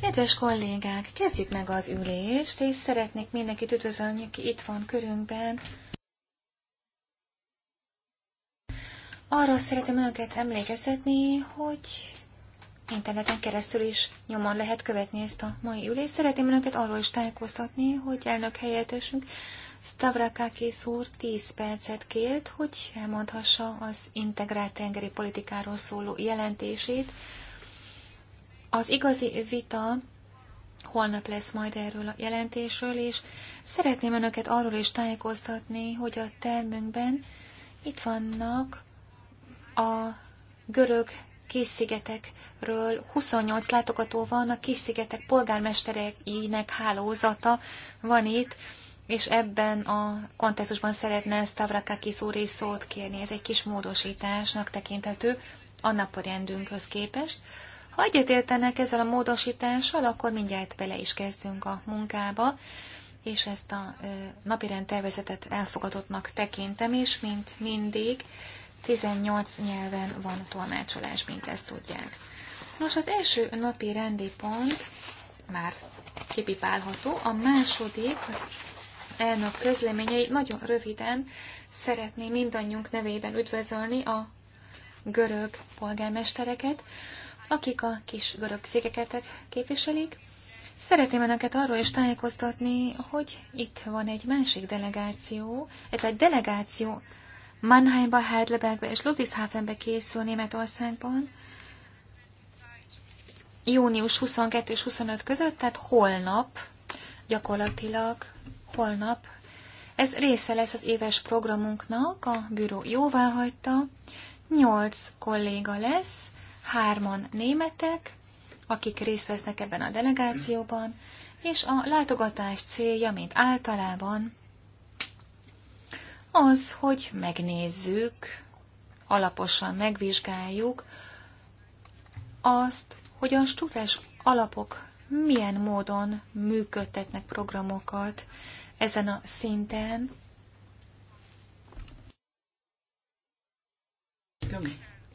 Kedves kollégák, kezdjük meg az ülést, és szeretnék mindenkit üdvözölni, aki itt van körünkben. Arra szeretem önöket emlékezetni, hogy interneten keresztül is nyomon lehet követni ezt a mai ülést. Szeretném önöket arról is tájékoztatni, hogy elnök helyettesünk Stavrakakis úr 10 percet kért, hogy elmondhassa az integrált tengeri politikáról szóló jelentését, az igazi vita holnap lesz majd erről a jelentésről, és szeretném önöket arról is tájékoztatni, hogy a termünkben itt vannak a görög Kis-szigetekről 28 látogató van, a Kis-szigetek polgármestereinek hálózata van itt, és ebben a kontextusban szeretne Stavrakakis úr is szót kérni. Ez egy kis módosításnak tekinthető a naporendünkhöz képest. Ha egyetértenek ezzel a módosítással, akkor mindjárt bele is kezdünk a munkába, és ezt a napirend tervezetet elfogadottnak tekintem is, mint mindig. 18 nyelven van tolmácsolás, mint ezt tudják. Nos, az első napi rendi pont már kipipálható, a második, az elnök közleményei nagyon röviden szeretné mindannyiunk nevében üdvözölni a görög polgármestereket, akik a kis görög székeket képviselik. Szeretném önöket arról is tájékoztatni, hogy itt van egy másik delegáció, illetve egy delegáció Mannheimba, Heidelbergbe és Ludwigshafenbe készül Németországban június 22 és 25 között, tehát holnap, gyakorlatilag holnap. Ez része lesz az éves programunknak, a bűró jóvá hagyta, Nyolc kolléga lesz, hárman németek, akik részt vesznek ebben a delegációban, és a látogatás célja, mint általában, az, hogy megnézzük, alaposan megvizsgáljuk azt, hogy a struktúrás alapok milyen módon működtetnek programokat ezen a szinten.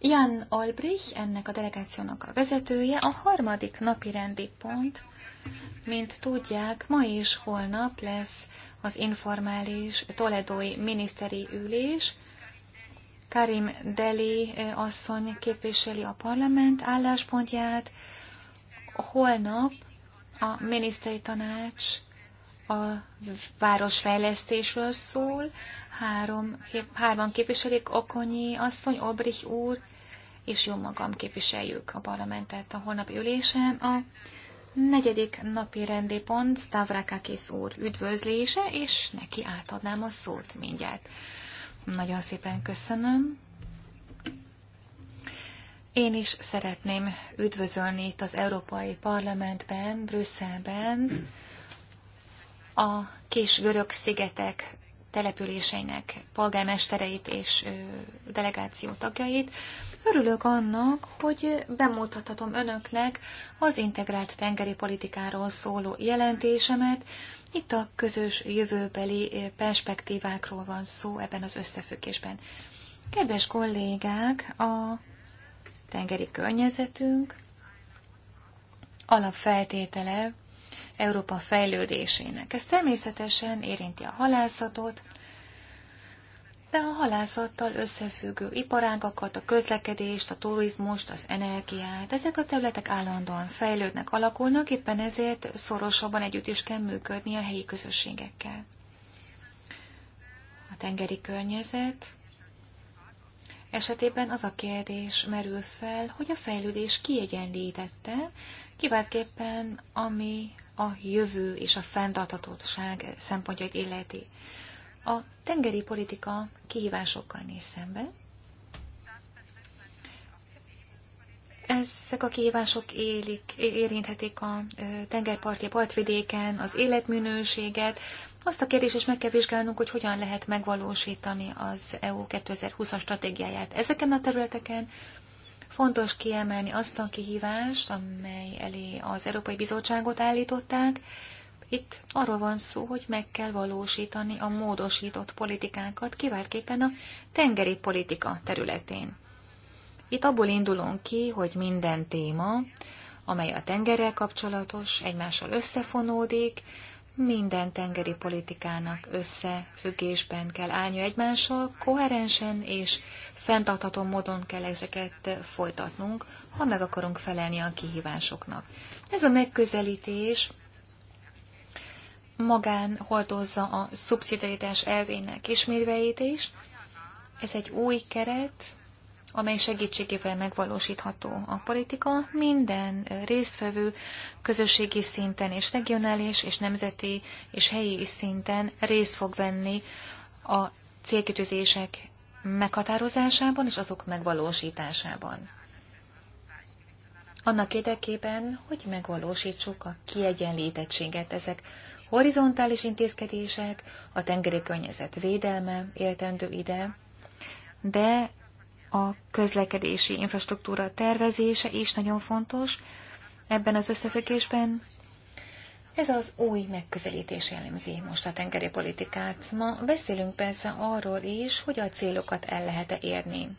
Jan Albrecht, ennek a delegációnak a vezetője, a harmadik napi rendi pont, mint tudják, ma és holnap lesz az informális toledói miniszteri ülés. Karim Deli asszony képviseli a parlament álláspontját. Holnap a miniszteri tanács a városfejlesztésről szól, Három, hárman képviselik, Okonyi asszony, Obrich úr, és jó magam képviseljük a parlamentet a holnapi ülésen. A negyedik napi rendi pont Stavrakakis úr üdvözlése, és neki átadnám a szót mindjárt. Nagyon szépen köszönöm. Én is szeretném üdvözölni itt az Európai Parlamentben, Brüsszelben a kis görög szigetek településeinek polgármestereit és delegáció tagjait. Örülök annak, hogy bemutathatom önöknek az integrált tengeri politikáról szóló jelentésemet. Itt a közös jövőbeli perspektívákról van szó ebben az összefüggésben. Kedves kollégák, a tengeri környezetünk alapfeltétele Európa fejlődésének. Ez természetesen érinti a halászatot, de a halászattal összefüggő iparágakat, a közlekedést, a turizmust, az energiát, ezek a területek állandóan fejlődnek, alakulnak, éppen ezért szorosabban együtt is kell működni a helyi közösségekkel. A tengeri környezet esetében az a kérdés merül fel, hogy a fejlődés kiegyenlítette kiváltképpen ami a jövő és a fenntarthatóság szempontjait illeti. A tengeri politika kihívásokkal néz szembe. Ezek a kihívások élik, érinthetik a tengerparti partvidéken, az életminőséget. Azt a kérdés is meg kell vizsgálnunk, hogy hogyan lehet megvalósítani az EU 2020-as stratégiáját ezeken a területeken, Fontos kiemelni azt a kihívást, amely elé az Európai Bizottságot állították. Itt arról van szó, hogy meg kell valósítani a módosított politikákat, kiváltképpen a tengeri politika területén. Itt abból indulunk ki, hogy minden téma, amely a tengerrel kapcsolatos, egymással összefonódik, minden tengeri politikának összefüggésben kell állni egymással, koherensen és fenntartható módon kell ezeket folytatnunk, ha meg akarunk felelni a kihívásoknak. Ez a megközelítés magán hordozza a szubszidaritás elvének ismérveit is. Ez egy új keret, amely segítségével megvalósítható a politika, minden résztvevő közösségi szinten és regionális és nemzeti és helyi szinten részt fog venni a célkütőzések meghatározásában és azok megvalósításában. Annak érdekében, hogy megvalósítsuk a kiegyenlítettséget, ezek horizontális intézkedések, a tengeri környezet védelme értendő ide, de a közlekedési infrastruktúra tervezése is nagyon fontos. Ebben az összefüggésben ez az új megközelítés jellemzi most a tengeri politikát. Ma beszélünk persze arról is, hogy a célokat el lehet-e érni.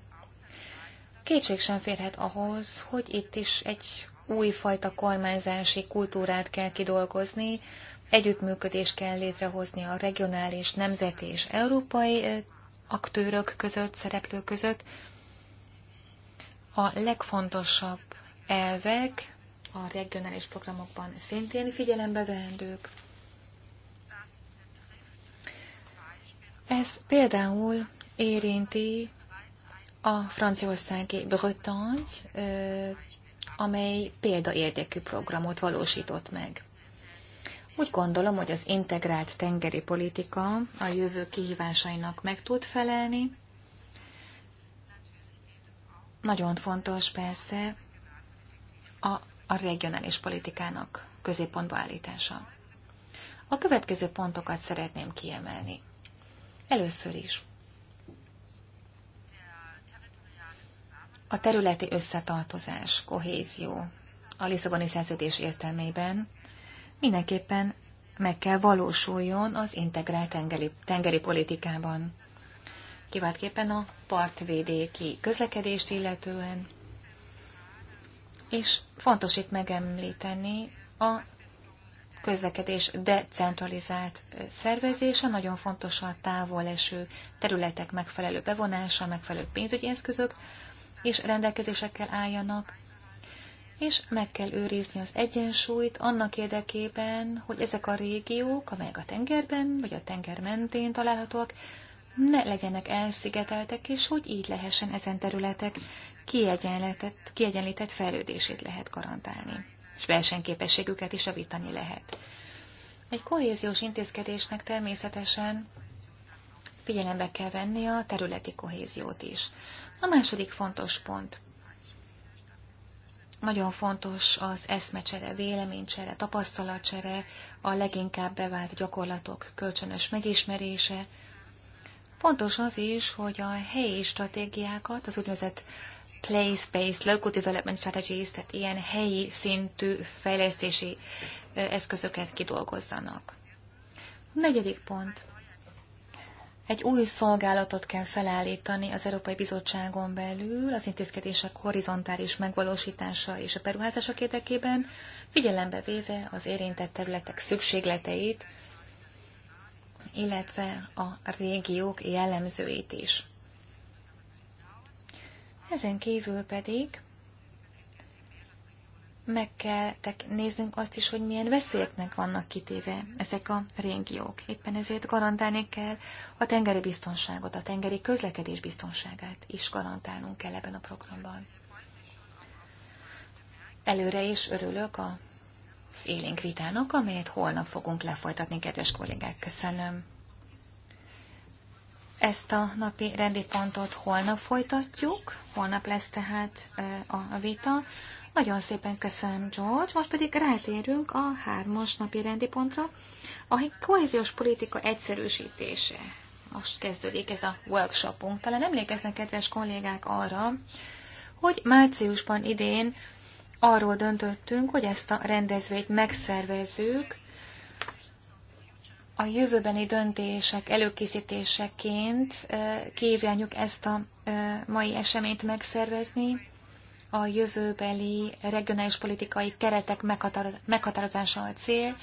Kétség sem férhet ahhoz, hogy itt is egy újfajta kormányzási kultúrát kell kidolgozni, együttműködést kell létrehozni a regionális, nemzeti és európai aktőrök között, szereplők között, a legfontosabb elvek a regionális programokban szintén figyelembe veendők. Ez például érinti a franciaországi Bretagne, amely példaérdekű programot valósított meg. Úgy gondolom, hogy az integrált tengeri politika a jövő kihívásainak meg tud felelni, nagyon fontos persze a, a regionális politikának középpontba állítása. A következő pontokat szeretném kiemelni. Először is a területi összetartozás, kohézió a Lisszaboni szerződés értelmében mindenképpen meg kell valósuljon az integrált tengeri, tengeri politikában kiváltképpen a partvédéki közlekedést illetően, és fontos itt megemlíteni a közlekedés decentralizált szervezése, nagyon fontos a távol eső területek megfelelő bevonása, megfelelő pénzügyi eszközök, és rendelkezésekkel álljanak, és meg kell őrizni az egyensúlyt annak érdekében, hogy ezek a régiók, amelyek a tengerben vagy a tenger mentén találhatóak, ne legyenek elszigeteltek, és hogy így lehessen ezen területek kiegyenlített, fejlődését lehet garantálni, és versenyképességüket is javítani lehet. Egy kohéziós intézkedésnek természetesen figyelembe kell venni a területi kohéziót is. A második fontos pont. Nagyon fontos az eszmecsere, véleménycsere, tapasztalatcsere, a leginkább bevált gyakorlatok kölcsönös megismerése, Fontos az is, hogy a helyi stratégiákat, az úgynevezett place-based local development strategies, tehát ilyen helyi szintű fejlesztési eszközöket kidolgozzanak. A negyedik pont. Egy új szolgálatot kell felállítani az Európai Bizottságon belül az intézkedések horizontális megvalósítása és a beruházások érdekében, figyelembe véve az érintett területek szükségleteit, illetve a régiók jellemzőit is. Ezen kívül pedig meg kell néznünk azt is, hogy milyen veszélyeknek vannak kitéve ezek a régiók. Éppen ezért garantálni kell a tengeri biztonságot, a tengeri közlekedés biztonságát is garantálnunk kell ebben a programban. Előre is örülök a élénk vitának, amelyet holnap fogunk lefolytatni, kedves kollégák. Köszönöm. Ezt a napi rendi pontot holnap folytatjuk, holnap lesz tehát a vita. Nagyon szépen köszönöm, George. Most pedig rátérünk a hármas napi rendi pontra, a kohéziós politika egyszerűsítése. Most kezdődik ez a workshopunk. Talán emlékeznek, kedves kollégák, arra, hogy márciusban idén arról döntöttünk, hogy ezt a rendezvényt megszervezzük a jövőbeni döntések előkészítéseként kívánjuk ezt a mai eseményt megszervezni a jövőbeli regionális politikai keretek meghatározása a cél.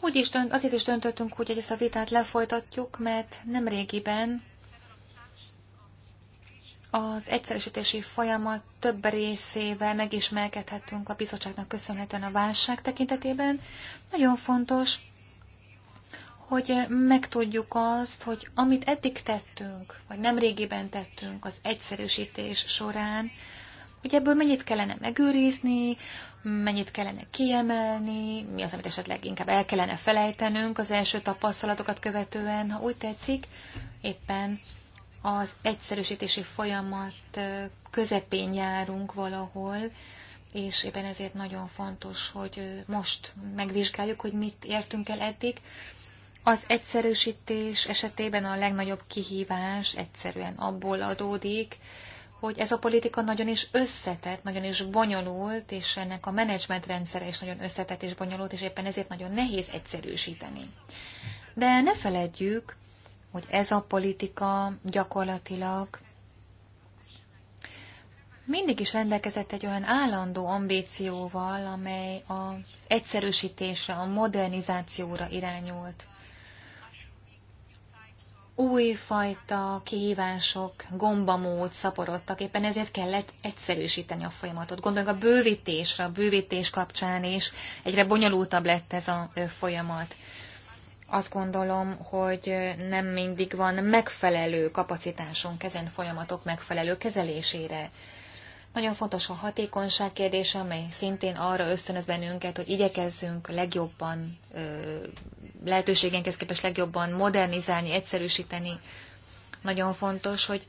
Úgy is dönt, azért is döntöttünk hogy ezt a vitát lefolytatjuk, mert nemrégiben az egyszerűsítési folyamat több részével megismerkedhetünk a bizottságnak köszönhetően a válság tekintetében. Nagyon fontos, hogy megtudjuk azt, hogy amit eddig tettünk, vagy nem régiben tettünk az egyszerűsítés során, hogy ebből mennyit kellene megőrizni, mennyit kellene kiemelni, mi az, amit esetleg inkább el kellene felejtenünk az első tapasztalatokat követően, ha úgy tetszik, éppen az egyszerűsítési folyamat közepén járunk valahol, és éppen ezért nagyon fontos, hogy most megvizsgáljuk, hogy mit értünk el eddig. Az egyszerűsítés esetében a legnagyobb kihívás egyszerűen abból adódik, hogy ez a politika nagyon is összetett, nagyon is bonyolult, és ennek a menedzsment rendszere is nagyon összetett és bonyolult, és éppen ezért nagyon nehéz egyszerűsíteni. De ne feledjük, hogy ez a politika gyakorlatilag mindig is rendelkezett egy olyan állandó ambícióval, amely az egyszerűsítésre, a modernizációra irányult. Újfajta kihívások, gombamód szaporodtak, éppen ezért kellett egyszerűsíteni a folyamatot. Gondoljunk a bővítésre, a bővítés kapcsán is egyre bonyolultabb lett ez a folyamat azt gondolom, hogy nem mindig van megfelelő kapacitásunk ezen folyamatok megfelelő kezelésére. Nagyon fontos a hatékonyság kérdése, amely szintén arra ösztönöz bennünket, hogy igyekezzünk legjobban, lehetőségenkhez képest legjobban modernizálni, egyszerűsíteni. Nagyon fontos, hogy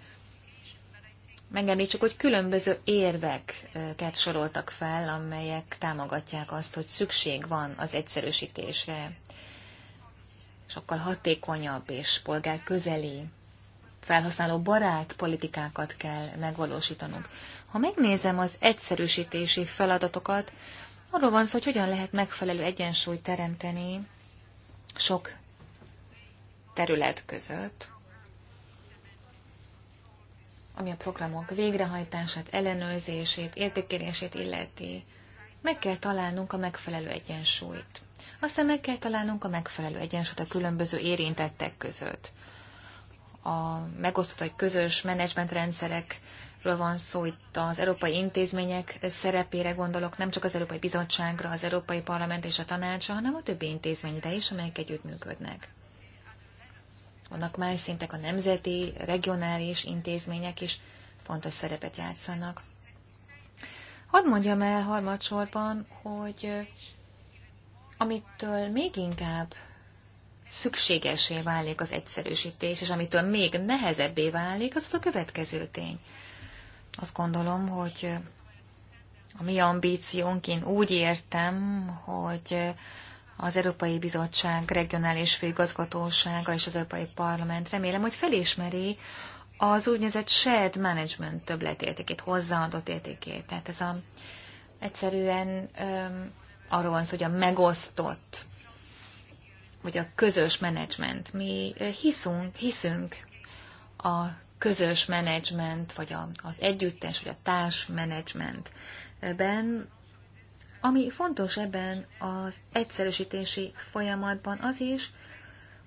megemlítsük, hogy különböző érveket soroltak fel, amelyek támogatják azt, hogy szükség van az egyszerűsítésre, sokkal hatékonyabb és közeli felhasználó barát politikákat kell megvalósítanunk. Ha megnézem az egyszerűsítési feladatokat, arról van szó, hogy hogyan lehet megfelelő egyensúlyt teremteni sok terület között, ami a programok végrehajtását, ellenőrzését, értékelését illeti. Meg kell találnunk a megfelelő egyensúlyt. Aztán meg kell találnunk a megfelelő egyensúlyt a különböző érintettek között. A megosztott vagy közös menedzsmentrendszerek ről van szó, itt az európai intézmények szerepére gondolok, nem csak az Európai Bizottságra, az Európai Parlament és a Tanácsa, hanem a többi intézményre is, amelyek együttműködnek. Vannak más szintek a nemzeti, regionális intézmények is fontos szerepet játszanak. Hadd mondjam el harmadsorban, hogy amitől még inkább szükségesé válik az egyszerűsítés, és amitől még nehezebbé válik, az, az a következő tény. Azt gondolom, hogy a mi ambíciónk, én úgy értem, hogy az Európai Bizottság regionális főigazgatósága és az Európai Parlament remélem, hogy felismeri az úgynevezett shared management többletértékét, hozzáadott értékét. Tehát ez a egyszerűen arról van szó, hogy a megosztott, vagy a közös menedzsment. Mi hiszünk, hiszünk a közös menedzsment, vagy a, az együttes, vagy a társ menedzsmentben. Ami fontos ebben az egyszerűsítési folyamatban az is,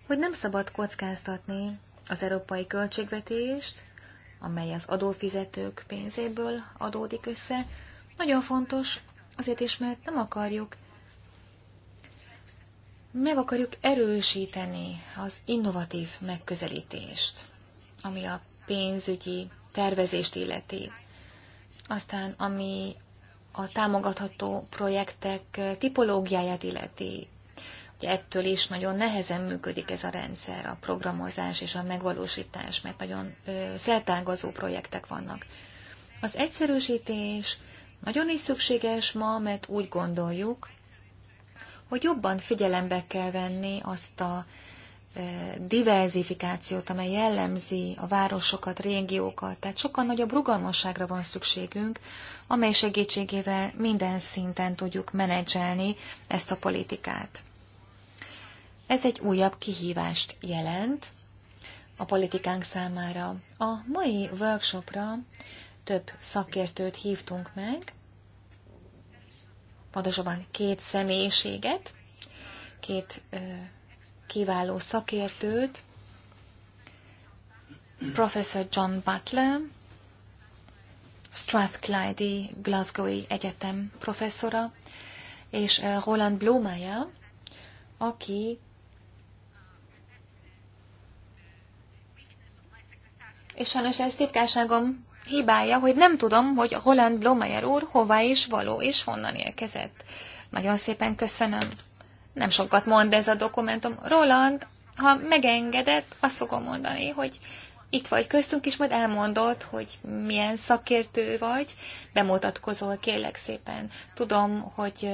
hogy nem szabad kockáztatni az európai költségvetést, amely az adófizetők pénzéből adódik össze. Nagyon fontos, Azért is, mert nem akarjuk, meg akarjuk erősíteni az innovatív megközelítést, ami a pénzügyi tervezést illeti. Aztán, ami a támogatható projektek tipológiáját illeti. Ugye ettől is nagyon nehezen működik ez a rendszer, a programozás és a megvalósítás, mert nagyon ö, szertágazó projektek vannak. Az egyszerűsítés nagyon is szükséges ma, mert úgy gondoljuk, hogy jobban figyelembe kell venni azt a e, diverzifikációt, amely jellemzi a városokat, régiókat. Tehát sokkal nagyobb rugalmasságra van szükségünk, amely segítségével minden szinten tudjuk menedzselni ezt a politikát. Ez egy újabb kihívást jelent a politikánk számára. A mai workshopra több szakértőt hívtunk meg, pontosabban két személyiséget, két ö, kiváló szakértőt, Professor John Butler, Strathclyde Glasgowi Egyetem professzora, és Roland Blomeyer, aki és sajnos ez titkárságom hibája, hogy nem tudom, hogy Holland Blomeyer úr hová is való, és honnan érkezett. Nagyon szépen köszönöm. Nem sokat mond ez a dokumentum. Roland, ha megengedett, azt fogom mondani, hogy itt vagy köztünk, és majd elmondod, hogy milyen szakértő vagy, bemutatkozol, kérlek szépen. Tudom, hogy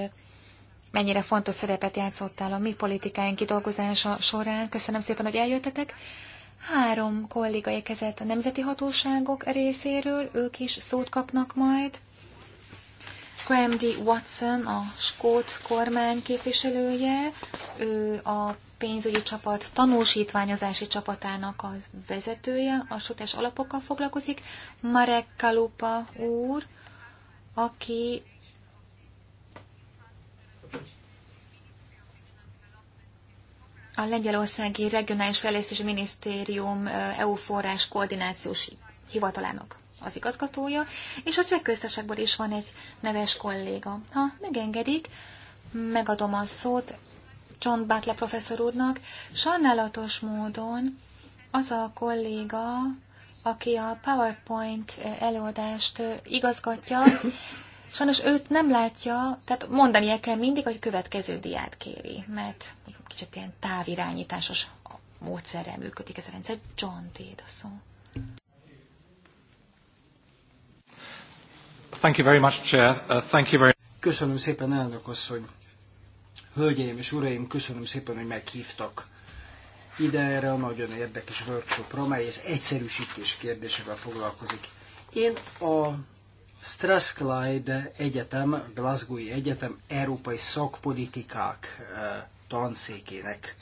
mennyire fontos szerepet játszottál a mi politikáink kidolgozása során. Köszönöm szépen, hogy eljöttetek. Három kolléga érkezett a nemzeti hatóságok részéről, ők is szót kapnak majd. Graham D. Watson, a skót kormány képviselője, ő a pénzügyi csapat tanúsítványozási csapatának a vezetője, a sotás alapokkal foglalkozik, Marek Kalupa úr, aki a Lengyelországi Regionális Fejlesztési Minisztérium EU forrás koordinációs hivatalának az igazgatója, és a cseh köztársaságból is van egy neves kolléga. Ha megengedik, megadom a szót John Butler professzor úrnak. Sajnálatos módon az a kolléga, aki a PowerPoint előadást igazgatja, Sajnos őt nem látja, tehát mondania kell mindig, hogy következő diát kéri, mert kicsit ilyen távirányításos módszerrel működik ez a rendszer. John Téd a szó. Thank you very much, Chair. Uh, thank you very... Köszönöm szépen, elnök asszony. Hölgyeim és uraim, köszönöm szépen, hogy meghívtak ide erre a nagyon érdekes workshopra, mely ez egyszerűsítés kérdésével foglalkozik. Én a Strathclyde Egyetem, Glasgowi Egyetem Európai Szakpolitikák eh, tanszékének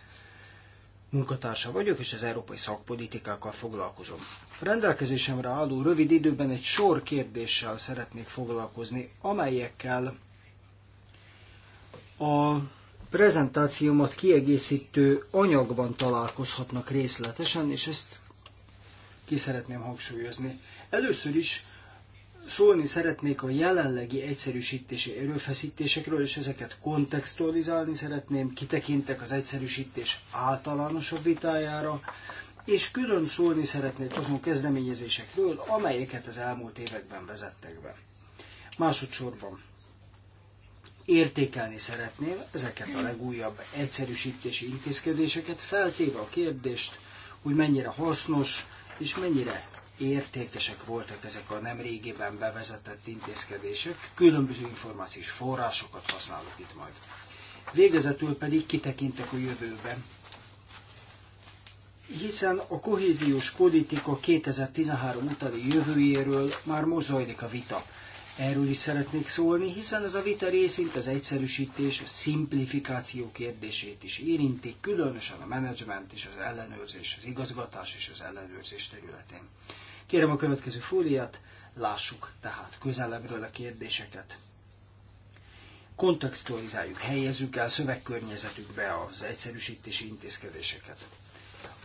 munkatársa vagyok, és az európai szakpolitikákkal foglalkozom. A rendelkezésemre álló rövid időben egy sor kérdéssel szeretnék foglalkozni, amelyekkel a prezentációmat kiegészítő anyagban találkozhatnak részletesen, és ezt ki szeretném hangsúlyozni. Először is szólni szeretnék a jelenlegi egyszerűsítési erőfeszítésekről, és ezeket kontextualizálni szeretném, kitekintek az egyszerűsítés általánosabb vitájára, és külön szólni szeretnék azon kezdeményezésekről, amelyeket az elmúlt években vezettek be. Másodszorban értékelni szeretném ezeket a legújabb egyszerűsítési intézkedéseket, feltéve a kérdést, hogy mennyire hasznos és mennyire értékesek voltak ezek a nem régében bevezetett intézkedések. Különböző információs forrásokat használok itt majd. Végezetül pedig kitekintek a jövőbe. Hiszen a kohéziós politika 2013 utáni jövőjéről már most zajlik a vita. Erről is szeretnék szólni, hiszen ez a vita részint az egyszerűsítés, a szimplifikáció kérdését is érinti, különösen a menedzsment és az ellenőrzés, az igazgatás és az ellenőrzés területén. Kérem a következő fóliát, lássuk tehát közelebbről a kérdéseket. Kontextualizáljuk, helyezzük el szövegkörnyezetükbe az egyszerűsítési intézkedéseket.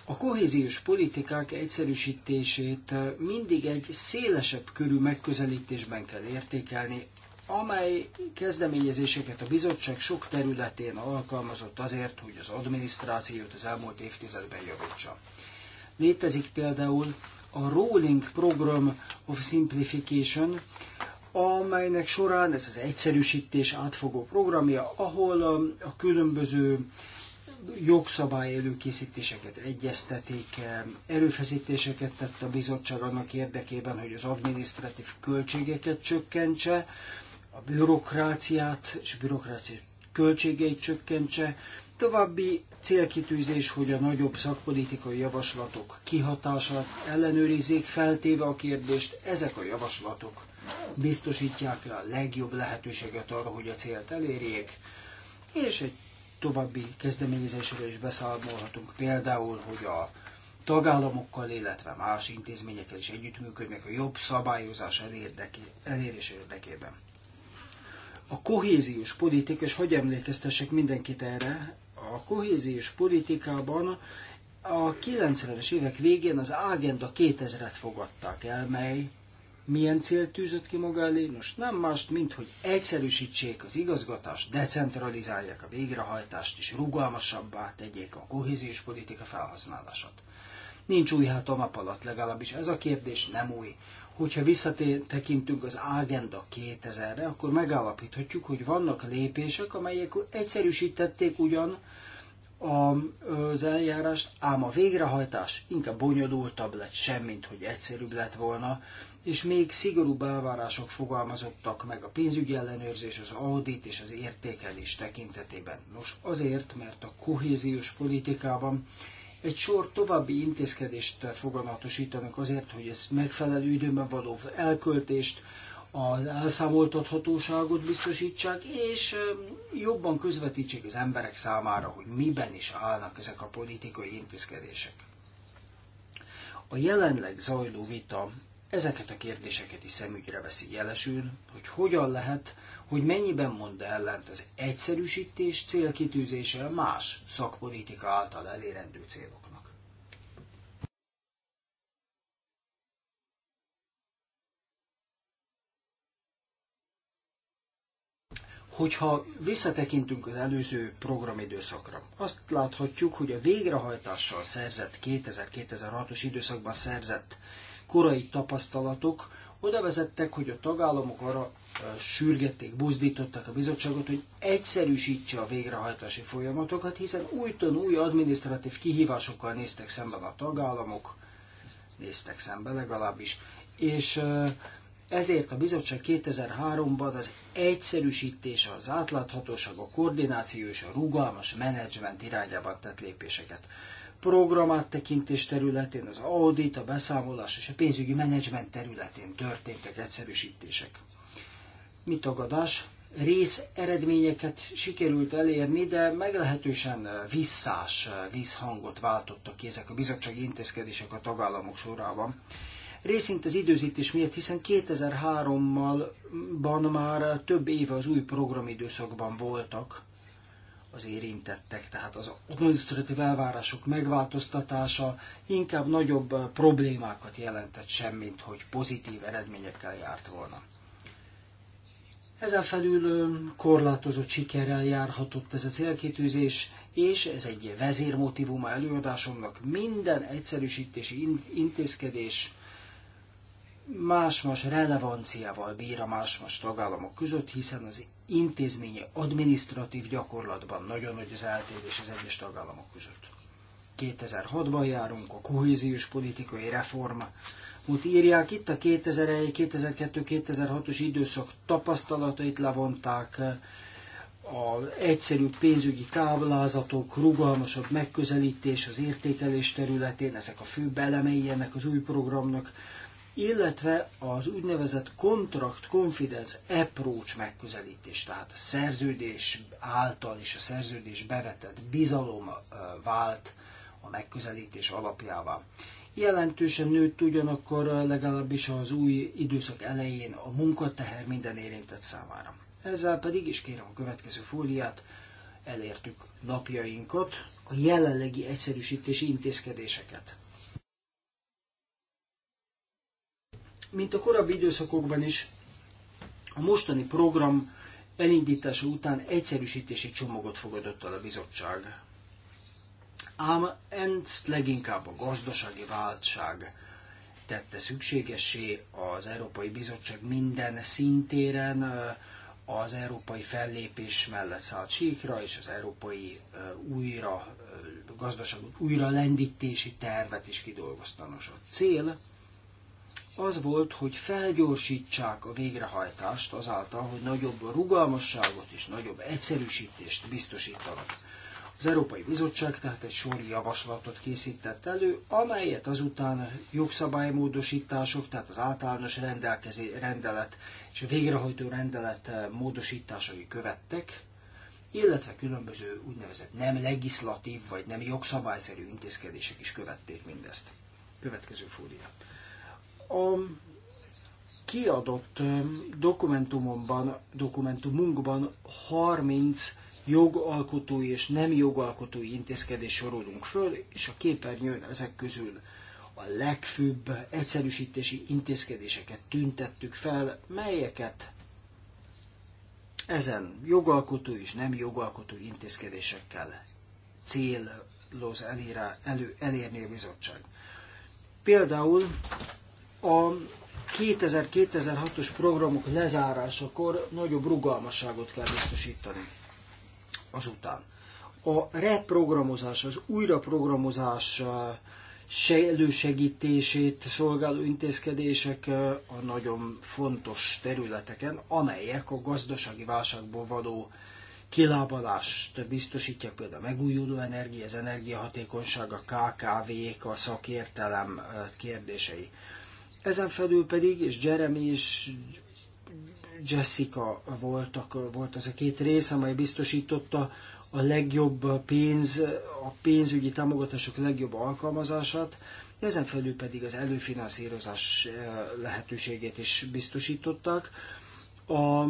A kohéziós politikák egyszerűsítését mindig egy szélesebb körű megközelítésben kell értékelni, amely kezdeményezéseket a bizottság sok területén alkalmazott azért, hogy az adminisztrációt az elmúlt évtizedben javítsa. Létezik például a Rolling Program of Simplification, amelynek során ez az egyszerűsítés átfogó programja, ahol um, a különböző jogszabály előkészítéseket egyeztetik, um, erőfeszítéseket tett a bizottság annak érdekében, hogy az administratív költségeket csökkentse, a bürokráciát és bürokrácia költségeit csökkentse, További célkitűzés, hogy a nagyobb szakpolitikai javaslatok kihatását ellenőrizzék, feltéve a kérdést, ezek a javaslatok biztosítják a legjobb lehetőséget arra, hogy a célt elérjék, és egy további kezdeményezésről is beszámolhatunk, például, hogy a tagállamokkal, illetve más intézményekkel is együttműködnek a jobb szabályozás elérése érdekében. A kohéziós politika, és hogy emlékeztessek mindenkit erre, a kohéziós politikában a 90-es évek végén az Agenda 2000-et fogadták el, mely milyen cél tűzött ki maga elé? Nos, nem más, mint hogy egyszerűsítsék az igazgatást, decentralizálják a végrehajtást, és rugalmasabbá tegyék a kohéziós politika felhasználását. Nincs új hát a nap alatt legalábbis ez a kérdés nem új. Hogyha visszatekintünk az Agenda 2000-re, akkor megállapíthatjuk, hogy vannak lépések, amelyek egyszerűsítették ugyan az eljárást, ám a végrehajtás inkább bonyolultabb lett semmint, hogy egyszerűbb lett volna, és még szigorúbb elvárások fogalmazottak meg a pénzügyi ellenőrzés, az audit és az értékelés tekintetében. Nos, azért, mert a kohéziós politikában egy sor további intézkedést foganatosítanak azért, hogy ez megfelelő időben való elköltést, az elszámoltathatóságot biztosítsák, és jobban közvetítsék az emberek számára, hogy miben is állnak ezek a politikai intézkedések. A jelenleg zajló vita ezeket a kérdéseket is szemügyre veszi jelesül, hogy hogyan lehet hogy mennyiben mond ellent az egyszerűsítés célkitűzése más szakpolitika által elérendő céloknak. Hogyha visszatekintünk az előző programidőszakra, azt láthatjuk, hogy a végrehajtással szerzett 2000-2006-os időszakban szerzett korai tapasztalatok oda vezettek, hogy a tagállamok arra sürgették, buzdították a bizottságot, hogy egyszerűsítse a végrehajtási folyamatokat, hiszen újton új adminisztratív kihívásokkal néztek szemben a tagállamok, néztek szembe legalábbis, és ezért a bizottság 2003-ban az egyszerűsítés, az átláthatóság, a koordináció és a rugalmas menedzsment irányában tett lépéseket programáttekintés területén, az audit, a beszámolás és a pénzügyi menedzsment területén történtek egyszerűsítések. Mi tagadás? Rész eredményeket sikerült elérni, de meglehetősen visszás visszhangot váltottak ki ezek a bizottsági intézkedések a tagállamok sorában részint az időzítés miatt, hiszen 2003-ban már több éve az új programidőszakban voltak, az érintettek, tehát az administratív elvárások megváltoztatása inkább nagyobb problémákat jelentett sem, mint hogy pozitív eredményekkel járt volna. Ezen felül korlátozott sikerrel járhatott ez a célkitűzés, és ez egy vezérmotívuma előadásomnak minden egyszerűsítési intézkedés más-más relevanciával bír a más-más tagállamok között, hiszen az intézményi administratív gyakorlatban nagyon nagy az eltérés az egyes tagállamok között. 2006-ban járunk, a kohéziós politikai reform Ott írják, itt a 2001-2002-2006-os időszak tapasztalatait levonták, a egyszerű pénzügyi táblázatok, rugalmasabb megközelítés az értékelés területén, ezek a fő elemei ennek az új programnak, illetve az úgynevezett contract confidence approach megközelítés, tehát a szerződés által és a szerződés bevetett bizalom vált a megközelítés alapjává. Jelentősen nőtt ugyanakkor legalábbis az új időszak elején a munkateher minden érintett számára. Ezzel pedig, is kérem a következő fóliát, elértük napjainkat, a jelenlegi egyszerűsítési intézkedéseket. Mint a korábbi időszakokban is, a mostani program elindítása után egyszerűsítési csomagot fogadott el a bizottság. Ám ezt leginkább a gazdasági váltság tette szükségesé az Európai Bizottság minden szintéren, az európai fellépés mellett szállt síkra, és az európai újra, gazdaságot újra lendítési tervet is kidolgoztanos a cél az volt, hogy felgyorsítsák a végrehajtást azáltal, hogy nagyobb rugalmasságot és nagyobb egyszerűsítést biztosítanak. Az Európai Bizottság tehát egy sor javaslatot készített elő, amelyet azután jogszabálymódosítások, tehát az általános rendelet és a végrehajtó rendelet eh, módosításai követtek, illetve különböző úgynevezett nem legislatív vagy nem jogszabályszerű intézkedések is követték mindezt. Következő fólia. A kiadott dokumentumomban, dokumentumunkban 30 jogalkotói és nem jogalkotói intézkedés sorolunk föl, és a képernyőn ezek közül a legfőbb egyszerűsítési intézkedéseket tüntettük fel, melyeket ezen jogalkotó és nem jogalkotó intézkedésekkel céloz elő, elérni a bizottság. Például a 2000-2006-os programok lezárásakor nagyobb rugalmasságot kell biztosítani. Azután a reprogramozás, az újraprogramozás eh, elősegítését szolgáló intézkedések eh, a nagyon fontos területeken, amelyek a gazdasági válságból való kilábalást biztosítják, például a megújuló energia, az energiahatékonyság, a KKV-k, a szakértelem eh, kérdései. Ezen felül pedig, és Jeremy és Jessica voltak, volt az a két rész, amely biztosította a legjobb pénz, a pénzügyi támogatások legjobb alkalmazását, ezen felül pedig az előfinanszírozás eh, lehetőségét is biztosítottak a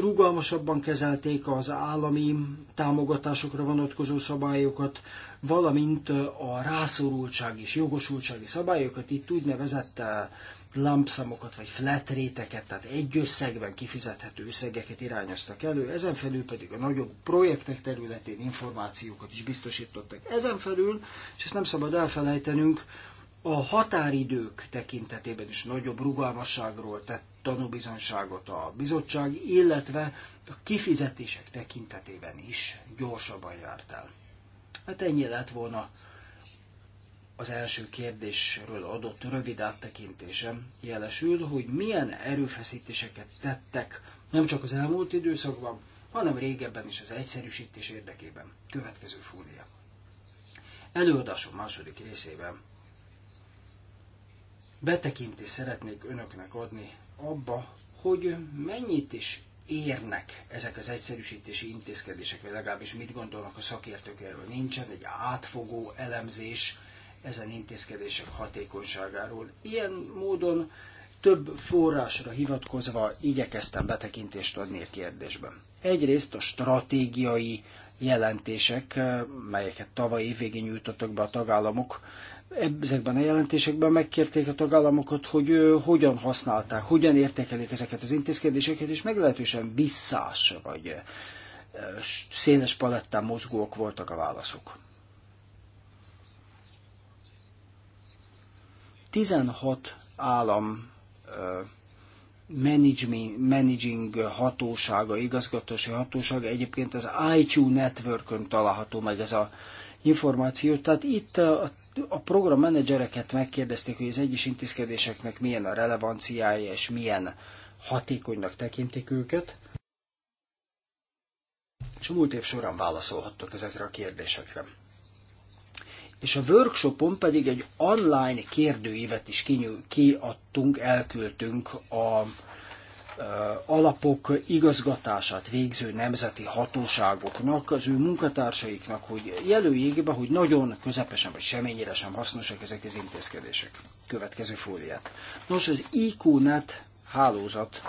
rugalmasabban kezelték az állami támogatásokra vonatkozó szabályokat, valamint a rászorultság és jogosultsági szabályokat, itt úgynevezett eh, lampszamokat vagy flat réteket, tehát egy összegben kifizethető összegeket irányoztak elő, ezen felül pedig a nagyobb projektek területén információkat is biztosítottak. Ezen felül, és ezt nem szabad elfelejtenünk, a határidők tekintetében is nagyobb rugalmasságról tett tanúbizonságot a bizottság, illetve a kifizetések tekintetében is gyorsabban járt el. Hát ennyi lett volna az első kérdésről adott rövid áttekintésem jelesül, hogy milyen erőfeszítéseket tettek nem csak az elmúlt időszakban, hanem régebben is az egyszerűsítés érdekében. Következő fólia. Előadásom második részében betekintést szeretnék önöknek adni abba, hogy mennyit is érnek ezek az egyszerűsítési intézkedések, vagy legalábbis mit gondolnak a szakértők erről. Nincsen egy átfogó elemzés ezen intézkedések hatékonyságáról. Ilyen módon több forrásra hivatkozva igyekeztem betekintést adni a kérdésben. Egyrészt a stratégiai jelentések, melyeket tavaly évvégén nyújtottak be a tagállamok, ezekben a jelentésekben megkérték a tagállamokat, hogy hogyan használták, hogyan értékelik ezeket az intézkedéseket, és meglehetősen visszás vagy széles palettán mozgóak voltak a válaszok. 16 állam managing hatósága, igazgatási hatósága, egyébként az IQ Networkön található meg ez a információ. Tehát itt a a programmenedzsereket megkérdezték, hogy az egyes intézkedéseknek milyen a relevanciája, és milyen hatékonynak tekintik őket. És a múlt év során válaszolhattok ezekre a kérdésekre. És a workshopon pedig egy online kérdőívet is kiadtunk, elküldtünk a alapok igazgatását végző nemzeti hatóságoknak, az ő munkatársaiknak, hogy jelöljék be, hogy nagyon közepesen vagy seményére sem hasznosak ezek az intézkedések. Következő fóliát. Nos, az IQ.net hálózat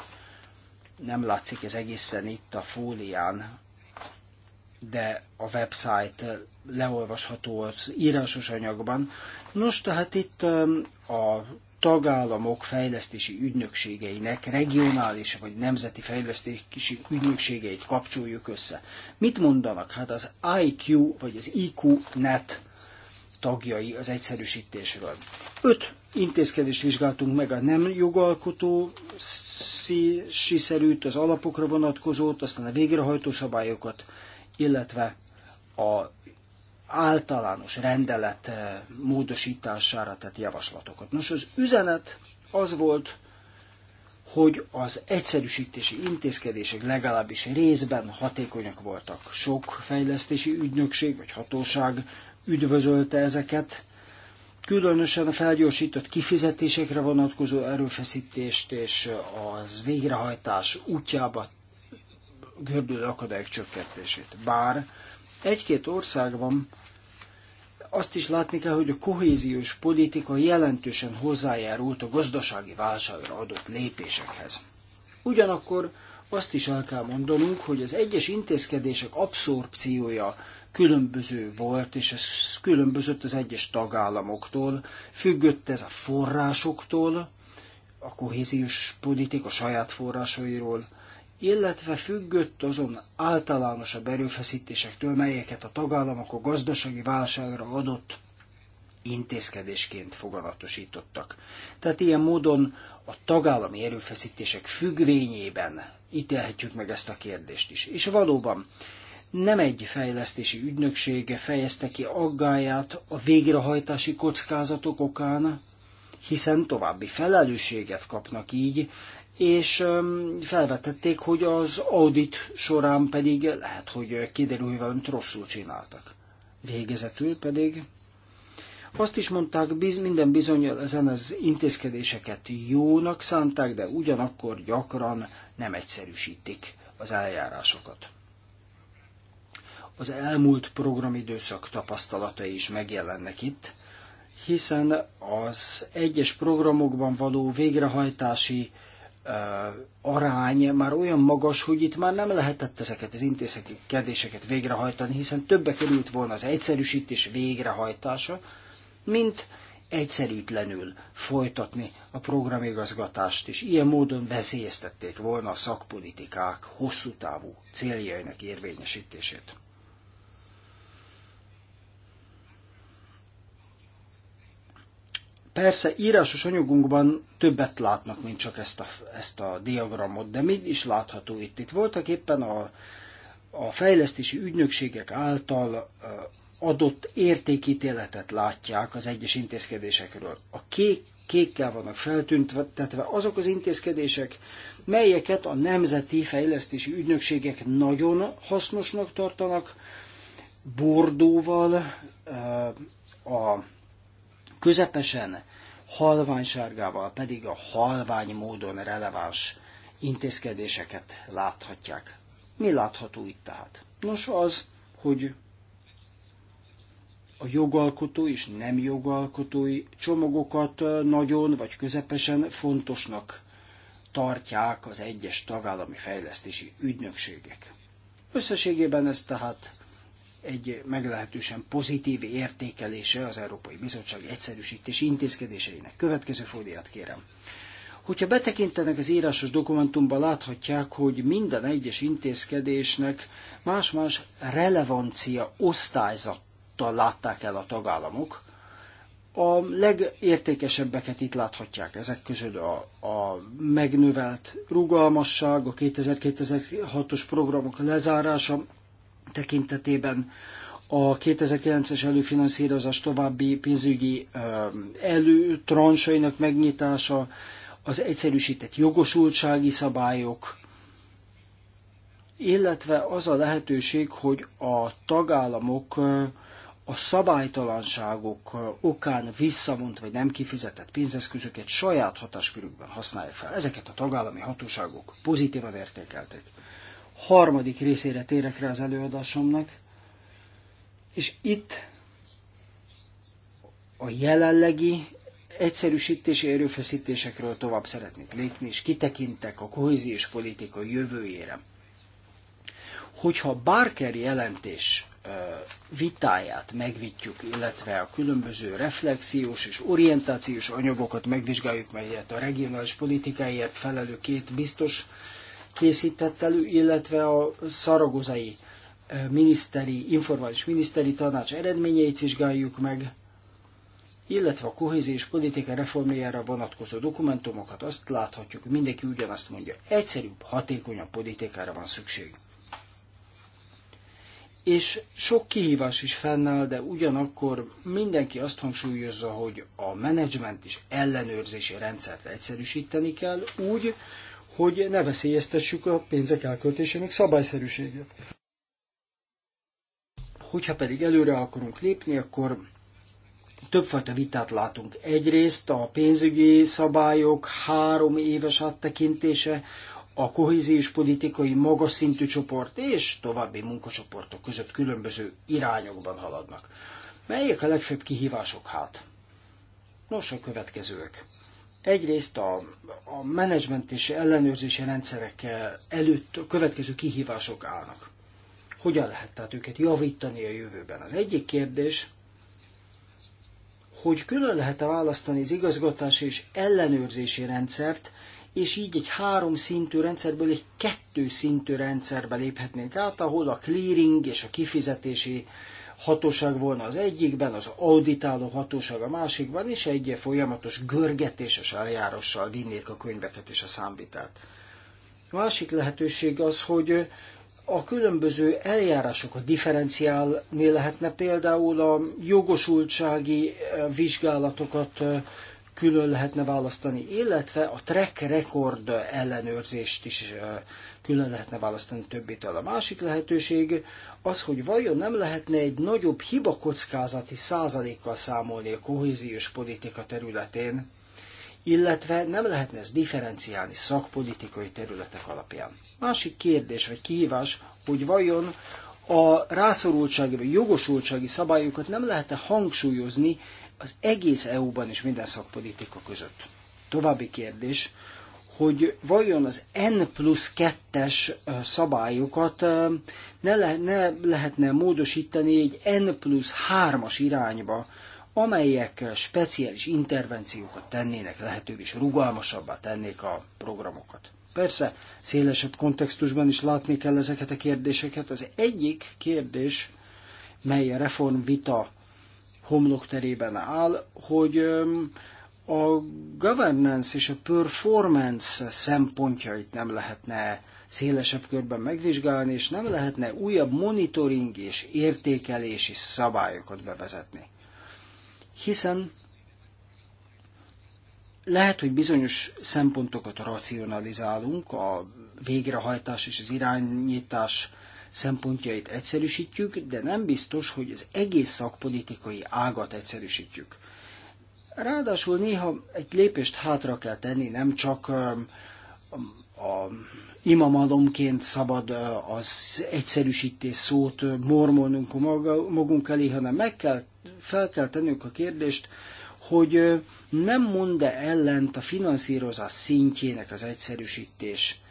nem látszik ez egészen itt a fólián, de a website leolvasható az írásos anyagban. Nos, tehát itt a tagállamok fejlesztési ügynökségeinek, regionális vagy nemzeti fejlesztési ügynökségeit kapcsoljuk össze. Mit mondanak? Hát az IQ vagy az IQ-net tagjai az egyszerűsítésről. Öt intézkedést vizsgáltunk meg, a nem jogalkotó siszerűt, az alapokra vonatkozót, aztán a végrehajtó szabályokat, illetve a általános rendelet eh, módosítására tett javaslatokat. Nos, az üzenet az volt, hogy az egyszerűsítési intézkedések legalábbis részben hatékonyak voltak. Sok fejlesztési ügynökség vagy hatóság üdvözölte ezeket, különösen a felgyorsított kifizetésekre vonatkozó erőfeszítést és az végrehajtás útjába gördülő akadályok csökkentését. Bár egy-két országban azt is látni kell, hogy a kohéziós politika jelentősen hozzájárult a gazdasági válságra adott lépésekhez. Ugyanakkor azt is el kell mondanunk, hogy az egyes intézkedések abszorpciója különböző volt, és ez különbözött az egyes tagállamoktól, függött ez a forrásoktól, a kohéziós politika saját forrásairól, illetve függött azon általánosabb erőfeszítésektől, melyeket a tagállamok a gazdasági válságra adott intézkedésként foganatosítottak. Tehát ilyen módon a tagállami erőfeszítések függvényében ítélhetjük meg ezt a kérdést is. És valóban nem egy fejlesztési ügynökség fejezte ki aggáját a végrehajtási kockázatok okán, hiszen további felelősséget kapnak így, és felvetették, hogy az audit során pedig lehet, hogy kiderül, hogy valamit rosszul csináltak. Végezetül pedig azt is mondták, biz, minden bizony ezen az intézkedéseket jónak szánták, de ugyanakkor gyakran nem egyszerűsítik az eljárásokat. Az elmúlt programidőszak tapasztalatai is megjelennek itt, hiszen az egyes programokban való végrehajtási arány már olyan magas, hogy itt már nem lehetett ezeket az intézkedéseket végrehajtani, hiszen többe került volna az egyszerűsítés végrehajtása, mint egyszerűtlenül folytatni a programigazgatást, és ilyen módon veszélyeztették volna a szakpolitikák hosszú távú céljainak érvényesítését. Persze írásos anyagunkban többet látnak, mint csak ezt a, ezt a diagramot, de mit is látható itt? Itt voltak éppen a, a fejlesztési ügynökségek által adott értékítéletet látják az egyes intézkedésekről. A kék, kékkel vannak feltüntetve azok az intézkedések, melyeket a nemzeti fejlesztési ügynökségek nagyon hasznosnak tartanak, bordóval a közepesen, halványsárgával pedig a halvány módon releváns intézkedéseket láthatják. Mi látható itt tehát? Nos, az, hogy a jogalkotó és nem jogalkotói csomagokat nagyon vagy közepesen fontosnak tartják az egyes tagállami fejlesztési ügynökségek. Összességében ez tehát egy meglehetősen pozitív értékelése az Európai Bizottság egyszerűsítési intézkedéseinek. Következő fóliát kérem. Hogyha betekintenek az írásos dokumentumba, láthatják, hogy minden egyes intézkedésnek más-más relevancia osztályzattal látták el a tagállamok. A legértékesebbeket itt láthatják ezek közül a, a megnövelt rugalmasság, a 2006 os programok lezárása, tekintetében a 2009-es előfinanszírozás további pénzügyi um, előtransainak megnyitása, az egyszerűsített jogosultsági szabályok, illetve az a lehetőség, hogy a tagállamok uh, a szabálytalanságok uh, okán visszavont vagy nem kifizetett pénzeszközöket saját hatáskörükben használják fel. Ezeket a tagállami hatóságok pozitívan értékelték harmadik részére térek rá az előadásomnak, és itt a jelenlegi egyszerűsítési erőfeszítésekről tovább szeretnék lépni, és kitekintek a kohéziós politika jövőjére. Hogyha Barker jelentés vitáját megvitjük, illetve a különböző reflexiós és orientációs anyagokat megvizsgáljuk, melyet a regionális politikáért felelő két biztos készített elő, illetve a szaragozai eh, miniszteri, informális miniszteri tanács eredményeit vizsgáljuk meg, illetve a kohéziós politika reformjára vonatkozó dokumentumokat azt láthatjuk, mindenki ugyanazt mondja, egyszerűbb, hatékonyabb politikára van szükség. És sok kihívás is fennáll, de ugyanakkor mindenki azt hangsúlyozza, hogy a menedzsment és ellenőrzési rendszert egyszerűsíteni kell úgy, hogy ne veszélyeztessük a pénzek elköltésének szabályszerűségét. Hogyha pedig előre akarunk lépni, akkor többfajta vitát látunk. Egyrészt a pénzügyi szabályok három éves áttekintése, a kohéziós politikai magas szintű csoport és további munkacsoportok között különböző irányokban haladnak. Melyek a legfőbb kihívások hát? Nos, a következőek. Egyrészt a, a menedzsment és ellenőrzési rendszerek eh, előtt a következő kihívások állnak. Hogyan lehet tehát őket javítani a jövőben? Az egyik kérdés, hogy külön lehet-e választani az igazgatási és ellenőrzési rendszert, és így egy három szintű rendszerből egy kettő szintű rendszerbe léphetnénk át, ahol a clearing és a kifizetési hatóság volna az egyikben, az auditáló hatóság a másikban, és egy folyamatos görgetéses eljárással vinnék a könyveket és a számvitelt. A másik lehetőség az, hogy a különböző eljárások a differenciálni lehetne, például a jogosultsági eh, vizsgálatokat eh, külön lehetne választani, illetve a track record ellenőrzést is eh, külön lehetne választani többitől. A másik lehetőség az, hogy vajon nem lehetne egy nagyobb hibakockázati százalékkal számolni a kohéziós politika területén, illetve nem lehetne ezt differenciálni szakpolitikai területek alapján. Másik kérdés vagy kihívás, hogy vajon a rászorultsági vagy jogosultsági szabályokat nem lehet lehet-e hangsúlyozni az egész EU-ban és minden szakpolitika között. További kérdés, hogy vajon az N plusz 2-es szabályokat ne, le, ne lehetne módosítani egy N plusz 3-as irányba, amelyek speciális intervenciókat tennének lehetővé, és rugalmasabbá tennék a programokat. Persze, szélesebb kontextusban is látni kell ezeket a kérdéseket. Az egyik kérdés, mely a reformvita homlokterében áll, hogy a governance és a performance szempontjait nem lehetne szélesebb körben megvizsgálni, és nem lehetne újabb monitoring és értékelési szabályokat bevezetni. Hiszen lehet, hogy bizonyos szempontokat racionalizálunk, a végrehajtás és az irányítás szempontjait egyszerűsítjük, de nem biztos, hogy az egész szakpolitikai ágat egyszerűsítjük. Ráadásul néha egy lépést hátra kell tenni, nem csak um, a, a imamalomként szabad uh, az egyszerűsítés szót uh, mormonunk magunk elé, hanem meg kell, fel kell tennünk a kérdést, hogy uh, nem mond-e ellent a finanszírozás szintjének az egyszerűsítés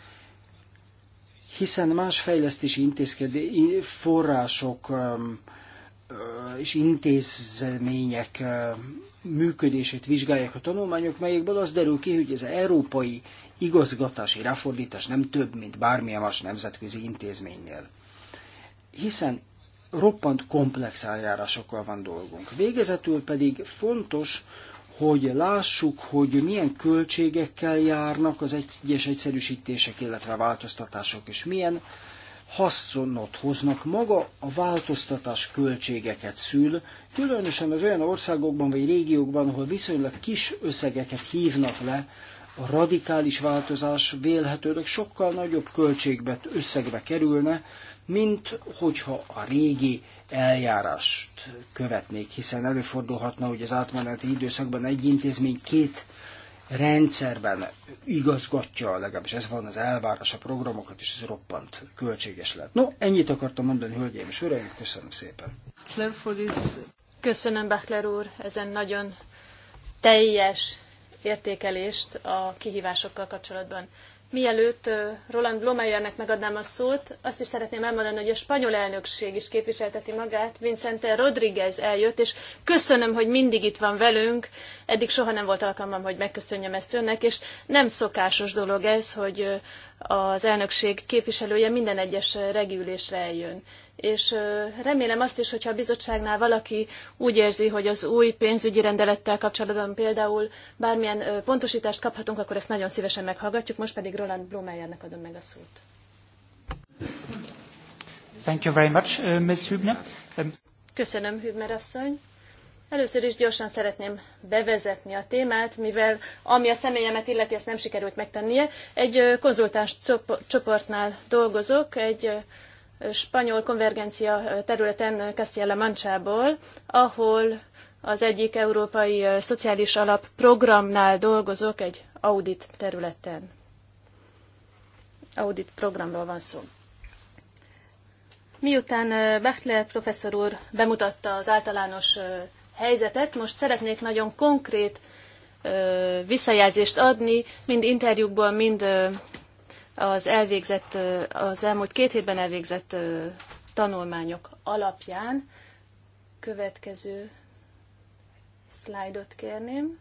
hiszen más fejlesztési intézkedési források um, és intézmények működését vizsgálják a tanulmányok, melyekből az derül ki, hogy ez az európai igazgatási ráfordítás nem több, mint bármilyen más nemzetközi intézménynél. Hiszen roppant komplex eljárásokkal van dolgunk. Végezetül pedig fontos, hogy lássuk, hogy milyen költségekkel járnak az egyes egyszerűsítések, illetve változtatások, és milyen haszonnot hoznak, maga a változtatás költségeket szül, különösen az olyan országokban vagy régiókban, ahol viszonylag kis összegeket hívnak le, a radikális változás vélhetőleg sokkal nagyobb költségbe, összegbe kerülne, mint hogyha a régi eljárást követnék, hiszen előfordulhatna, hogy az átmeneti időszakban egy intézmény két rendszerben igazgatja, legalábbis ez van az elvárás a programokat, és ez roppant költséges lett. No, ennyit akartam mondani, hölgyeim és uraim, köszönöm szépen. Köszönöm, Bachler úr, ezen nagyon teljes értékelést a kihívásokkal kapcsolatban. Mielőtt Roland Blomayernek megadnám a szót, azt is szeretném elmondani, hogy a spanyol elnökség is képviselteti magát. Vincente Rodriguez eljött, és köszönöm, hogy mindig itt van velünk. Eddig soha nem volt alkalmam, hogy megköszönjem ezt önnek, és nem szokásos dolog ez, hogy az elnökség képviselője minden egyes regülésre eljön. És remélem azt is, hogyha a bizottságnál valaki úgy érzi, hogy az új pénzügyi rendelettel kapcsolatban például bármilyen pontosítást kaphatunk, akkor ezt nagyon szívesen meghallgatjuk. Most pedig Roland Blumejernek adom meg a szót. Thank you very much, uh, Ms. Hübner. Um, Köszönöm, Hübner asszony. Először is gyorsan szeretném bevezetni a témát, mivel ami a személyemet illeti, ezt nem sikerült megtennie. Egy konzultáns csoportnál dolgozok, egy spanyol konvergencia területen Castilla Manchából, ahol az egyik európai szociális alap programnál dolgozok, egy audit területen. Audit programról van szó. Miután Bechler professzor úr bemutatta az általános helyzetet. Most szeretnék nagyon konkrét visszajelzést adni, mind interjúkból, mind az elvégzett, az elmúlt két hétben elvégzett tanulmányok alapján. Következő szlájdot kérném.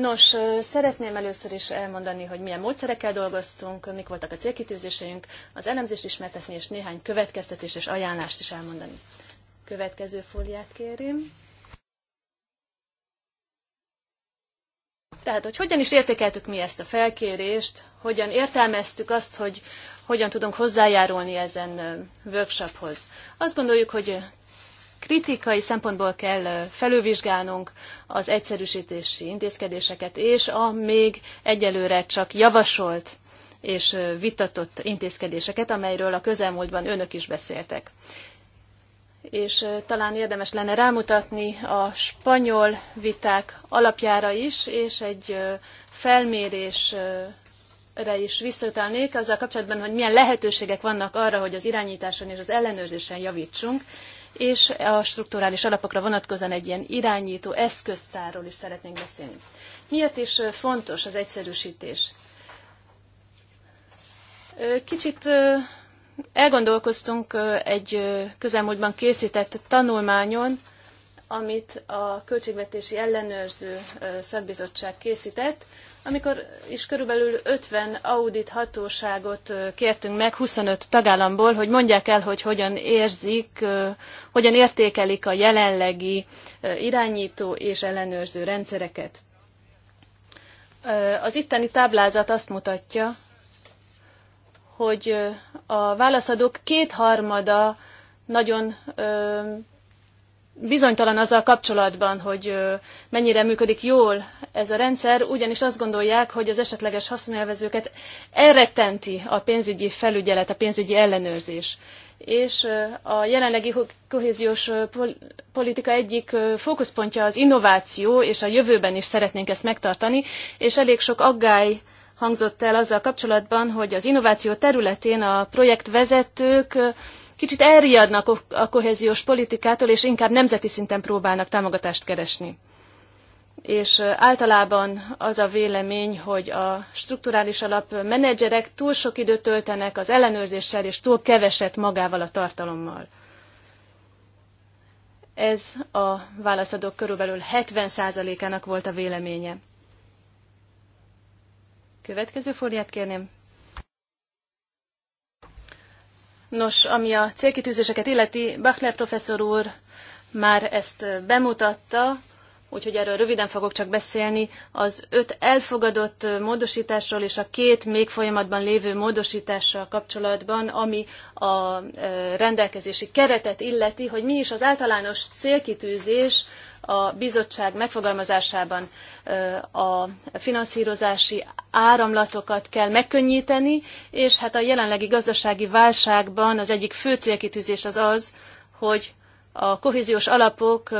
Nos, szeretném először is elmondani, hogy milyen módszerekkel dolgoztunk, mik voltak a célkitűzéseink, az elemzést ismertetni, és néhány következtetés és ajánlást is elmondani. Következő fóliát kérim. Tehát, hogy hogyan is értékeltük mi ezt a felkérést, hogyan értelmeztük azt, hogy hogyan tudunk hozzájárulni ezen workshophoz. Azt gondoljuk, hogy kritikai szempontból kell felülvizsgálnunk az egyszerűsítési intézkedéseket, és a még egyelőre csak javasolt és vitatott intézkedéseket, amelyről a közelmúltban önök is beszéltek. És talán érdemes lenne rámutatni a spanyol viták alapjára is, és egy felmérésre is visszatalnék, azzal kapcsolatban, hogy milyen lehetőségek vannak arra, hogy az irányításon és az ellenőrzésen javítsunk, és a strukturális alapokra vonatkozóan egy ilyen irányító eszköztárról is szeretnénk beszélni. Miért is fontos az egyszerűsítés? Kicsit elgondolkoztunk egy közelmúltban készített tanulmányon, amit a Költségvetési Ellenőrző Szakbizottság készített, amikor is körülbelül 50 audit hatóságot kértünk meg 25 tagállamból, hogy mondják el, hogy hogyan érzik, hogyan értékelik a jelenlegi irányító és ellenőrző rendszereket. Az itteni táblázat azt mutatja, hogy a válaszadók kétharmada nagyon bizonytalan azzal kapcsolatban, hogy mennyire működik jól ez a rendszer, ugyanis azt gondolják, hogy az esetleges haszonélvezőket elrettenti a pénzügyi felügyelet, a pénzügyi ellenőrzés. És a jelenlegi kohéziós politika egyik fókuszpontja az innováció, és a jövőben is szeretnénk ezt megtartani, és elég sok aggály hangzott el azzal kapcsolatban, hogy az innováció területén a projektvezetők kicsit elriadnak a kohéziós politikától, és inkább nemzeti szinten próbálnak támogatást keresni. És általában az a vélemény, hogy a strukturális alap menedzserek túl sok időt töltenek az ellenőrzéssel, és túl keveset magával a tartalommal. Ez a válaszadók körülbelül 70%-ának volt a véleménye. Következő fóliát kérném. Nos, ami a célkitűzéseket illeti, Bachner professzor úr már ezt bemutatta, úgyhogy erről röviden fogok csak beszélni, az öt elfogadott módosításról és a két még folyamatban lévő módosítással kapcsolatban, ami a rendelkezési keretet illeti, hogy mi is az általános célkitűzés a bizottság megfogalmazásában a finanszírozási áramlatokat kell megkönnyíteni, és hát a jelenlegi gazdasági válságban az egyik fő célkitűzés az az, hogy a kohéziós alapok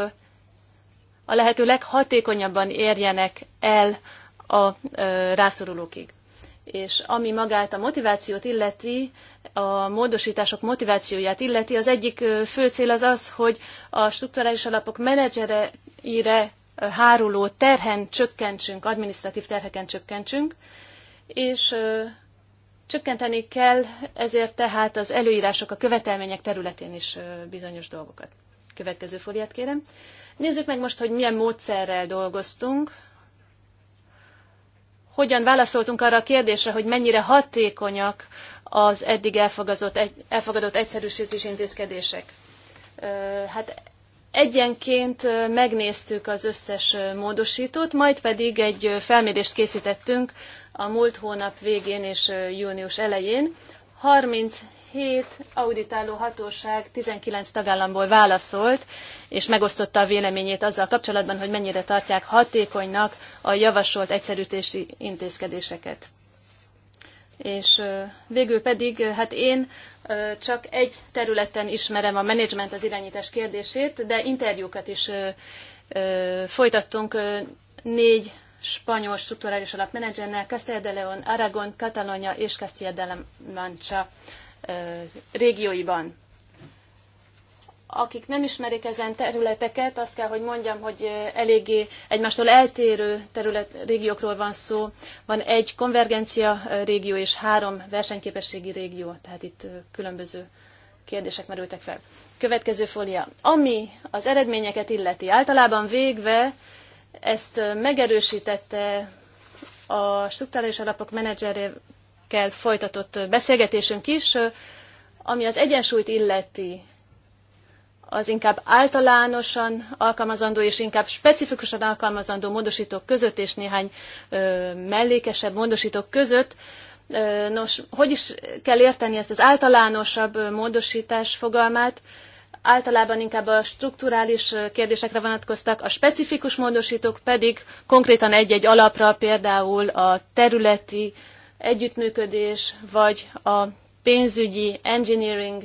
a lehető leghatékonyabban érjenek el a rászorulókig. És ami magát a motivációt illeti, a módosítások motivációját illeti, az egyik fő cél az az, hogy a strukturális alapok menedzsereire háruló terhen csökkentsünk, adminisztratív terheken csökkentsünk, és csökkenteni kell ezért tehát az előírások, a követelmények területén is bizonyos dolgokat. Következő fóliát kérem. Nézzük meg most, hogy milyen módszerrel dolgoztunk, hogyan válaszoltunk arra a kérdésre, hogy mennyire hatékonyak az eddig elfogadott, egyszerűsítés intézkedések. Hát Egyenként megnéztük az összes módosítót, majd pedig egy felmérést készítettünk a múlt hónap végén és június elején. 37 auditáló hatóság 19 tagállamból válaszolt, és megosztotta a véleményét azzal kapcsolatban, hogy mennyire tartják hatékonynak a javasolt egyszerűtési intézkedéseket. És végül pedig, hát én csak egy területen ismerem a menedzsment az irányítás kérdését, de interjúkat is folytattunk négy spanyol struktúrális alapmenedzsernel, Castilla de León, Aragon, Katalonia és Castilla de la Mancha régióiban akik nem ismerik ezen területeket, azt kell, hogy mondjam, hogy eléggé egymástól eltérő terület, régiókról van szó. Van egy konvergencia régió és három versenyképességi régió, tehát itt különböző kérdések merültek fel. Következő fólia. Ami az eredményeket illeti, általában végve ezt megerősítette a struktúrális alapok menedzserével folytatott beszélgetésünk is, ami az egyensúlyt illeti az inkább általánosan alkalmazandó és inkább specifikusan alkalmazandó módosítók között és néhány ö, mellékesebb módosítók között. Ö, nos, hogy is kell érteni ezt az általánosabb módosítás fogalmát? Általában inkább a strukturális kérdésekre vonatkoztak, a specifikus módosítók pedig konkrétan egy-egy alapra, például a területi együttműködés vagy a pénzügyi engineering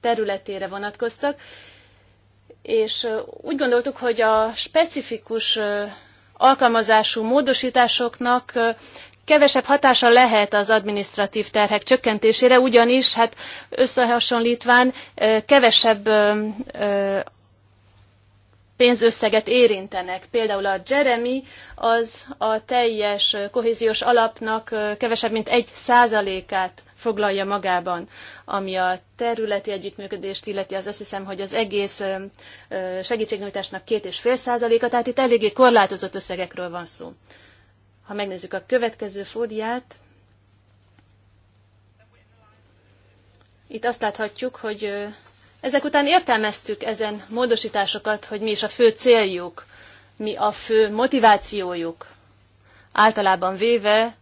területére vonatkoztak, és úgy gondoltuk, hogy a specifikus alkalmazású módosításoknak kevesebb hatása lehet az adminisztratív terhek csökkentésére, ugyanis hát összehasonlítván kevesebb pénzösszeget érintenek. Például a Jeremy az a teljes kohéziós alapnak kevesebb, mint egy százalékát foglalja magában, ami a területi együttműködést illeti, az azt hiszem, hogy az egész segítségnyújtásnak két és fél százaléka, tehát itt eléggé korlátozott összegekről van szó. Ha megnézzük a következő fóliát, itt azt láthatjuk, hogy ezek után értelmeztük ezen módosításokat, hogy mi is a fő céljuk, mi a fő motivációjuk. Általában véve,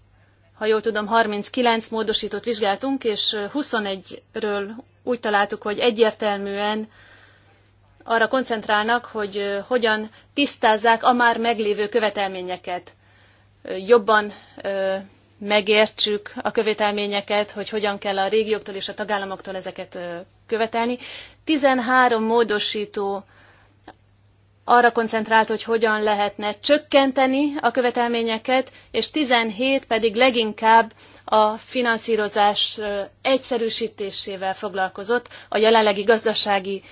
ha jól tudom, 39 módosítót vizsgáltunk, és 21-ről úgy találtuk, hogy egyértelműen arra koncentrálnak, hogy hogyan tisztázzák a már meglévő követelményeket. Jobban megértsük a követelményeket, hogy hogyan kell a régióktól és a tagállamoktól ezeket követelni. 13 módosító arra koncentrált, hogy hogyan lehetne csökkenteni a követelményeket, és 17 pedig leginkább a finanszírozás egyszerűsítésével foglalkozott, a jelenlegi gazdasági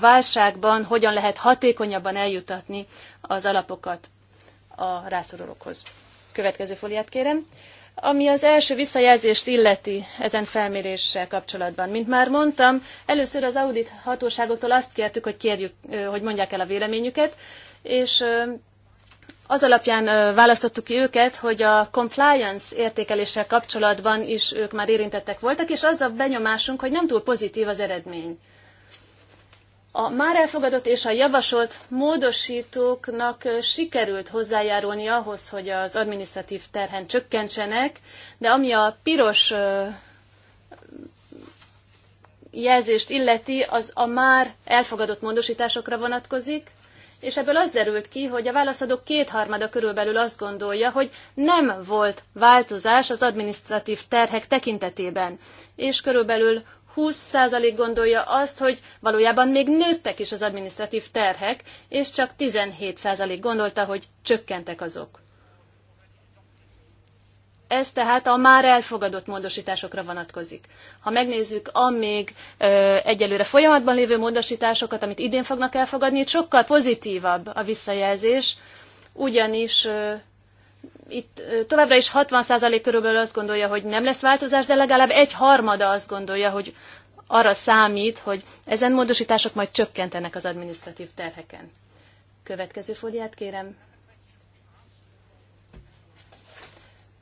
válságban hogyan lehet hatékonyabban eljutatni az alapokat a rászorulókhoz. Következő fóliát kérem. Ami az első visszajelzést illeti ezen felméréssel kapcsolatban. Mint már mondtam, először az audit hatóságoktól azt kértük, hogy, kérjük, hogy mondják el a véleményüket, és az alapján választottuk ki őket, hogy a compliance értékeléssel kapcsolatban is ők már érintettek voltak, és az a benyomásunk, hogy nem túl pozitív az eredmény a már elfogadott és a javasolt módosítóknak sikerült hozzájárulni ahhoz, hogy az adminisztratív terhen csökkentsenek, de ami a piros jelzést illeti, az a már elfogadott módosításokra vonatkozik, és ebből az derült ki, hogy a válaszadók kétharmada körülbelül azt gondolja, hogy nem volt változás az adminisztratív terhek tekintetében, és körülbelül 20% gondolja azt, hogy valójában még nőttek is az administratív terhek, és csak 17% gondolta, hogy csökkentek azok. Ez tehát a már elfogadott módosításokra vonatkozik. Ha megnézzük a még ö, egyelőre folyamatban lévő módosításokat, amit idén fognak elfogadni, itt sokkal pozitívabb a visszajelzés, ugyanis ö, itt továbbra is 60% körülbelül azt gondolja, hogy nem lesz változás, de legalább egy harmada azt gondolja, hogy arra számít, hogy ezen módosítások majd csökkentenek az administratív terheken. Következő fóliát kérem.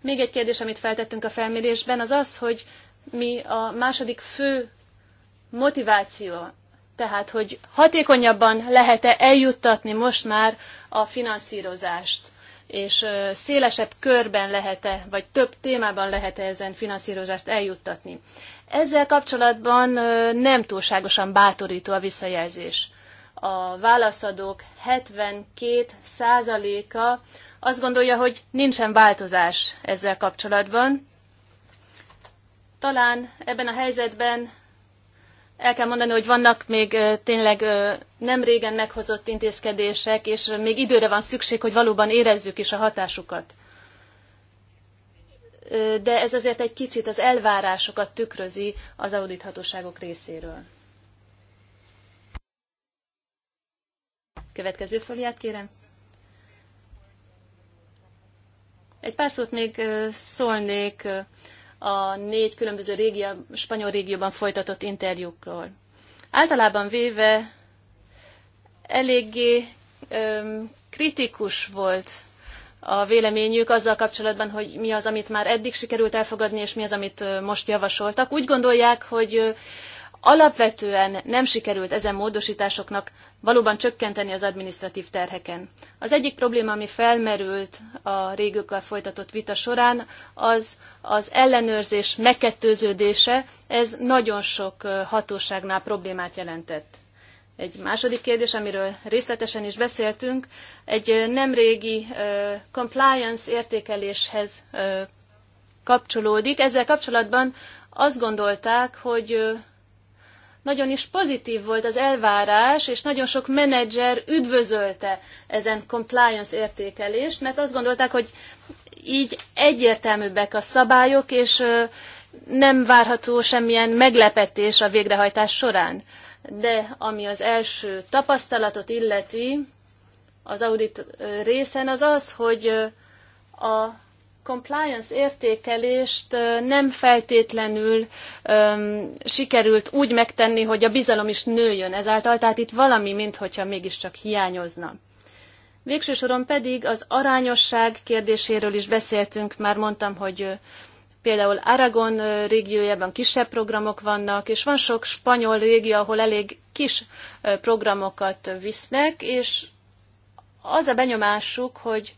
Még egy kérdés, amit feltettünk a felmérésben, az az, hogy mi a második fő motiváció, tehát hogy hatékonyabban lehet-e eljuttatni most már a finanszírozást és szélesebb körben lehet-e, vagy több témában lehet-e ezen finanszírozást eljuttatni. Ezzel kapcsolatban nem túlságosan bátorító a visszajelzés. A válaszadók 72%-a azt gondolja, hogy nincsen változás ezzel kapcsolatban. Talán ebben a helyzetben el kell mondani, hogy vannak még tényleg nem régen meghozott intézkedések, és még időre van szükség, hogy valóban érezzük is a hatásukat. De ez azért egy kicsit az elvárásokat tükrözi az audithatóságok részéről. Következő foliát kérem. Egy pár szót még szólnék a négy különböző régió, spanyol régióban folytatott interjúkról. Általában véve eléggé öm, kritikus volt a véleményük azzal kapcsolatban, hogy mi az, amit már eddig sikerült elfogadni, és mi az, amit most javasoltak. Úgy gondolják, hogy alapvetően nem sikerült ezen módosításoknak valóban csökkenteni az administratív terheken. Az egyik probléma, ami felmerült a régiókkal folytatott vita során, az az ellenőrzés megkettőződése, ez nagyon sok hatóságnál problémát jelentett. Egy második kérdés, amiről részletesen is beszéltünk, egy nemrégi compliance értékeléshez kapcsolódik. Ezzel kapcsolatban azt gondolták, hogy nagyon is pozitív volt az elvárás, és nagyon sok menedzser üdvözölte ezen compliance értékelést, mert azt gondolták, hogy így egyértelműbbek a szabályok, és nem várható semmilyen meglepetés a végrehajtás során. De ami az első tapasztalatot illeti az audit részen, az az, hogy a compliance értékelést nem feltétlenül um, sikerült úgy megtenni, hogy a bizalom is nőjön ezáltal, tehát itt valami, minthogyha mégiscsak hiányozna. Végső soron pedig az arányosság kérdéséről is beszéltünk, már mondtam, hogy például Aragon régiójában kisebb programok vannak, és van sok spanyol régió, ahol elég kis programokat visznek, és az a benyomásuk, hogy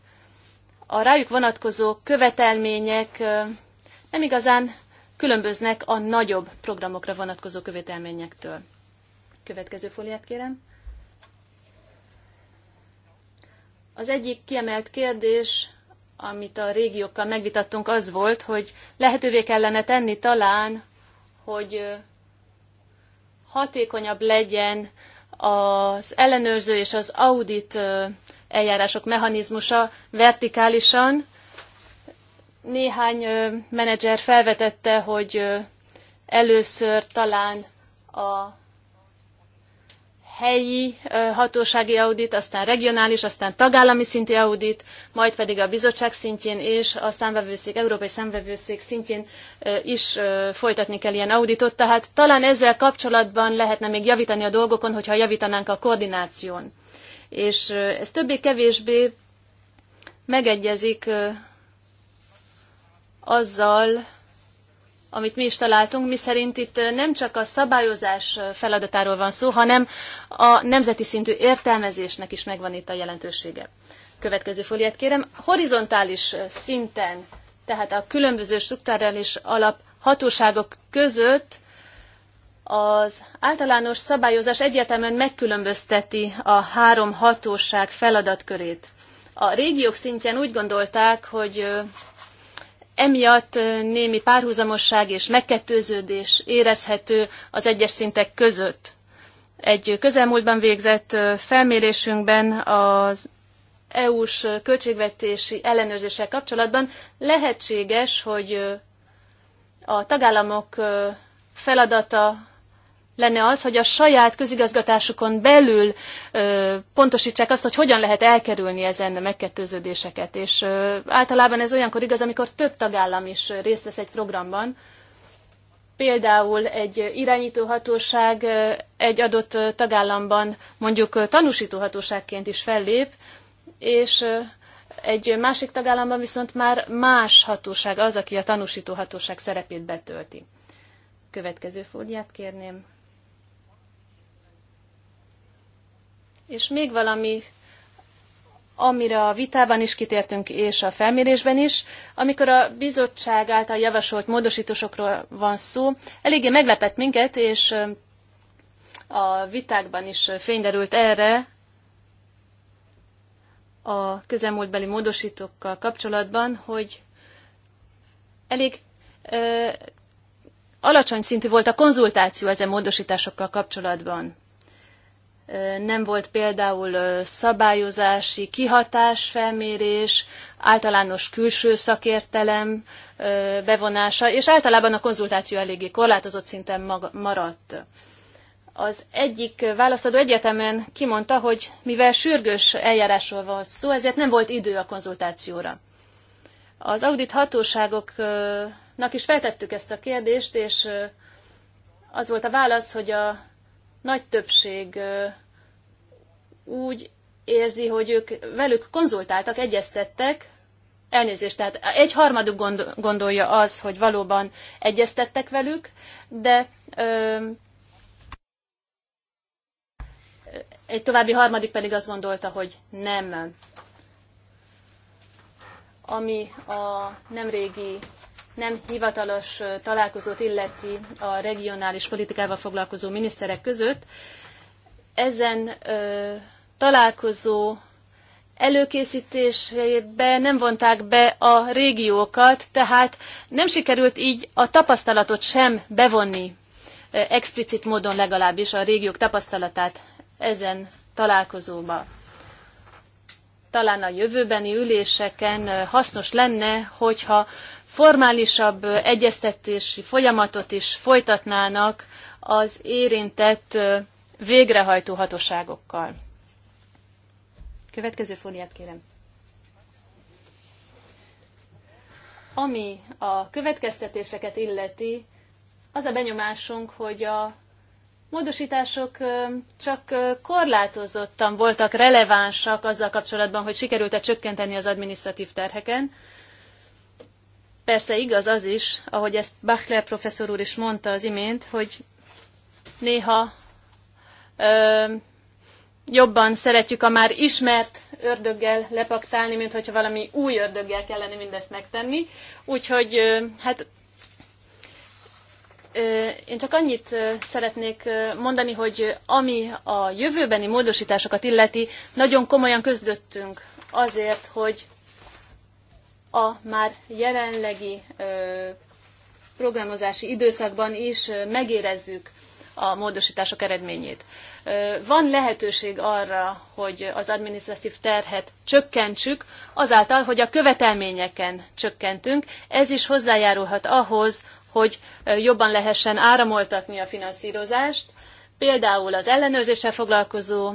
a rájuk vonatkozó követelmények nem igazán különböznek a nagyobb programokra vonatkozó követelményektől. Következő fóliát kérem. Az egyik kiemelt kérdés, amit a régiókkal megvitattunk, az volt, hogy lehetővé kellene tenni talán, hogy hatékonyabb legyen az ellenőrző és az audit eljárások mechanizmusa vertikálisan. Néhány menedzser felvetette, hogy először talán a helyi hatósági audit, aztán regionális, aztán tagállami szinti audit, majd pedig a bizottság szintjén és a számvevőszék, európai számvevőszék szintjén is folytatni kell ilyen auditot. Tehát talán ezzel kapcsolatban lehetne még javítani a dolgokon, hogyha javítanánk a koordináción és ez többé-kevésbé megegyezik azzal, amit mi is találtunk, mi szerint itt nem csak a szabályozás feladatáról van szó, hanem a nemzeti szintű értelmezésnek is megvan itt a jelentősége. Következő fóliát kérem. Horizontális szinten, tehát a különböző struktúrális alap hatóságok között az általános szabályozás egyértelműen megkülönbözteti a három hatóság feladatkörét. A régiók szintjén úgy gondolták, hogy emiatt némi párhuzamosság és megkettőződés érezhető az egyes szintek között. Egy közelmúltban végzett felmérésünkben az EU-s költségvetési ellenőrzéssel kapcsolatban lehetséges, hogy a tagállamok feladata lenne az, hogy a saját közigazgatásukon belül ö, pontosítsák azt, hogy hogyan lehet elkerülni ezen megkettőződéseket. És ö, általában ez olyankor igaz, amikor több tagállam is részt vesz egy programban. Például egy irányítóhatóság egy adott tagállamban mondjuk tanúsítóhatóságként is fellép, és egy másik tagállamban viszont már más hatóság az, aki a tanúsítóhatóság szerepét betölti. Következő fóliát kérném. És még valami, amire a vitában is kitértünk, és a felmérésben is, amikor a bizottság által javasolt módosítósokról van szó, eléggé meglepett minket, és a vitákban is fényderült erre a közelmúltbeli módosítókkal kapcsolatban, hogy elég ö, alacsony szintű volt a konzultáció ezen módosításokkal kapcsolatban nem volt például szabályozási kihatásfelmérés, általános külső szakértelem bevonása, és általában a konzultáció eléggé korlátozott szinten maradt. Az egyik válaszadó egyetemen kimondta, hogy mivel sürgős eljárásról volt szó, ezért nem volt idő a konzultációra. Az audit hatóságoknak is feltettük ezt a kérdést, és az volt a válasz, hogy a nagy többség úgy érzi, hogy ők velük konzultáltak, egyeztettek, elnézést, tehát egy harmaduk gondolja az, hogy valóban egyeztettek velük, de ö, egy további harmadik pedig azt gondolta, hogy nem. Ami a nemrégi nem hivatalos találkozót illeti a regionális politikával foglalkozó miniszterek között. Ezen ö, találkozó előkészítésébe nem vonták be a régiókat, tehát nem sikerült így a tapasztalatot sem bevonni explicit módon legalábbis a régiók tapasztalatát ezen találkozóba. Talán a jövőbeni üléseken hasznos lenne, hogyha formálisabb egyeztetési folyamatot is folytatnának az érintett végrehajtó hatóságokkal. Következő fóliát kérem. Ami a következtetéseket illeti, az a benyomásunk, hogy a módosítások csak korlátozottan voltak relevánsak azzal kapcsolatban, hogy sikerült-e csökkenteni az adminisztratív terheken, Persze igaz az is, ahogy ezt Bachler professzor úr is mondta az imént, hogy néha ö, jobban szeretjük a már ismert ördöggel lepaktálni, mint hogyha valami új ördöggel kellene mindezt megtenni. Úgyhogy ö, hát én csak annyit szeretnék mondani, hogy ami a jövőbeni módosításokat illeti, nagyon komolyan közdöttünk azért, hogy a már jelenlegi programozási időszakban is megérezzük a módosítások eredményét. Van lehetőség arra, hogy az adminisztratív terhet csökkentsük, azáltal, hogy a követelményeken csökkentünk. Ez is hozzájárulhat ahhoz, hogy jobban lehessen áramoltatni a finanszírozást, például az ellenőrzéssel foglalkozó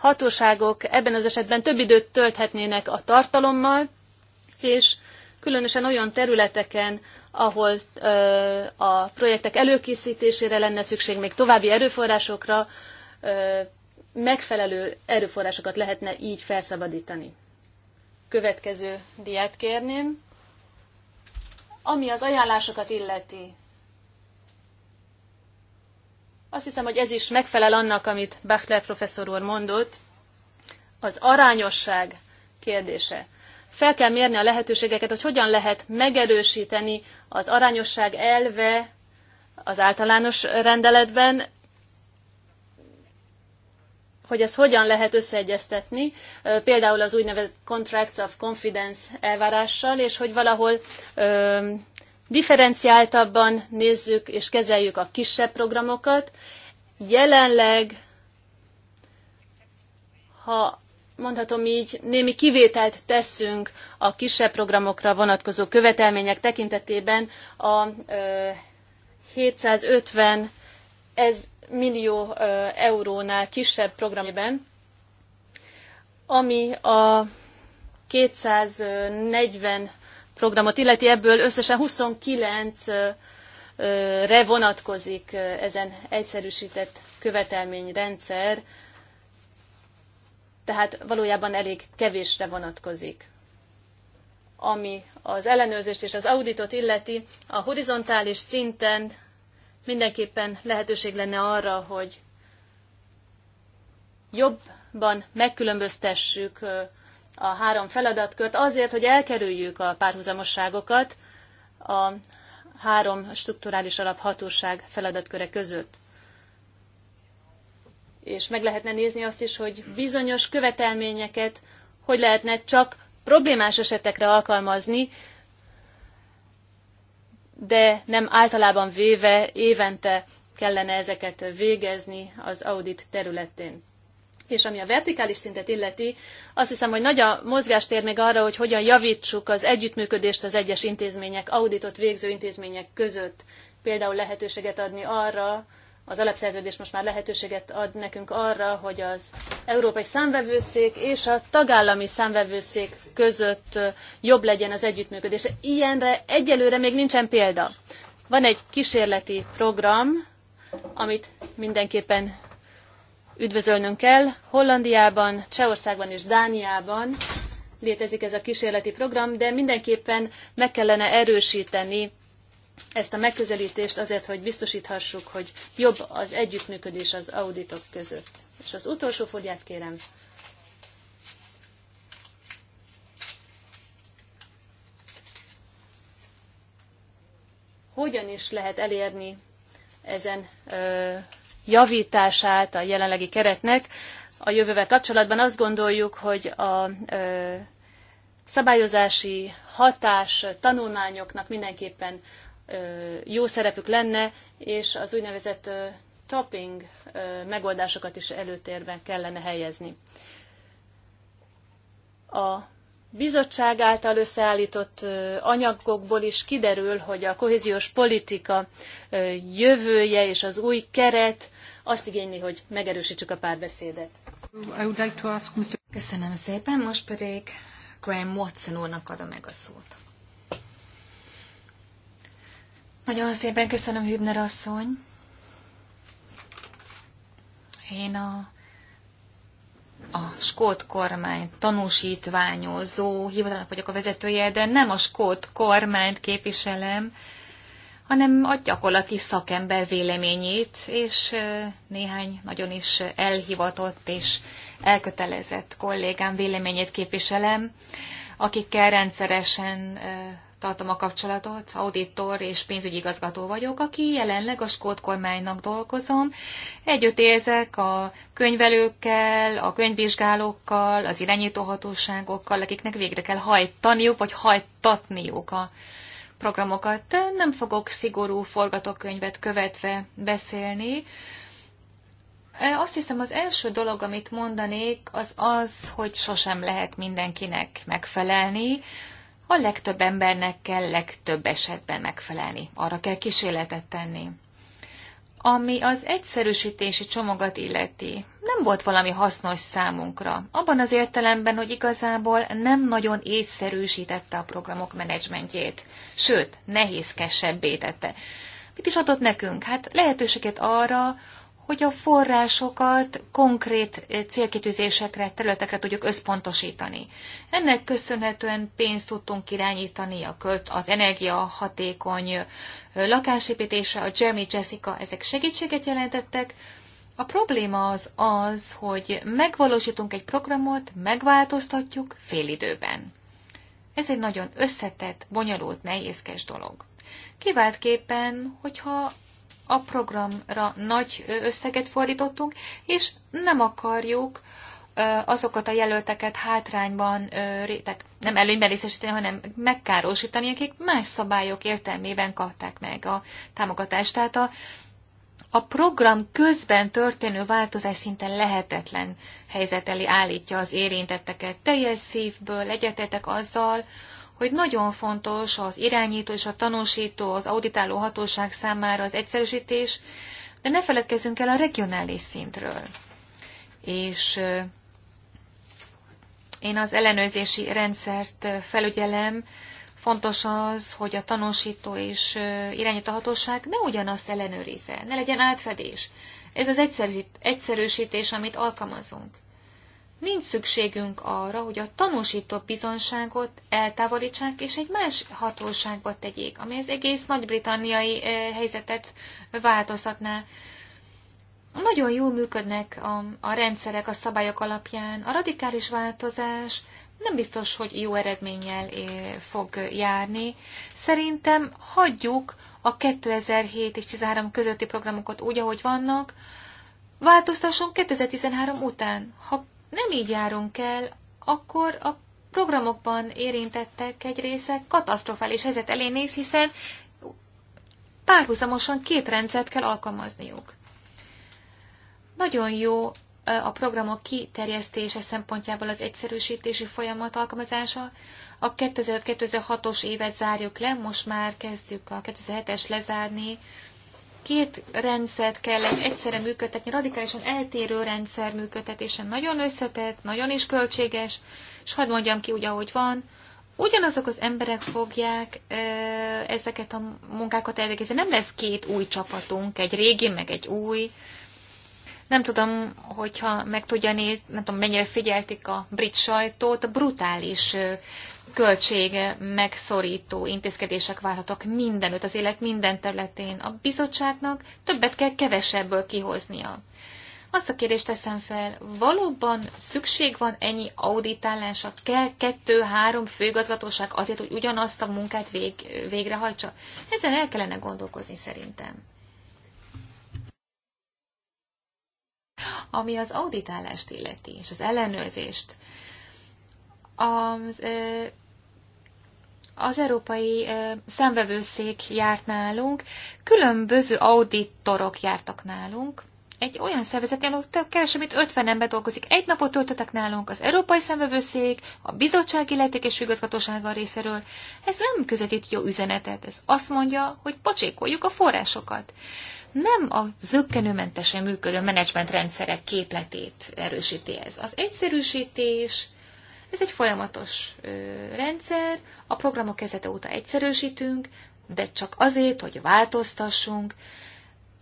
hatóságok ebben az esetben több időt tölthetnének a tartalommal, és különösen olyan területeken, ahol a projektek előkészítésére lenne szükség még további erőforrásokra, megfelelő erőforrásokat lehetne így felszabadítani. Következő diát kérném. Ami az ajánlásokat illeti, azt hiszem, hogy ez is megfelel annak, amit Bachler professzor úr mondott, az arányosság kérdése fel kell mérni a lehetőségeket, hogy hogyan lehet megerősíteni az arányosság elve az általános rendeletben, hogy ezt hogyan lehet összeegyeztetni, például az úgynevezett Contracts of Confidence elvárással, és hogy valahol ö, differenciáltabban nézzük és kezeljük a kisebb programokat. Jelenleg, ha mondhatom így, némi kivételt teszünk a kisebb programokra vonatkozó követelmények tekintetében a 750 ez millió eurónál kisebb programjában, ami a 240 programot illeti, ebből összesen 29 re vonatkozik ezen egyszerűsített követelményrendszer, tehát valójában elég kevésre vonatkozik. Ami az ellenőrzést és az auditot illeti, a horizontális szinten mindenképpen lehetőség lenne arra, hogy jobban megkülönböztessük a három feladatkört azért, hogy elkerüljük a párhuzamosságokat a három strukturális alaphatóság feladatköre között és meg lehetne nézni azt is, hogy bizonyos követelményeket hogy lehetne csak problémás esetekre alkalmazni, de nem általában véve évente kellene ezeket végezni az audit területén. És ami a vertikális szintet illeti, azt hiszem, hogy nagy a mozgástér még arra, hogy hogyan javítsuk az együttműködést az egyes intézmények, auditot végző intézmények között. Például lehetőséget adni arra, az alapszerződés most már lehetőséget ad nekünk arra, hogy az Európai Számvevőszék és a tagállami számvevőszék között jobb legyen az együttműködés. Ilyenre egyelőre még nincsen példa. Van egy kísérleti program, amit mindenképpen üdvözölnünk kell. Hollandiában, Csehországban és Dániában létezik ez a kísérleti program, de mindenképpen meg kellene erősíteni ezt a megközelítést azért, hogy biztosíthassuk, hogy jobb az együttműködés az auditok között. És az utolsó fogját kérem. Hogyan is lehet elérni ezen ö, javítását a jelenlegi keretnek? A jövővel kapcsolatban azt gondoljuk, hogy a ö, szabályozási hatás tanulmányoknak mindenképpen jó szerepük lenne, és az úgynevezett topping megoldásokat is előtérbe kellene helyezni. A bizottság által összeállított anyagokból is kiderül, hogy a kohéziós politika jövője és az új keret azt igényli, hogy megerősítsük a párbeszédet. Köszönöm szépen, most pedig Graham Watson úrnak adom meg a szót. Nagyon szépen köszönöm, Hübner asszony. Én a, a skót kormány tanúsítványozó hivatalnak vagyok a vezetője, de nem a skót kormányt képviselem, hanem a gyakorlati szakember véleményét, és néhány nagyon is elhivatott és elkötelezett kollégám véleményét képviselem, akikkel rendszeresen tartom a kapcsolatot, auditor és pénzügyi igazgató vagyok, aki jelenleg a skót kormánynak dolgozom. Együtt érzek a könyvelőkkel, a könyvvizsgálókkal, az irányítóhatóságokkal, akiknek végre kell hajtaniuk, vagy hajtatniuk a programokat. Nem fogok szigorú forgatókönyvet követve beszélni, e, azt hiszem az első dolog, amit mondanék, az az, hogy sosem lehet mindenkinek megfelelni a legtöbb embernek kell legtöbb esetben megfelelni. Arra kell kísérletet tenni. Ami az egyszerűsítési csomagot illeti, nem volt valami hasznos számunkra, abban az értelemben, hogy igazából nem nagyon észszerűsítette a programok menedzsmentjét, sőt, nehézkesebbé tette. Mit is adott nekünk? Hát lehetőséget arra, hogy a forrásokat konkrét eh, célkitűzésekre, területekre tudjuk összpontosítani. Ennek köszönhetően pénzt tudtunk irányítani a költ, az energia hatékony eh, lakásépítése, a Jeremy Jessica, ezek segítséget jelentettek. A probléma az az, hogy megvalósítunk egy programot, megváltoztatjuk félidőben. Ez egy nagyon összetett, bonyolult, nehézkes dolog. Kiváltképpen, hogyha a programra nagy összeget fordítottunk, és nem akarjuk azokat a jelölteket hátrányban, tehát nem előnyben részesíteni, hanem megkárosítani, akik más szabályok értelmében kapták meg a támogatást. Tehát a, a program közben történő változás szinte lehetetlen helyzet elé állítja az érintetteket. Teljes szívből egyetetek azzal, hogy nagyon fontos az irányító és a tanúsító, az auditáló hatóság számára az egyszerűsítés, de ne feledkezzünk el a regionális szintről. És én az ellenőrzési rendszert felügyelem, fontos az, hogy a tanúsító és irányító hatóság ne ugyanazt ellenőrizze, ne legyen átfedés. Ez az egyszerűsítés, amit alkalmazunk nincs szükségünk arra, hogy a tanúsító bizonságot eltávolítsák, és egy más hatóságba tegyék, ami az egész nagy-britanniai helyzetet változtatná. Nagyon jól működnek a, a rendszerek a szabályok alapján. A radikális változás nem biztos, hogy jó eredménnyel fog járni. Szerintem hagyjuk a 2007 és 2013 közötti programokat úgy, ahogy vannak, változtasson 2013 után. Ha nem így járunk el, akkor a programokban érintettek egy része katasztrofális helyzet elé néz, hiszen párhuzamosan két rendszert kell alkalmazniuk. Nagyon jó a programok kiterjesztése szempontjából az egyszerűsítési folyamat alkalmazása. A 2005-2006-os évet zárjuk le, most már kezdjük a 2007-es lezárni, Két rendszert kellett egyszerre működtetni, radikálisan eltérő rendszer működtetésen nagyon összetett, nagyon is költséges, és hadd mondjam ki úgy, ahogy van, ugyanazok az emberek fogják ezeket a munkákat elvégezni. Nem lesz két új csapatunk, egy régi, meg egy új. Nem tudom, hogyha meg tudja nézni, nem tudom, mennyire figyeltik a brit sajtót, a brutális költsége megszorító intézkedések várhatók mindenütt, az élet minden területén. A bizottságnak többet kell kevesebből kihoznia. Azt a kérdést teszem fel, valóban szükség van ennyi auditálásra? Kell kettő-három főigazgatóság azért, hogy ugyanazt a munkát vég, végrehajtsa? Ezzel el kellene gondolkozni szerintem. Ami az auditálást illeti, és az ellenőrzést, az az európai Szemvevőszék járt nálunk, különböző auditorok jártak nálunk, egy olyan szervezet, ahol több kevesebb, mint 50 ember dolgozik. Egy napot töltöttek nálunk az Európai Szemvevőszék, a Bizottság Illetékes Főigazgatósága részéről. Ez nem közvetít jó üzenetet, ez azt mondja, hogy pocsékoljuk a forrásokat. Nem a zöggenőmentesen működő menedzsment rendszerek képletét erősíti ez. Az egyszerűsítés, ez egy folyamatos rendszer, a programok kezdete óta egyszerűsítünk, de csak azért, hogy változtassunk,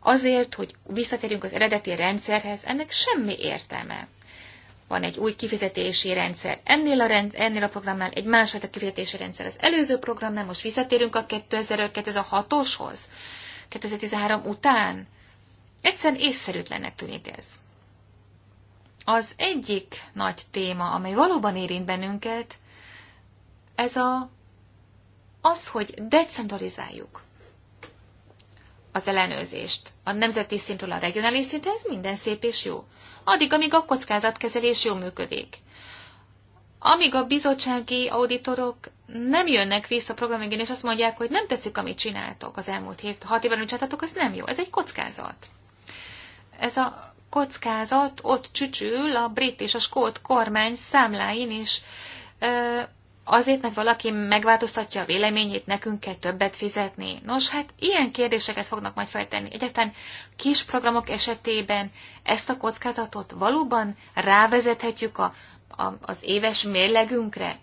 azért, hogy visszatérjünk az eredeti rendszerhez, ennek semmi értelme. Van egy új kifizetési rendszer ennél a, rend, ennél a programnál, egy másfajta kifizetési rendszer az előző programnál, most visszatérünk a 2006-oshoz, 2013 után. Egyszerűen észszerűtlennek tűnik ez. Az egyik nagy téma, amely valóban érint bennünket, ez a, az, hogy decentralizáljuk az ellenőrzést. A nemzeti szintről a regionális szintre ez minden szép és jó. Addig, amíg a kockázatkezelés jól működik. Amíg a bizottsági auditorok nem jönnek vissza programigén, és azt mondják, hogy nem tetszik, amit csináltok az elmúlt hét, hat évben, amit csináltatok, az nem jó. Ez egy kockázat. Ez a kockázat ott csücsül a brit és a skót kormány számláin is. Azért, mert valaki megváltoztatja a véleményét, nekünk kell többet fizetni. Nos, hát ilyen kérdéseket fognak majd feltenni. egyetlen kis programok esetében ezt a kockázatot valóban rávezethetjük a, a, az éves mérlegünkre,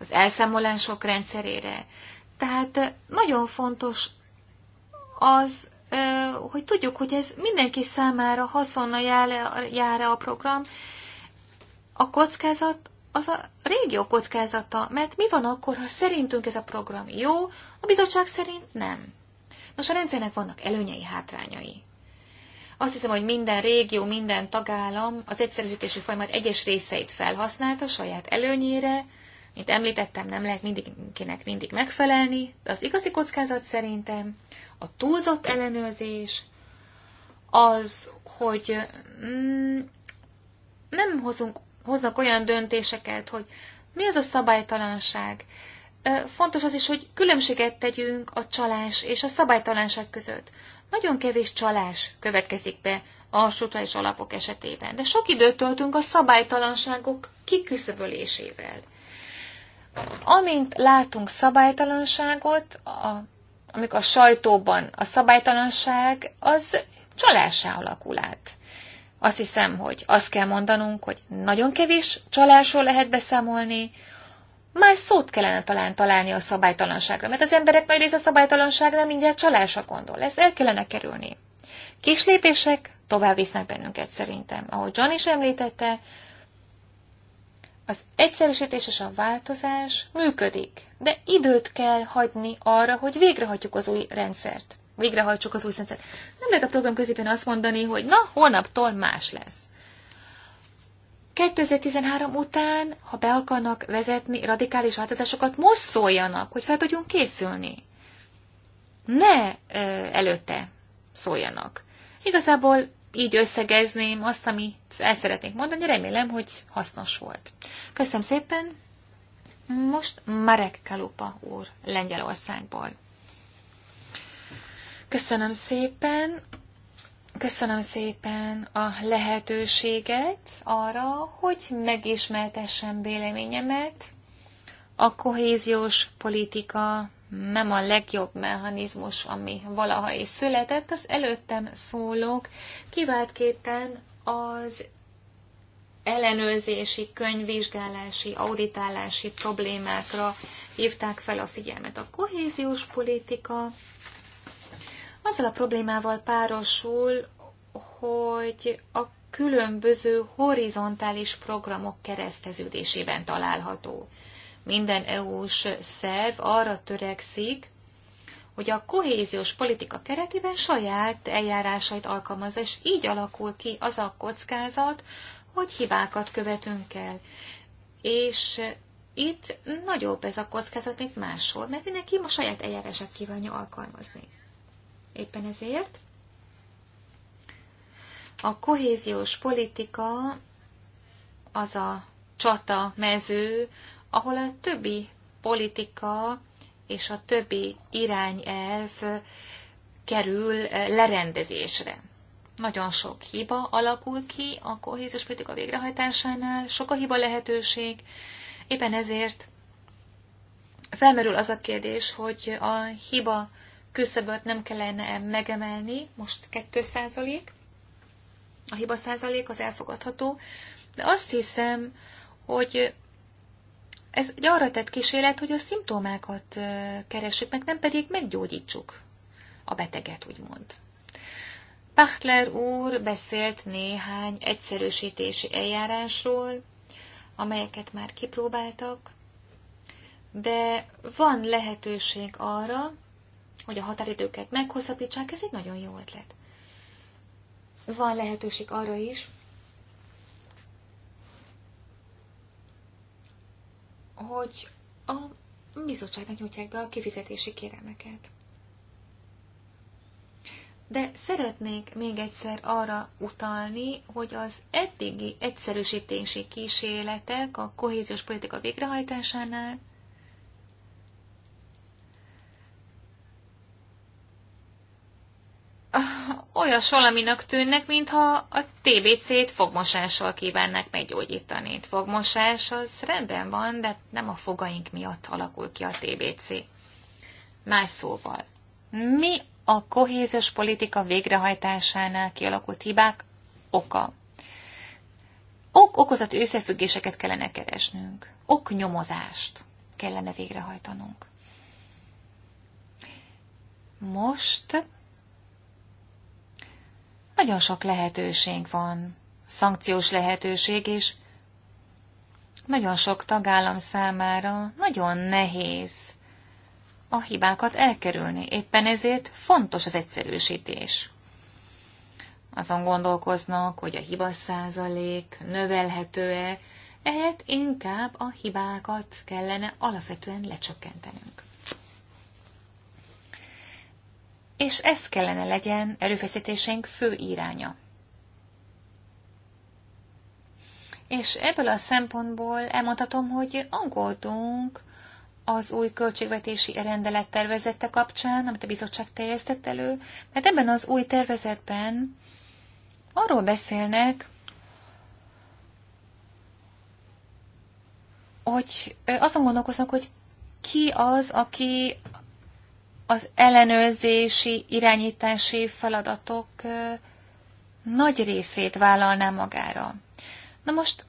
az elszámolások rendszerére. Tehát nagyon fontos az, hogy tudjuk, hogy ez mindenki számára haszonna jár-e a program. A kockázat az a régió kockázata, mert mi van akkor, ha szerintünk ez a program jó, a bizottság szerint nem. Nos, a rendszernek vannak előnyei, hátrányai. Azt hiszem, hogy minden régió, minden tagállam az egyszerűsítési folyamat egyes részeit felhasználta saját előnyére, mint említettem, nem lehet mindenkinek mindig megfelelni, de az igazi kockázat szerintem a túlzott ellenőrzés, az, hogy mm, nem hozunk, hoznak olyan döntéseket, hogy mi az a szabálytalanság. Fontos az is, hogy különbséget tegyünk a csalás és a szabálytalanság között. Nagyon kevés csalás következik be alsóta és alapok esetében, de sok időt töltünk a szabálytalanságok kiküszöbölésével. Amint látunk szabálytalanságot, a amikor a sajtóban a szabálytalanság az csalásá alakul át. Azt hiszem, hogy azt kell mondanunk, hogy nagyon kevés csalásról lehet beszámolni, más szót kellene talán találni a szabálytalanságra, mert az emberek nagy része a szabálytalanságra mindjárt csalásra gondol. Ez el kellene kerülni. Kis lépések tovább visznek bennünket szerintem. Ahogy John is említette, az egyszerűsítés és a változás működik, de időt kell hagyni arra, hogy végrehajtjuk az új rendszert. Végrehajtsuk az új rendszert. Nem lehet a program középen azt mondani, hogy na, holnaptól más lesz. 2013 után, ha be akarnak vezetni radikális változásokat, most szóljanak, hogy fel tudjunk készülni. Ne előtte szóljanak. Igazából így összegezném azt, amit el szeretnék mondani, remélem, hogy hasznos volt. Köszönöm szépen! Most Marek Kalupa úr Lengyelországból. Köszönöm szépen! Köszönöm szépen a lehetőséget arra, hogy megismertessem véleményemet a kohéziós politika nem a legjobb mechanizmus, ami valaha is született, az előttem szólók kiváltképpen az ellenőrzési, könyvvizsgálási, auditálási problémákra hívták fel a figyelmet. A kohéziós politika azzal a problémával párosul, hogy a különböző horizontális programok kereszteződésében található minden EU-s szerv arra törekszik, hogy a kohéziós politika keretében saját eljárásait alkalmaz és így alakul ki az a kockázat, hogy hibákat követünk el. És itt nagyobb ez a kockázat, mint máshol, mert mindenki ma saját eljárását kívánja alkalmazni. Éppen ezért a kohéziós politika az a csata mező, ahol a többi politika és a többi irányelv kerül eh, lerendezésre. Nagyon sok hiba alakul ki a kohéziós politika végrehajtásánál, sok a hiba lehetőség, éppen ezért felmerül az a kérdés, hogy a hiba küszöböt nem kellene -e megemelni, most 2 százalék, a hiba százalék az elfogadható, de azt hiszem, hogy ez egy arra tett kísérlet, hogy a szimptomákat keressük meg, nem pedig meggyógyítsuk a beteget, úgymond. Pachtler úr beszélt néhány egyszerűsítési eljárásról, amelyeket már kipróbáltak, de van lehetőség arra, hogy a határidőket meghosszabbítsák, ez egy nagyon jó ötlet. Van lehetőség arra is, hogy a bizottságnak nyújtják be a kifizetési kérelmeket. De szeretnék még egyszer arra utalni, hogy az eddigi egyszerűsítési kísérletek a kohéziós politika végrehajtásánál olyas valaminak tűnnek, mintha a TBC-t fogmosással kívánnak meggyógyítani. Fogmosás az rendben van, de nem a fogaink miatt alakul ki a TBC. Más szóval, mi a kohéziós politika végrehajtásánál kialakult hibák oka? Ok-okozat összefüggéseket kellene keresnünk. Ok-nyomozást kellene végrehajtanunk. Most nagyon sok lehetőség van, szankciós lehetőség is. Nagyon sok tagállam számára nagyon nehéz a hibákat elkerülni. Éppen ezért fontos az egyszerűsítés. Azon gondolkoznak, hogy a hiba százalék növelhető-e, ehhez inkább a hibákat kellene alapvetően lecsökkentenünk. és ez kellene legyen erőfeszítéseink fő iránya. És ebből a szempontból elmondhatom, hogy angoltunk az új költségvetési rendelet tervezette kapcsán, amit a bizottság terjesztett elő, mert ebben az új tervezetben arról beszélnek, hogy azon gondolkoznak, hogy ki az, aki az ellenőrzési, irányítási feladatok nagy részét vállalná magára. Na most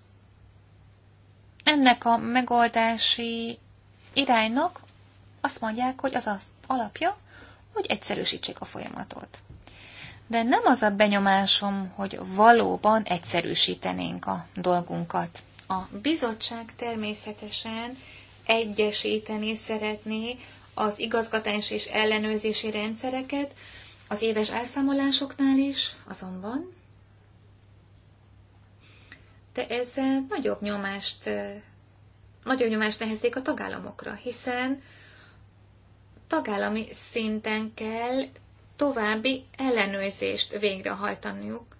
ennek a megoldási iránynak azt mondják, hogy az az alapja, hogy egyszerűsítsék a folyamatot. De nem az a benyomásom, hogy valóban egyszerűsítenénk a dolgunkat. A bizottság természetesen egyesíteni szeretné az igazgatás és ellenőrzési rendszereket, az éves elszámolásoknál is, azonban. De ez eh, nagyobb nyomást, eh, nagyobb nyomást nehezik a tagállamokra, hiszen tagállami szinten kell további ellenőrzést végrehajtaniuk.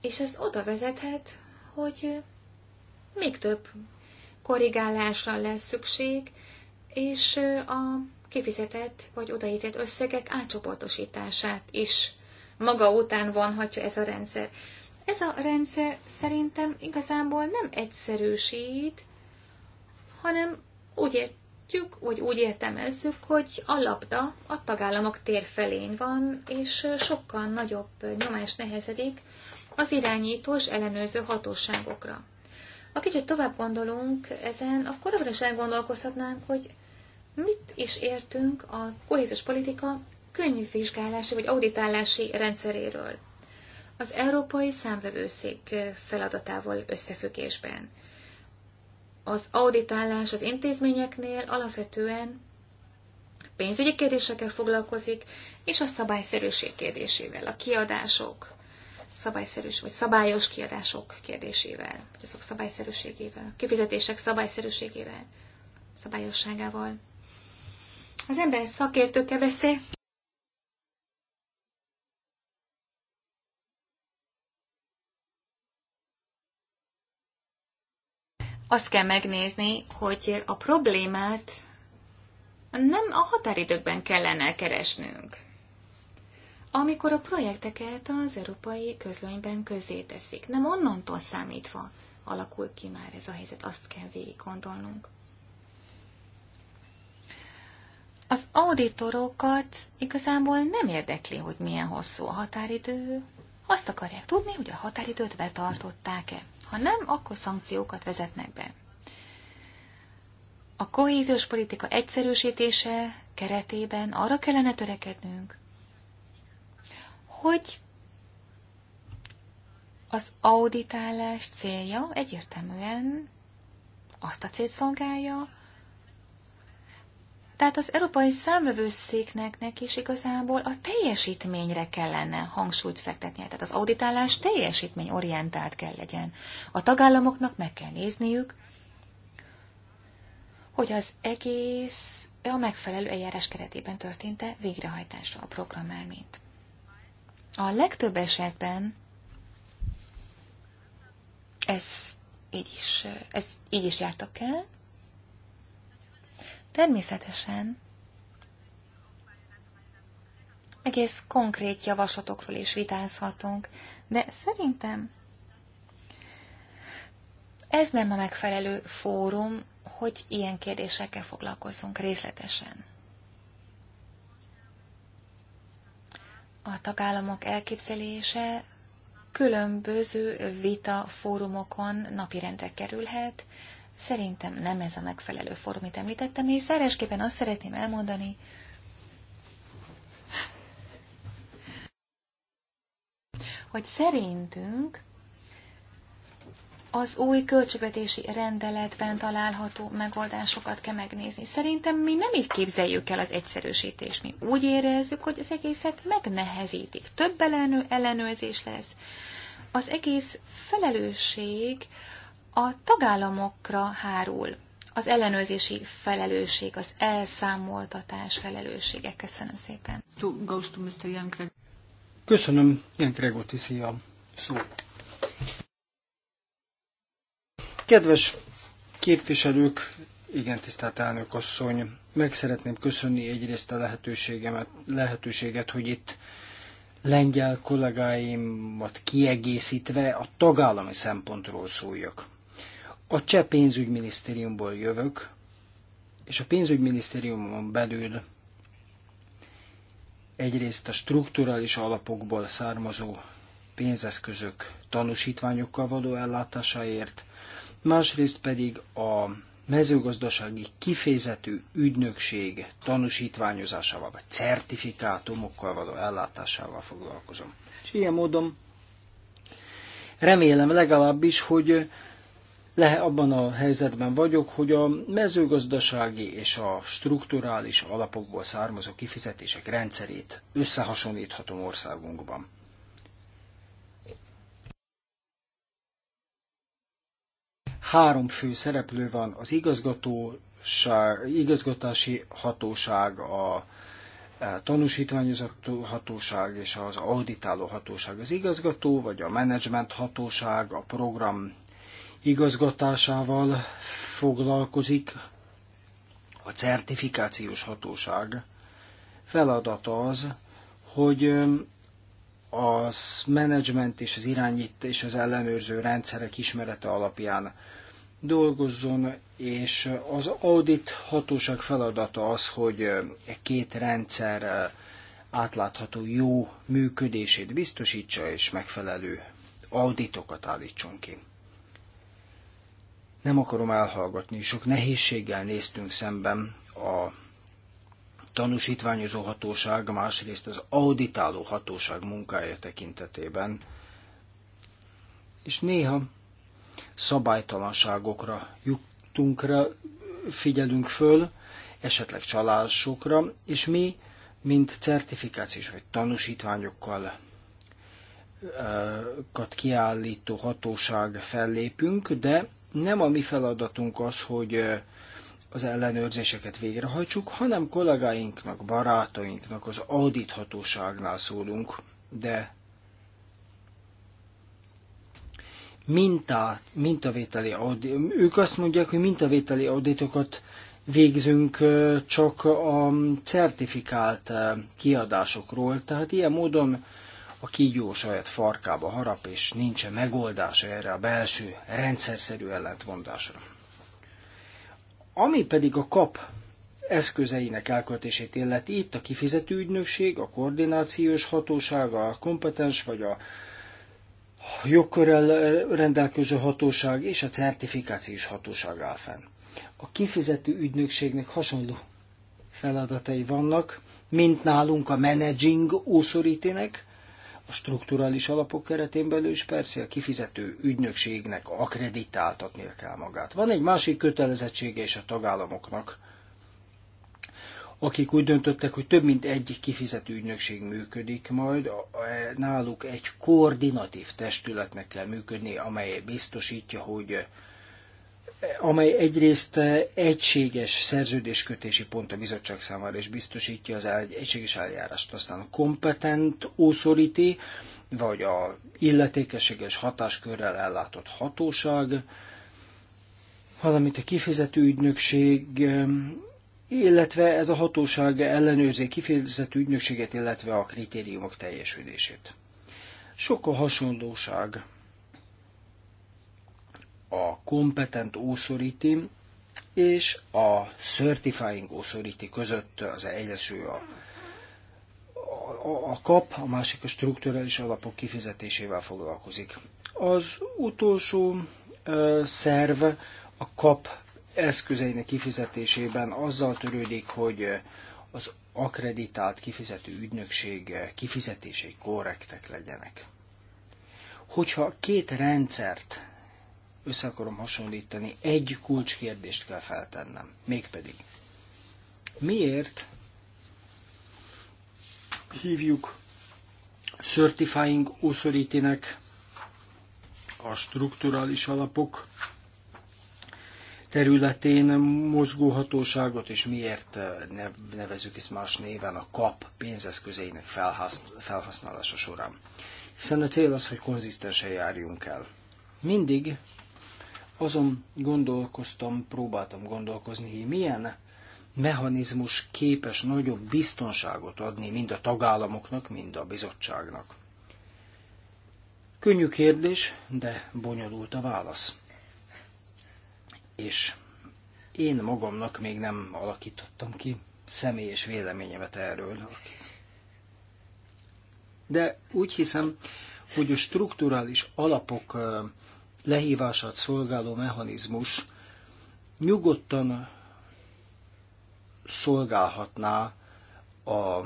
És ez oda vezethet, hogy még több korrigálásra lesz szükség, és a kifizetett vagy odaített összegek átcsoportosítását is maga után vonhatja ez a rendszer. Ez a rendszer szerintem igazából nem egyszerűsít, hanem úgy értjük, vagy úgy értelmezzük, hogy a labda a tagállamok felén van, és sokkal nagyobb nyomás nehezedik az irányítós ellenőrző hatóságokra. Ha kicsit tovább gondolunk ezen, akkor arra is elgondolkozhatnánk, hogy mit is értünk a kohéziós politika könyvvizsgálási vagy auditálási rendszeréről. Az Európai Számvevőszék feladatával összefüggésben. Az auditálás az intézményeknél alapvetően pénzügyi kérdésekkel foglalkozik, és a szabályszerűség kérdésével, a kiadások, szabályszerűs vagy szabályos kiadások kérdésével, vagy azok szabályszerűségével, kifizetések szabályszerűségével, szabályosságával. Az ember szakértőkkel beszél, azt kell megnézni, hogy a problémát nem a határidőkben kellene keresnünk amikor a projekteket az európai közlönyben teszik. Nem onnantól számítva alakul ki már ez a helyzet, azt kell végig gondolnunk. Az auditorokat igazából nem érdekli, hogy milyen hosszú a határidő. Azt akarják tudni, hogy a határidőt betartották-e. Ha nem, akkor szankciókat vezetnek be. A kohéziós politika egyszerűsítése keretében arra kellene törekednünk, hogy az auditálás célja egyértelműen azt a célt szolgálja, tehát az európai számvevőszéknek neki is igazából a teljesítményre kellene hangsúlyt fektetnie. Tehát az auditálás teljesítményorientált kell legyen. A tagállamoknak meg kell nézniük, hogy az egész a megfelelő eljárás keretében történt-e végrehajtásra a program mint. A legtöbb esetben ez így is, ez így is jártak el. Természetesen egész konkrét javaslatokról is vitázhatunk, de szerintem ez nem a megfelelő fórum, hogy ilyen kérdésekkel foglalkozzunk részletesen. a tagállamok elképzelése különböző vita fórumokon napirendre kerülhet. Szerintem nem ez a megfelelő fórum, amit említettem, és zárásképpen azt szeretném elmondani, hogy szerintünk az új költségvetési rendeletben található megoldásokat kell megnézni. Szerintem mi nem így képzeljük el az egyszerűsítést. Mi úgy érezzük, hogy az egészet megnehezítik. Több ellenő, ellenőrzés lesz. Az egész felelősség a tagállamokra hárul. Az ellenőrzési felelősség, az elszámoltatás felelőssége. Köszönöm szépen. Köszönöm, Jankregotiszi a Szó. Kedves képviselők, igen, tisztelt elnök asszony, meg szeretném köszönni egyrészt a lehetőségemet, lehetőséget, hogy itt lengyel kollégáimat kiegészítve a tagállami szempontról szóljak. A cseh pénzügyminisztériumból jövök, és a pénzügyminisztériumon belül egyrészt a strukturális alapokból származó pénzeszközök tanúsítványokkal való ellátásáért, másrészt pedig a mezőgazdasági kifejezetű ügynökség tanúsítványozásával vagy certifikátumokkal való ellátásával foglalkozom. És ilyen módon remélem legalábbis, hogy le, abban a helyzetben vagyok, hogy a mezőgazdasági és a strukturális alapokból származó kifizetések rendszerét összehasonlíthatom országunkban. Három fő szereplő van, az igazgatási hatóság, a tanúsítványozó hatóság és az auditáló hatóság az igazgató, vagy a menedzsment hatóság a program igazgatásával foglalkozik, a certifikációs hatóság feladata az, hogy a menedzsment és az irányít és az ellenőrző rendszerek ismerete alapján dolgozzon, és az audit hatóság feladata az, hogy e két rendszer átlátható jó működését biztosítsa, és megfelelő auditokat állítson ki. Nem akarom elhallgatni, sok nehézséggel néztünk szemben a tanúsítványozó hatóság, másrészt az auditáló hatóság munkája tekintetében, és néha szabálytalanságokra juttunkra figyelünk föl, esetleg csalásokra, és mi, mint certifikációs vagy tanúsítványokkal kiállító hatóság fellépünk, de nem a mi feladatunk az, hogy az ellenőrzéseket végrehajtsuk, hanem kollégáinknak, barátainknak, az audithatóságnál szólunk, de minta mintavételi audit. Ők azt mondják, hogy mintavételi auditokat végzünk csak a certifikált kiadásokról, tehát ilyen módon a kígyó saját farkába harap, és nincsen megoldása erre a belső rendszerszerű ellentmondásra. Ami pedig a kap eszközeinek elköltését illeti, itt a kifizető ügynökség, a koordinációs hatóság, a kompetens vagy a jogkörrel rendelkező hatóság és a certifikációs hatóság áll fenn. A kifizető ügynökségnek hasonló feladatai vannak, mint nálunk a managing úszorítének, a strukturális alapok keretén belül is persze a kifizető ügynökségnek akreditáltatnia kell magát. Van egy másik kötelezettsége is a tagállamoknak, akik úgy döntöttek, hogy több mint egy kifizető ügynökség működik majd, náluk egy koordinatív testületnek kell működni, amely biztosítja, hogy eh, amely egyrészt eh, egységes szerződéskötési pont a bizottság számára is biztosítja az egységes eljárást, aztán a kompetent ószoríti, vagy a illetékességes hatáskörrel ellátott hatóság, valamint a kifizető ügynökség eh, illetve ez a hatóság ellenőrzi kifejezett ügynökséget, illetve a kritériumok teljesülését. Sok a hasonlóság a kompetent authority és a certifying authority között az egyeső a, a, a kap, a másik a strukturális alapok kifizetésével foglalkozik. Az utolsó ö, szerv a kap eszközeinek kifizetésében azzal törődik, hogy az akreditált kifizető ügynökség kifizetései korrektek legyenek. Hogyha két rendszert össze akarom hasonlítani, egy kulcskérdést kell feltennem, mégpedig miért hívjuk Certifying authority a strukturális alapok területén hatóságot, és miért eh, nevezük ezt más néven a kap pénzeszközeinek felhasználása során. Hiszen a cél az, hogy konzisztensen járjunk el. Mindig azon gondolkoztam, próbáltam gondolkozni, hogy milyen mechanizmus képes nagyobb biztonságot adni mind a tagállamoknak, mind a bizottságnak. Könnyű kérdés, de bonyolult a válasz és én magamnak még nem alakítottam ki személyes véleményemet erről. De úgy hiszem, hogy a strukturális alapok lehívását szolgáló mechanizmus nyugodtan szolgálhatná a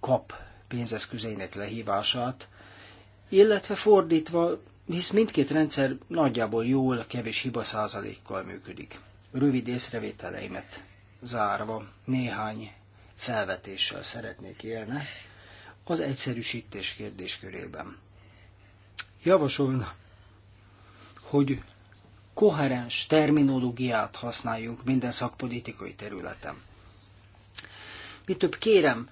kap pénzeszközeinek lehívását, illetve fordítva hisz mindkét rendszer nagyjából jól, kevés hiba százalékkal működik. Rövid észrevételeimet zárva néhány felvetéssel szeretnék élni az egyszerűsítés kérdéskörében. Javasolna, hogy koherens terminológiát használjunk minden szakpolitikai területen. Mi több kérem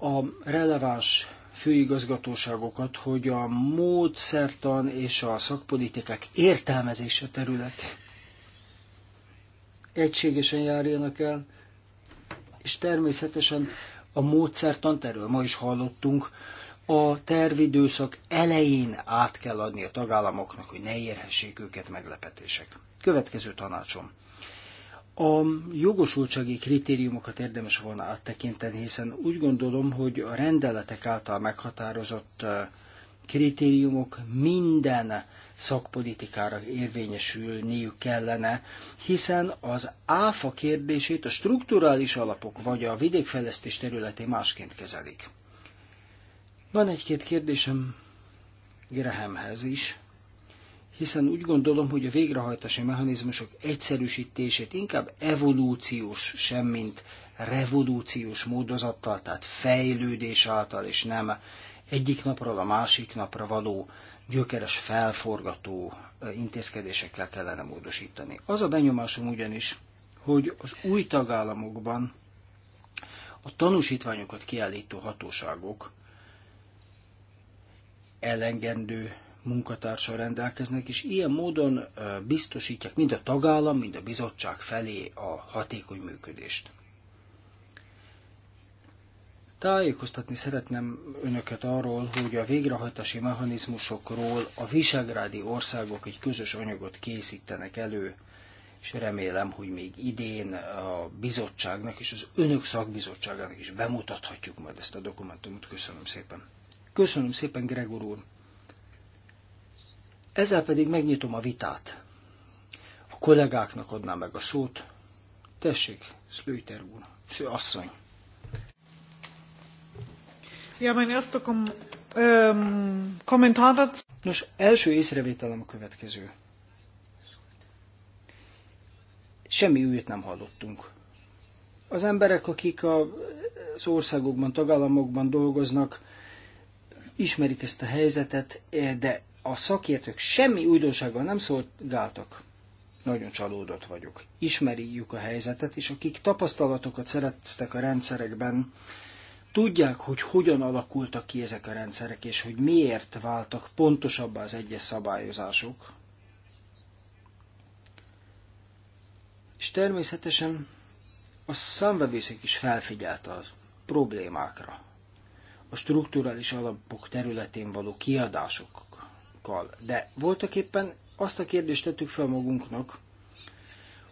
a releváns főigazgatóságokat, hogy a módszertan és a szakpolitikák értelmezése terület egységesen járjanak el, és természetesen a módszertan erről ma is hallottunk, a tervidőszak elején át kell adni a tagállamoknak, hogy ne érhessék őket meglepetések. Következő tanácsom. A jogosultsági kritériumokat érdemes volna áttekinteni, hiszen úgy gondolom, hogy a rendeletek által meghatározott kritériumok minden szakpolitikára érvényesülniük kellene, hiszen az áfa kérdését a strukturális alapok vagy a vidékfejlesztés területén másként kezelik. Van egy-két kérdésem Grahamhez is hiszen úgy gondolom, hogy a végrehajtási mechanizmusok egyszerűsítését inkább evolúciós, semmint revolúciós módozattal, tehát fejlődés által, és nem egyik napról a másik napra való gyökeres felforgató intézkedésekkel kellene módosítani. Az a benyomásom ugyanis, hogy az új tagállamokban a tanúsítványokat kiállító hatóságok elengedő munkatársal rendelkeznek, és ilyen módon biztosítják mind a tagállam, mind a bizottság felé a hatékony működést. Tájékoztatni szeretném önöket arról, hogy a végrehajtási mechanizmusokról a visegrádi országok egy közös anyagot készítenek elő, és remélem, hogy még idén a bizottságnak és az önök szakbizottságának is bemutathatjuk majd ezt a dokumentumot. Köszönöm szépen. Köszönöm szépen, Gregor úr. Ezzel pedig megnyitom a vitát. A kollégáknak adnám meg a szót. Tessék, Szlőter úr, Sző asszony. Ja, mein erster kom ähm, Kommentar dazu. Nos, első észrevételem a következő. Semmi újat nem hallottunk. Az emberek, akik a, az országokban, tagállamokban dolgoznak, ismerik ezt a helyzetet, de a szakértők semmi újdonsággal nem szolgáltak, nagyon csalódott vagyok. Ismerjük a helyzetet, és akik tapasztalatokat szereztek a rendszerekben, tudják, hogy hogyan alakultak ki ezek a rendszerek, és hogy miért váltak pontosabbá az egyes szabályozások. És természetesen a számvevőszék is felfigyelt a problémákra. A strukturális alapok területén való kiadások magunkkal. De voltak éppen azt a kérdést tettük fel magunknak,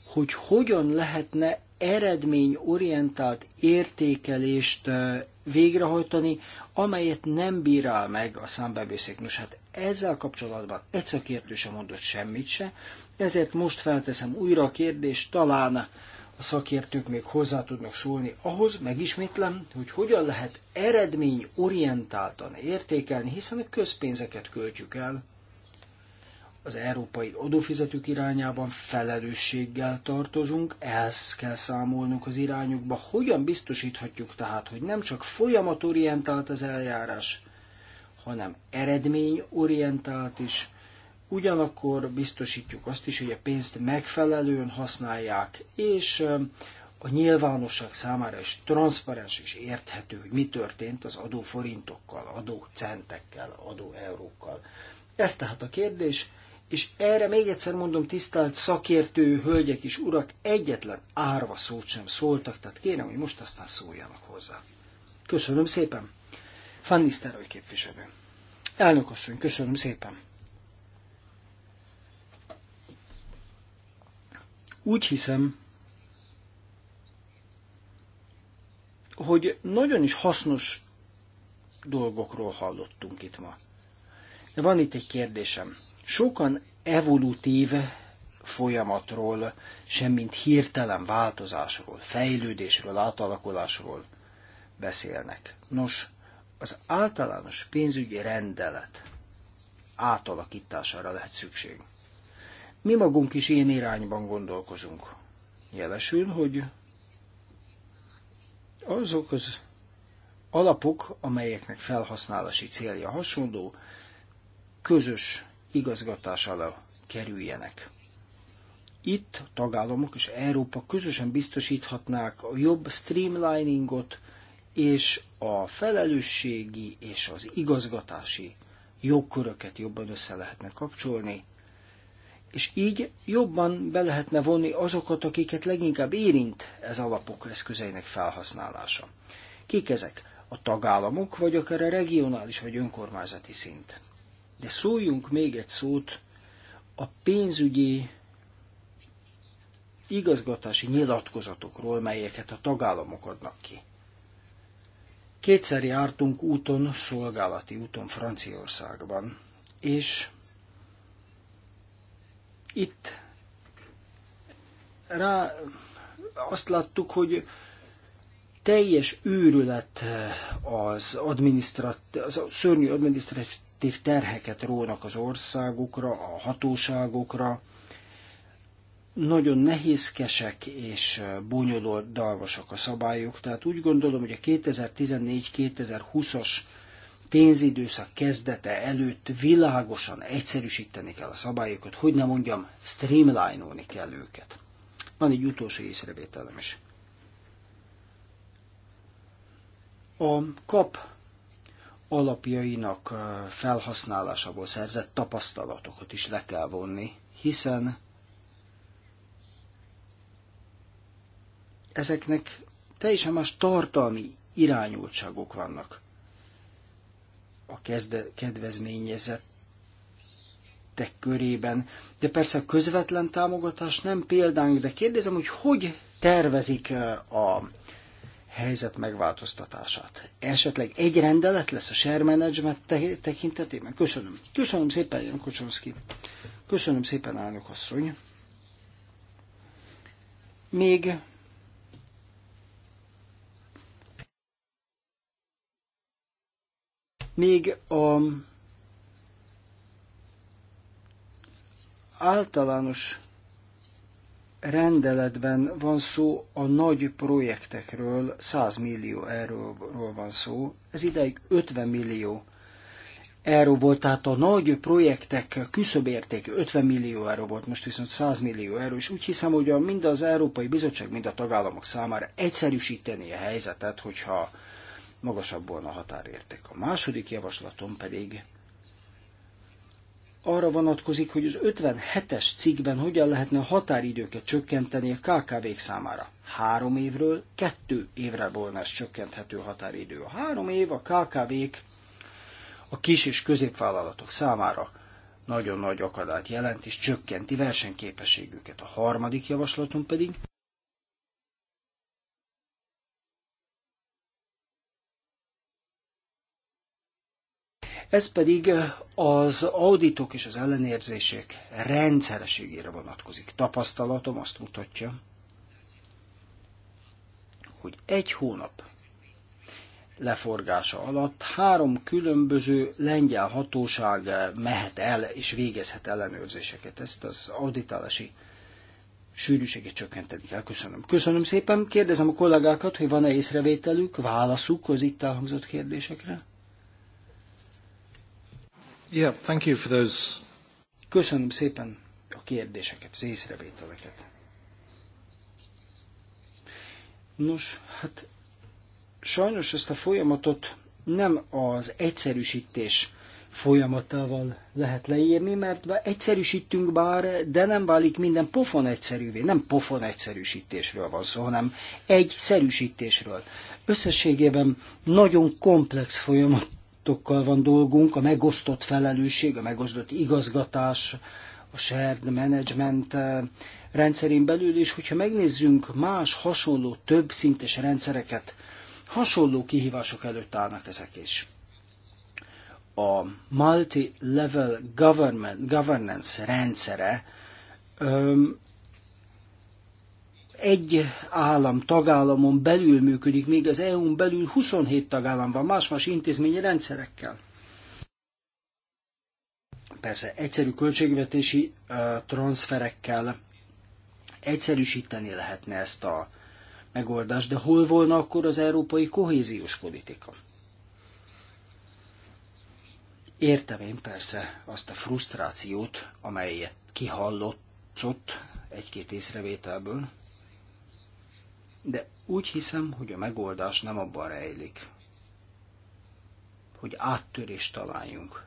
hogy hogyan lehetne eredményorientált értékelést végrehajtani, amelyet nem bírál meg a számbevőszék. Nos, hát ezzel kapcsolatban egy szakértő sem mondott semmit se, ezért most felteszem újra a kérdést, talán a szakértők még hozzá tudnak szólni ahhoz, megismétlem, hogy hogyan lehet eredményorientáltan értékelni, hiszen a közpénzeket költjük el, az európai adófizetők irányában felelősséggel tartozunk, ehhez kell számolnunk az irányukba. Hogyan biztosíthatjuk tehát, hogy nem csak folyamatorientált az eljárás, hanem eredményorientált is, Ugyanakkor biztosítjuk azt is, hogy a pénzt megfelelően használják, és um, a nyilvánosság számára is transzparens és érthető, hogy mi történt az adóforintokkal, adócentekkel, eurókkal. Ez tehát a kérdés, és erre még egyszer mondom, tisztelt szakértő hölgyek és urak, egyetlen árva szót sem szóltak, tehát kérem, hogy most aztán szóljanak hozzá. Köszönöm szépen. Fannisztároly képviselő. Elnök asszony, köszönöm szépen. Úgy hiszem, hogy nagyon is hasznos dolgokról hallottunk itt ma. De van itt egy kérdésem. Sokan evolutív folyamatról, semmint hirtelen változásról, fejlődésről, átalakulásról beszélnek. Nos, az általános pénzügyi rendelet átalakítására lehet szükség. Mi magunk is én irányban gondolkozunk. Jelesül, hogy azok az alapok, amelyeknek felhasználási célja hasonló, közös igazgatás alá kerüljenek. Itt a tagállamok és Európa közösen biztosíthatnák a jobb streamliningot és a felelősségi és az igazgatási jogköröket jobban össze lehetne kapcsolni, és így jobban be lehetne vonni azokat, akiket leginkább érint ez alapok eszközeinek felhasználása. Kik ezek? A tagállamok, vagy akár a regionális vagy önkormányzati szint. De szóljunk még egy szót a pénzügyi igazgatási nyilatkozatokról, melyeket a tagállamok adnak ki. Kétszer jártunk úton, szolgálati úton Franciaországban, és itt rá azt láttuk, hogy teljes őrület az, adminisztrat, az szörnyű adminisztratív terheket rónak az országokra, a hatóságokra. Nagyon nehézkesek és bonyolult dalvasak a szabályok, tehát úgy gondolom, hogy a 2014-2020-as pénzidőszak kezdete előtt világosan egyszerűsíteni kell a szabályokat, hogy ne mondjam, streamline-olni kell őket. Van egy utolsó észrevételem is. A kap alapjainak eh, felhasználásából szerzett tapasztalatokat is le kell vonni, hiszen ezeknek teljesen más tartalmi irányultságok vannak a kezde, kedvezményezettek körében. De persze a közvetlen támogatás nem példánk, de kérdezem, hogy hogy tervezik a helyzet megváltoztatását. Esetleg egy rendelet lesz a share management tekintetében? Köszönöm. Köszönöm szépen, Jan Kocsonszki. Köszönöm szépen, elnök asszony. Még Még a általános rendeletben van szó a nagy projektekről, 100 millió euróról van szó, ez ideig 50 millió euró volt, tehát a nagy projektek küszöbértéke 50 millió euró volt, most viszont 100 millió euró, és úgy hiszem, hogy a, mind az Európai Bizottság, mind a tagállamok számára egyszerűsíteni a helyzetet, hogyha magasabb volna a határérték. A második javaslatom pedig arra vonatkozik, hogy az 57-es cikkben hogyan lehetne a határidőket csökkenteni a kkv számára. Három évről kettő évre volna ez csökkenthető határidő. A három év a kkv a kis és középvállalatok számára nagyon nagy akadályt jelent és csökkenti versenyképességüket. A harmadik javaslatom pedig Ez pedig az auditok és az ellenérzések rendszerességére vonatkozik. Tapasztalatom azt mutatja, hogy egy hónap leforgása alatt három különböző lengyel hatóság mehet el és végezhet ellenőrzéseket. Ezt az auditálási sűrűséget csökkenteni kell. Köszönöm. Köszönöm szépen. Kérdezem a kollégákat, hogy van-e észrevételük, válaszuk az itt elhangzott kérdésekre? Yeah, thank you for those. Köszönöm szépen a kérdéseket, az észrevételeket. Nos, hát sajnos ezt a folyamatot nem az egyszerűsítés folyamatával lehet leírni, mert egyszerűsítünk bár, de nem válik minden pofon egyszerűvé. Nem pofon egyszerűsítésről van szó, hanem egy szerűsítésről. Összességében nagyon komplex folyamat feladatokkal van dolgunk, a megosztott felelősség, a megosztott igazgatás, a shared management eh, rendszerén belül, és hogyha megnézzünk más hasonló több szintes rendszereket, hasonló kihívások előtt állnak ezek is. A multi-level government, governance rendszere egy állam tagállamon belül működik, még az EU-n belül 27 tagállam van más-más intézményi rendszerekkel. Persze egyszerű költségvetési uh, transferekkel egyszerűsíteni lehetne ezt a megoldást, de hol volna akkor az európai kohéziós politika? Értem én persze azt a frusztrációt, amelyet kihallott egy-két észrevételből, de úgy hiszem, hogy a megoldás nem abban rejlik, hogy áttörést találjunk,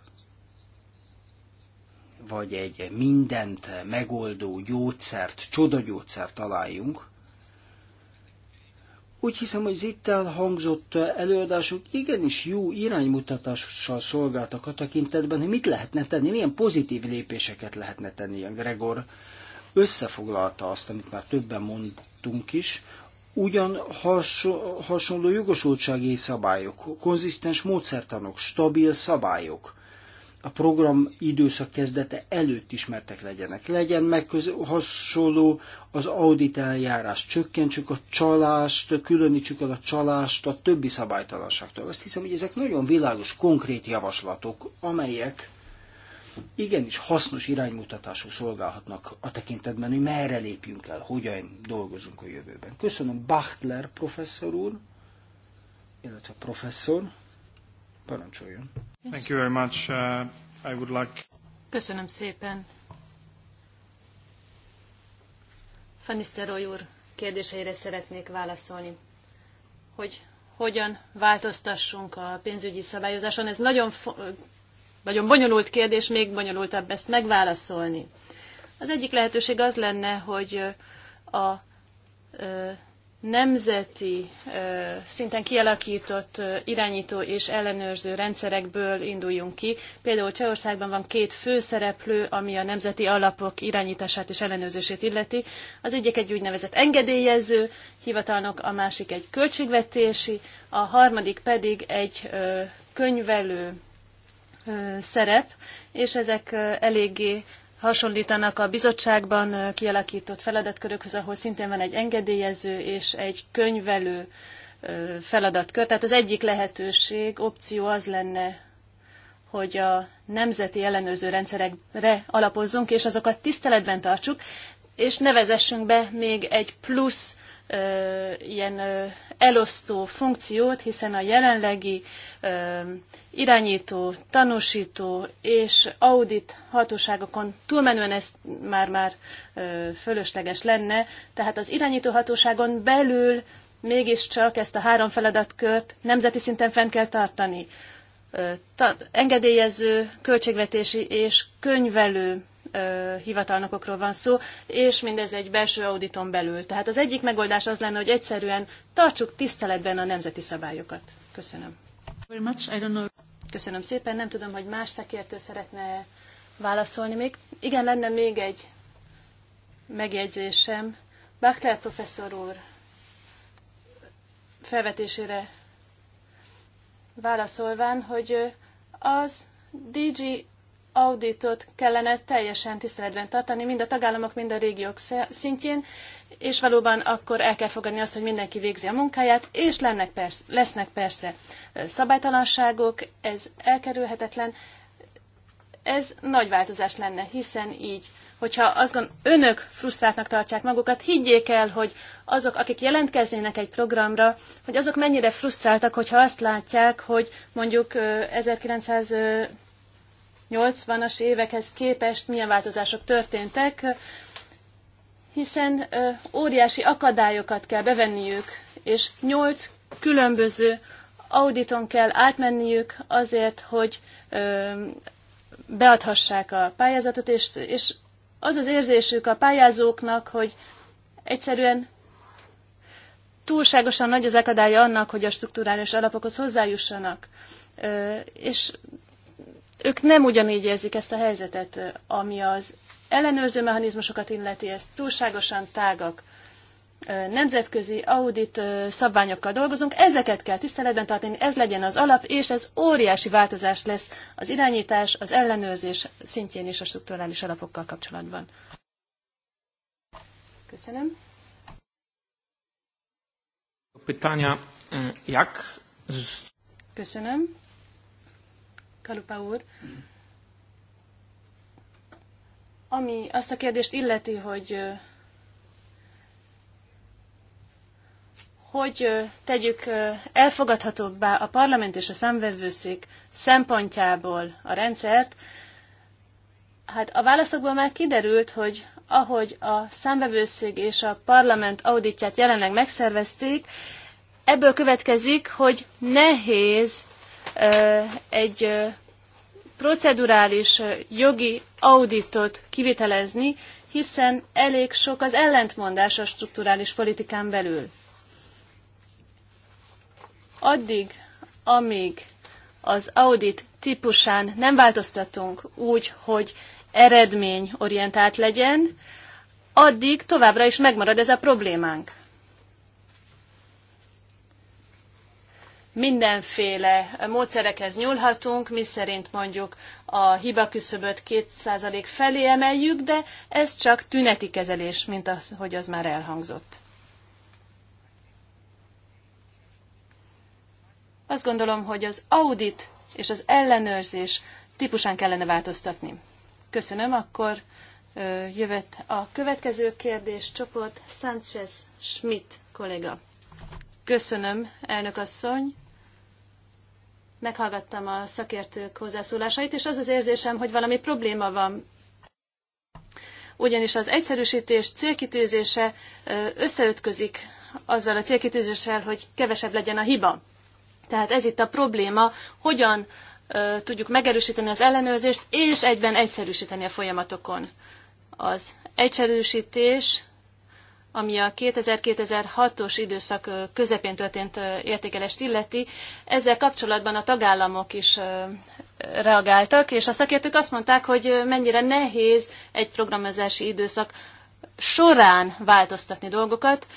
vagy egy mindent megoldó gyógyszert, csodagyógyszert találjunk. Úgy hiszem, hogy az itt elhangzott előadások igenis jó iránymutatással szolgáltak a tekintetben, hogy mit lehetne tenni, milyen pozitív lépéseket lehetne tenni. Gregor összefoglalta azt, amit már többen mondtunk is, ugyan hasonló jogosultsági szabályok, konzisztens módszertanok, stabil szabályok a program időszak kezdete előtt ismertek legyenek. Legyen meg hasonló az audit eljárás, csökkentsük a csalást, különítsük el a csalást a többi szabálytalanságtól. Azt hiszem, hogy ezek nagyon világos, konkrét javaslatok, amelyek igenis hasznos iránymutatású szolgálhatnak a tekintetben, hogy merre lépjünk el, hogyan dolgozunk a jövőben. Köszönöm Bachtler professzor úr, illetve professzor, parancsoljon. Thank you very much. Uh, I would like... Köszönöm szépen. Faniszteroy úr kérdéseire szeretnék válaszolni, hogy hogyan változtassunk a pénzügyi szabályozáson. Ez nagyon nagyon bonyolult kérdés, még bonyolultabb ezt megválaszolni. Az egyik lehetőség az lenne, hogy a nemzeti szinten kialakított irányító és ellenőrző rendszerekből induljunk ki. Például Csehországban van két főszereplő, ami a nemzeti alapok irányítását és ellenőrzését illeti. Az egyik egy úgynevezett engedélyező hivatalnok, a másik egy költségvetési, a harmadik pedig egy könyvelő szerep, és ezek eléggé hasonlítanak a bizottságban kialakított feladatkörökhöz, ahol szintén van egy engedélyező és egy könyvelő feladatkör. Tehát az egyik lehetőség, opció az lenne, hogy a nemzeti ellenőrző rendszerekre alapozzunk, és azokat tiszteletben tartsuk, és nevezessünk be még egy plusz ilyen elosztó funkciót, hiszen a jelenlegi irányító, tanúsító és audit hatóságokon túlmenően ez már-már fölösleges lenne, tehát az irányító hatóságon belül mégiscsak ezt a három feladatkört nemzeti szinten fent kell tartani. Engedélyező, költségvetési és könyvelő hivatalnokokról van szó, és mindez egy belső auditon belül. Tehát az egyik megoldás az lenne, hogy egyszerűen tartsuk tiszteletben a nemzeti szabályokat. Köszönöm. Köszönöm szépen. Nem tudom, hogy más szakértő szeretne válaszolni még. Igen, lenne még egy megjegyzésem. Bachler professzor úr felvetésére válaszolván, hogy az DG auditot kellene teljesen tiszteletben tartani, mind a tagállamok, mind a régiók szintjén, és valóban akkor el kell fogadni azt, hogy mindenki végzi a munkáját, és lennek persze, lesznek persze szabálytalanságok, ez elkerülhetetlen, ez nagy változás lenne, hiszen így, hogyha azt gond, önök frusztráltnak tartják magukat, higgyék el, hogy azok, akik jelentkeznének egy programra, hogy azok mennyire frusztráltak, hogyha azt látják, hogy mondjuk 1900 80-as évekhez képest milyen változások történtek, hiszen óriási akadályokat kell bevenniük, és 8 különböző auditon kell átmenniük azért, hogy beadhassák a pályázatot, és, és az az érzésük a pályázóknak, hogy egyszerűen túlságosan nagy az akadálya annak, hogy a strukturális alapokhoz hozzájussanak. És ők nem ugyanígy érzik ezt a helyzetet, ami az ellenőrző mechanizmusokat illeti, ez túlságosan tágak nemzetközi audit szabványokkal dolgozunk, ezeket kell tiszteletben tartani, ez legyen az alap, és ez óriási változás lesz az irányítás, az ellenőrzés szintjén is a strukturális alapokkal kapcsolatban. Köszönöm. Pytania, e, jak? Köszönöm. Kalupa úr, ami azt a kérdést illeti, hogy hogy tegyük elfogadhatóbbá a parlament és a számvevőszék szempontjából a rendszert, hát a válaszokból már kiderült, hogy ahogy a számvevőszék és a parlament auditját jelenleg megszervezték, ebből következik, hogy nehéz egy procedurális jogi auditot kivitelezni, hiszen elég sok az ellentmondás a strukturális politikán belül. Addig, amíg az audit típusán nem változtatunk úgy, hogy eredményorientált legyen, addig továbbra is megmarad ez a problémánk. mindenféle módszerekhez nyúlhatunk, mi szerint mondjuk a hiba küszöböt 2% felé emeljük, de ez csak tüneti kezelés, mint az, hogy az már elhangzott. Azt gondolom, hogy az audit és az ellenőrzés típusán kellene változtatni. Köszönöm, akkor jövet a következő kérdés csoport, Sánchez Schmidt kollega. Köszönöm, elnök asszony meghallgattam a szakértők hozzászólásait, és az az érzésem, hogy valami probléma van. Ugyanis az egyszerűsítés célkitűzése összeötközik azzal a célkitűzéssel, hogy kevesebb legyen a hiba. Tehát ez itt a probléma, hogyan tudjuk megerősíteni az ellenőrzést, és egyben egyszerűsíteni a folyamatokon. Az egyszerűsítés ami a 2000-2006-os időszak közepén történt értékelést illeti, ezzel kapcsolatban a tagállamok is reagáltak, és a szakértők azt mondták, hogy mennyire nehéz egy programozási időszak során változtatni dolgokat,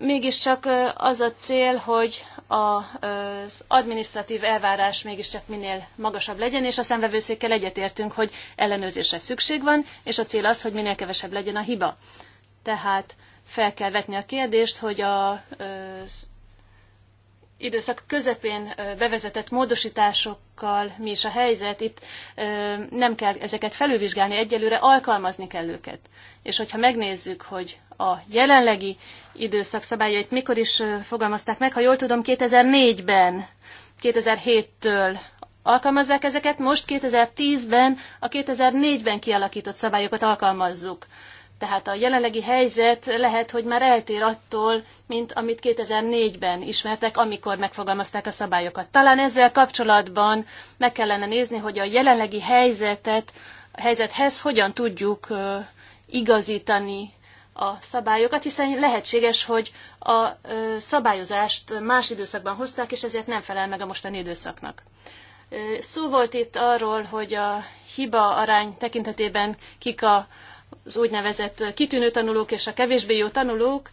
mégiscsak az a cél, hogy az administratív elvárás mégiscsak minél magasabb legyen, és a szemvevőszékkel egyetértünk, hogy ellenőrzésre szükség van, és a cél az, hogy minél kevesebb legyen a hiba. Tehát fel kell vetni a kérdést, hogy a időszak közepén bevezetett módosításokkal mi is a helyzet, itt nem kell ezeket felülvizsgálni, egyelőre alkalmazni kell őket. És hogyha megnézzük, hogy a jelenlegi időszak szabályait mikor is fogalmazták meg, ha jól tudom, 2004-ben, 2007-től alkalmazzák ezeket, most 2010-ben a 2004-ben kialakított szabályokat alkalmazzuk. Tehát a jelenlegi helyzet lehet, hogy már eltér attól, mint amit 2004-ben ismertek, amikor megfogalmazták a szabályokat. Talán ezzel kapcsolatban meg kellene nézni, hogy a jelenlegi helyzetet, a helyzethez hogyan tudjuk igazítani a szabályokat, hiszen lehetséges, hogy a szabályozást más időszakban hozták, és ezért nem felel meg a mostani időszaknak. Szó volt itt arról, hogy a hiba arány tekintetében kik a az úgynevezett kitűnő tanulók és a kevésbé jó tanulók,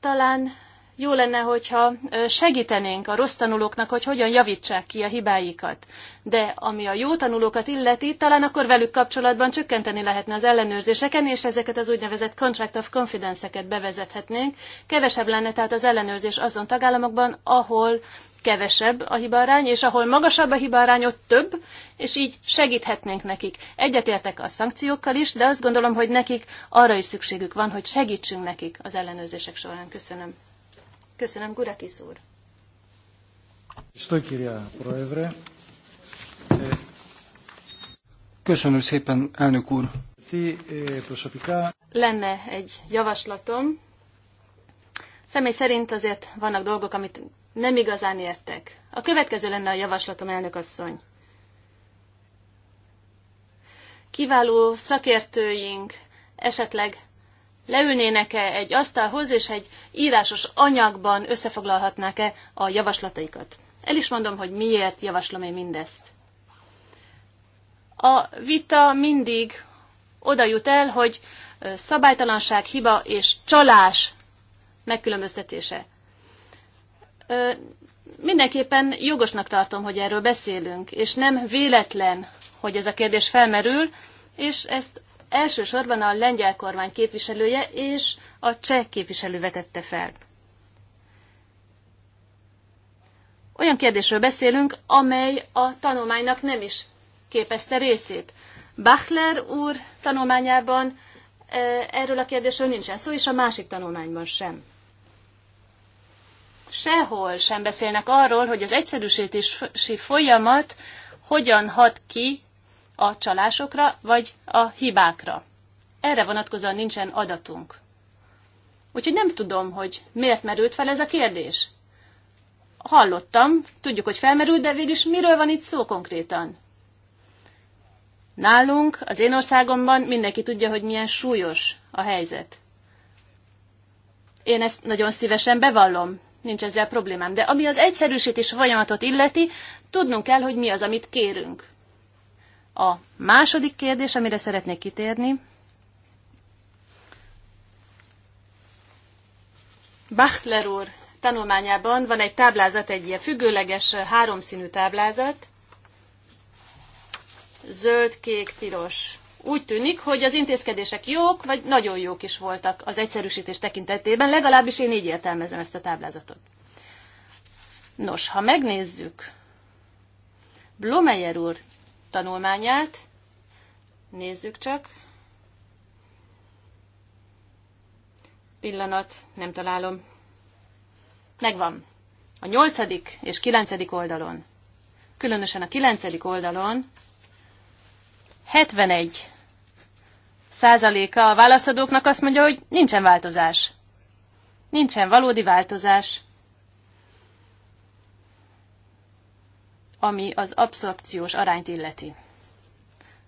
talán jó lenne, hogyha segítenénk a rossz tanulóknak, hogy hogyan javítsák ki a hibáikat. De ami a jó tanulókat illeti, talán akkor velük kapcsolatban csökkenteni lehetne az ellenőrzéseken, és ezeket az úgynevezett contract of confidence-eket bevezethetnénk. Kevesebb lenne tehát az ellenőrzés azon tagállamokban, ahol kevesebb a hibarány, és ahol magasabb a hibarány, ott több, és így segíthetnénk nekik. Egyetértek a szankciókkal is, de azt gondolom, hogy nekik arra is szükségük van, hogy segítsünk nekik az ellenőrzések során. Köszönöm. Köszönöm, Gurakis úr. Köszönöm szépen, elnök úr. Lenne egy javaslatom. Személy szerint azért vannak dolgok, amit nem igazán értek. A következő lenne a javaslatom, elnök asszony kiváló szakértőink esetleg leülnének-e egy asztalhoz, és egy írásos anyagban összefoglalhatnák-e a javaslataikat. El is mondom, hogy miért javaslom én mindezt. A vita mindig oda jut el, hogy szabálytalanság, hiba és csalás megkülönböztetése. Mindenképpen jogosnak tartom, hogy erről beszélünk, és nem véletlen, hogy ez a kérdés felmerül, és ezt elsősorban a lengyel kormány képviselője és a cseh képviselő vetette fel. Olyan kérdésről beszélünk, amely a tanulmánynak nem is képezte részét. Bachler úr tanulmányában e, erről a kérdésről nincsen szó, és a másik tanulmányban sem. Sehol sem beszélnek arról, hogy az egyszerűsítési folyamat hogyan hat ki a csalásokra, vagy a hibákra. Erre vonatkozóan nincsen adatunk. Úgyhogy nem tudom, hogy miért merült fel ez a kérdés. Hallottam, tudjuk, hogy felmerült, de végülis miről van itt szó konkrétan? Nálunk, az én országomban mindenki tudja, hogy milyen súlyos a helyzet. Én ezt nagyon szívesen bevallom, nincs ezzel problémám, de ami az egyszerűsítés folyamatot illeti, tudnunk kell, hogy mi az, amit kérünk. A második kérdés, amire szeretnék kitérni, Bachtler úr tanulmányában van egy táblázat, egy ilyen függőleges háromszínű táblázat, zöld, kék, piros. Úgy tűnik, hogy az intézkedések jók, vagy nagyon jók is voltak az egyszerűsítés tekintetében, legalábbis én így értelmezem ezt a táblázatot. Nos, ha megnézzük Blomeyer úr tanulmányát. Nézzük csak. Pillanat, nem találom. Megvan. A nyolcadik és kilencedik oldalon, különösen a kilencedik oldalon 71 százaléka a válaszadóknak azt mondja, hogy nincsen változás. Nincsen valódi változás. ami az abszorpciós arányt illeti.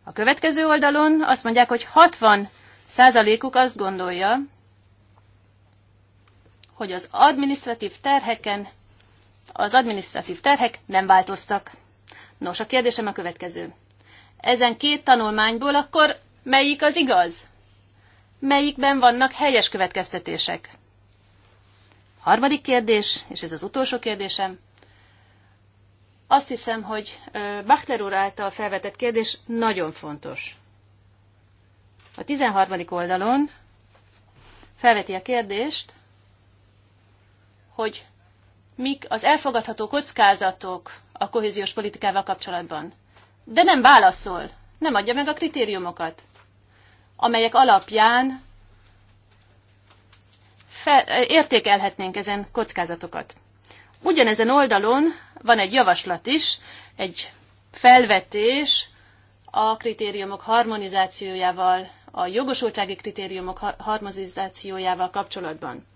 A következő oldalon azt mondják, hogy 60 százalékuk azt gondolja, hogy az administratív terheken, az administratív terhek nem változtak. Nos, a kérdésem a következő. Ezen két tanulmányból akkor melyik az igaz? Melyikben vannak helyes következtetések? Harmadik kérdés, és ez az utolsó kérdésem. Azt hiszem, hogy Bachler úr által felvetett kérdés nagyon fontos. A 13. oldalon felveti a kérdést, hogy mik az elfogadható kockázatok a kohéziós politikával kapcsolatban. De nem válaszol, nem adja meg a kritériumokat, amelyek alapján fel, értékelhetnénk ezen kockázatokat. Ugyanezen oldalon van egy javaslat is, egy felvetés a kritériumok harmonizációjával, a jogosultsági kritériumok harmonizációjával kapcsolatban.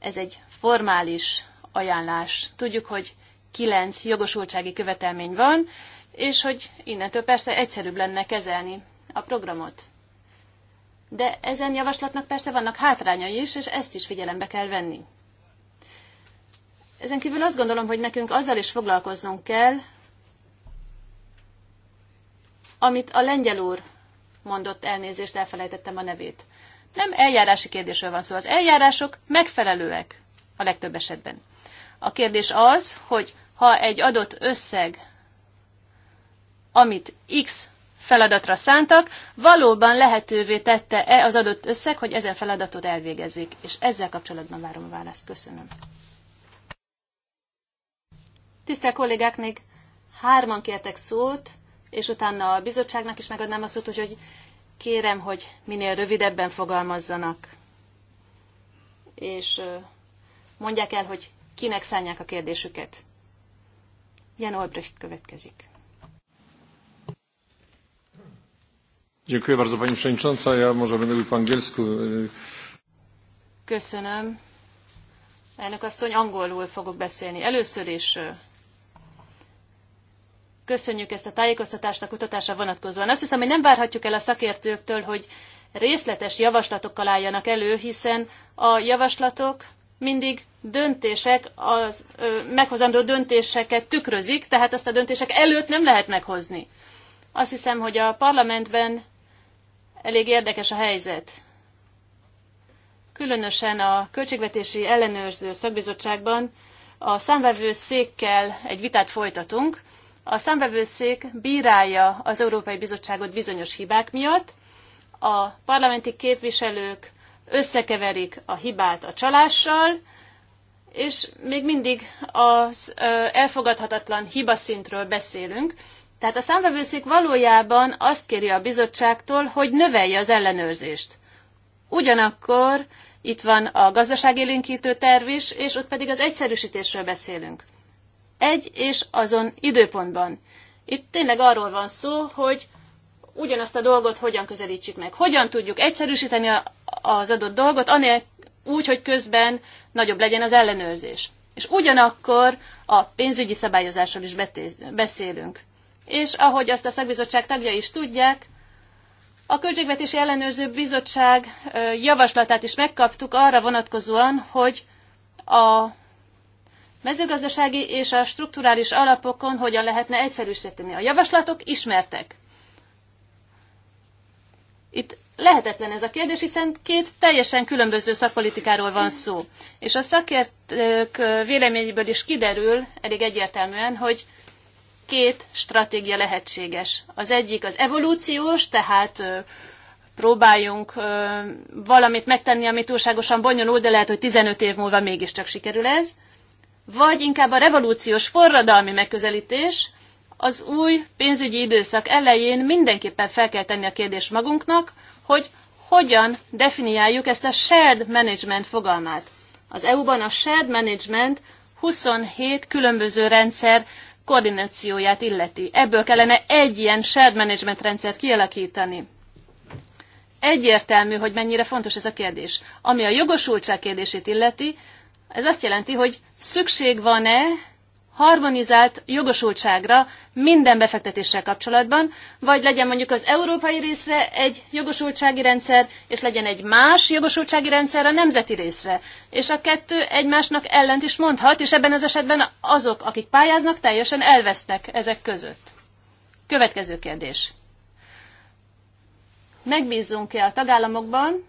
Ez egy formális ajánlás. Tudjuk, hogy kilenc jogosultsági követelmény van, és hogy innentől persze egyszerűbb lenne kezelni a programot. De ezen javaslatnak persze vannak hátrányai is, és ezt is figyelembe kell venni. Ezen kívül azt gondolom, hogy nekünk azzal is foglalkoznunk kell, amit a lengyel úr mondott elnézést, elfelejtettem a nevét. Nem eljárási kérdésről van szó. Az eljárások megfelelőek a legtöbb esetben. A kérdés az, hogy ha egy adott összeg, amit X feladatra szántak, valóban lehetővé tette-e az adott összeg, hogy ezen feladatot elvégezzék. És ezzel kapcsolatban várom a választ. Köszönöm. Tisztelt kollégák, még hárman kértek szót, és utána a bizottságnak is megadnám a szót, úgyhogy kérem, hogy minél rövidebben fogalmazzanak. És mondják el, hogy kinek szánják a kérdésüket. Jan Olbrecht következik. Dziękuję bardzo Pani Przewodnicząca. Ja może będę mówił po angielsku. Köszönöm. Elnök asszony, angolul fogok beszélni. Először is Köszönjük ezt a tájékoztatást a kutatásra vonatkozóan. Azt hiszem, hogy nem várhatjuk el a szakértőktől, hogy részletes javaslatokkal álljanak elő, hiszen a javaslatok mindig döntések, az ö, meghozandó döntéseket tükrözik, tehát azt a döntések előtt nem lehet meghozni. Azt hiszem, hogy a parlamentben elég érdekes a helyzet. Különösen a Költségvetési Ellenőrző Szakbizottságban a számvevő székkel egy vitát folytatunk, a számvevőszék bírálja az Európai Bizottságot bizonyos hibák miatt, a parlamenti képviselők összekeverik a hibát a csalással, és még mindig az elfogadhatatlan hibaszintről beszélünk. Tehát a számvevőszék valójában azt kéri a bizottságtól, hogy növelje az ellenőrzést. Ugyanakkor itt van a gazdaságélénkítő terv is, és ott pedig az egyszerűsítésről beszélünk egy és azon időpontban. Itt tényleg arról van szó, hogy ugyanazt a dolgot hogyan közelítsük meg. Hogyan tudjuk egyszerűsíteni a az adott dolgot, anél úgy, hogy közben nagyobb legyen az ellenőrzés. És ugyanakkor a pénzügyi szabályozásról is beszélünk. És ahogy azt a szakbizottság tagja is tudják, a Költségvetési Ellenőrző Bizottság javaslatát is megkaptuk arra vonatkozóan, hogy a mezőgazdasági és a strukturális alapokon hogyan lehetne egyszerűsíteni. A javaslatok ismertek. Itt lehetetlen ez a kérdés, hiszen két teljesen különböző szakpolitikáról van szó. És a szakértők véleményéből is kiderül elég egyértelműen, hogy két stratégia lehetséges. Az egyik az evolúciós, tehát próbáljunk valamit megtenni, ami túlságosan bonyolult, de lehet, hogy 15 év múlva mégiscsak sikerül ez vagy inkább a revolúciós forradalmi megközelítés, az új pénzügyi időszak elején mindenképpen fel kell tenni a kérdést magunknak, hogy hogyan definiáljuk ezt a shared management fogalmát. Az EU-ban a shared management 27 különböző rendszer koordinációját illeti. Ebből kellene egy ilyen shared management rendszert kialakítani. Egyértelmű, hogy mennyire fontos ez a kérdés. Ami a jogosultság kérdését illeti, ez azt jelenti, hogy szükség van-e harmonizált jogosultságra minden befektetéssel kapcsolatban, vagy legyen mondjuk az európai részre egy jogosultsági rendszer, és legyen egy más jogosultsági rendszer a nemzeti részre. És a kettő egymásnak ellent is mondhat, és ebben az esetben azok, akik pályáznak, teljesen elvesztek ezek között. Következő kérdés. Megbízunk-e a tagállamokban,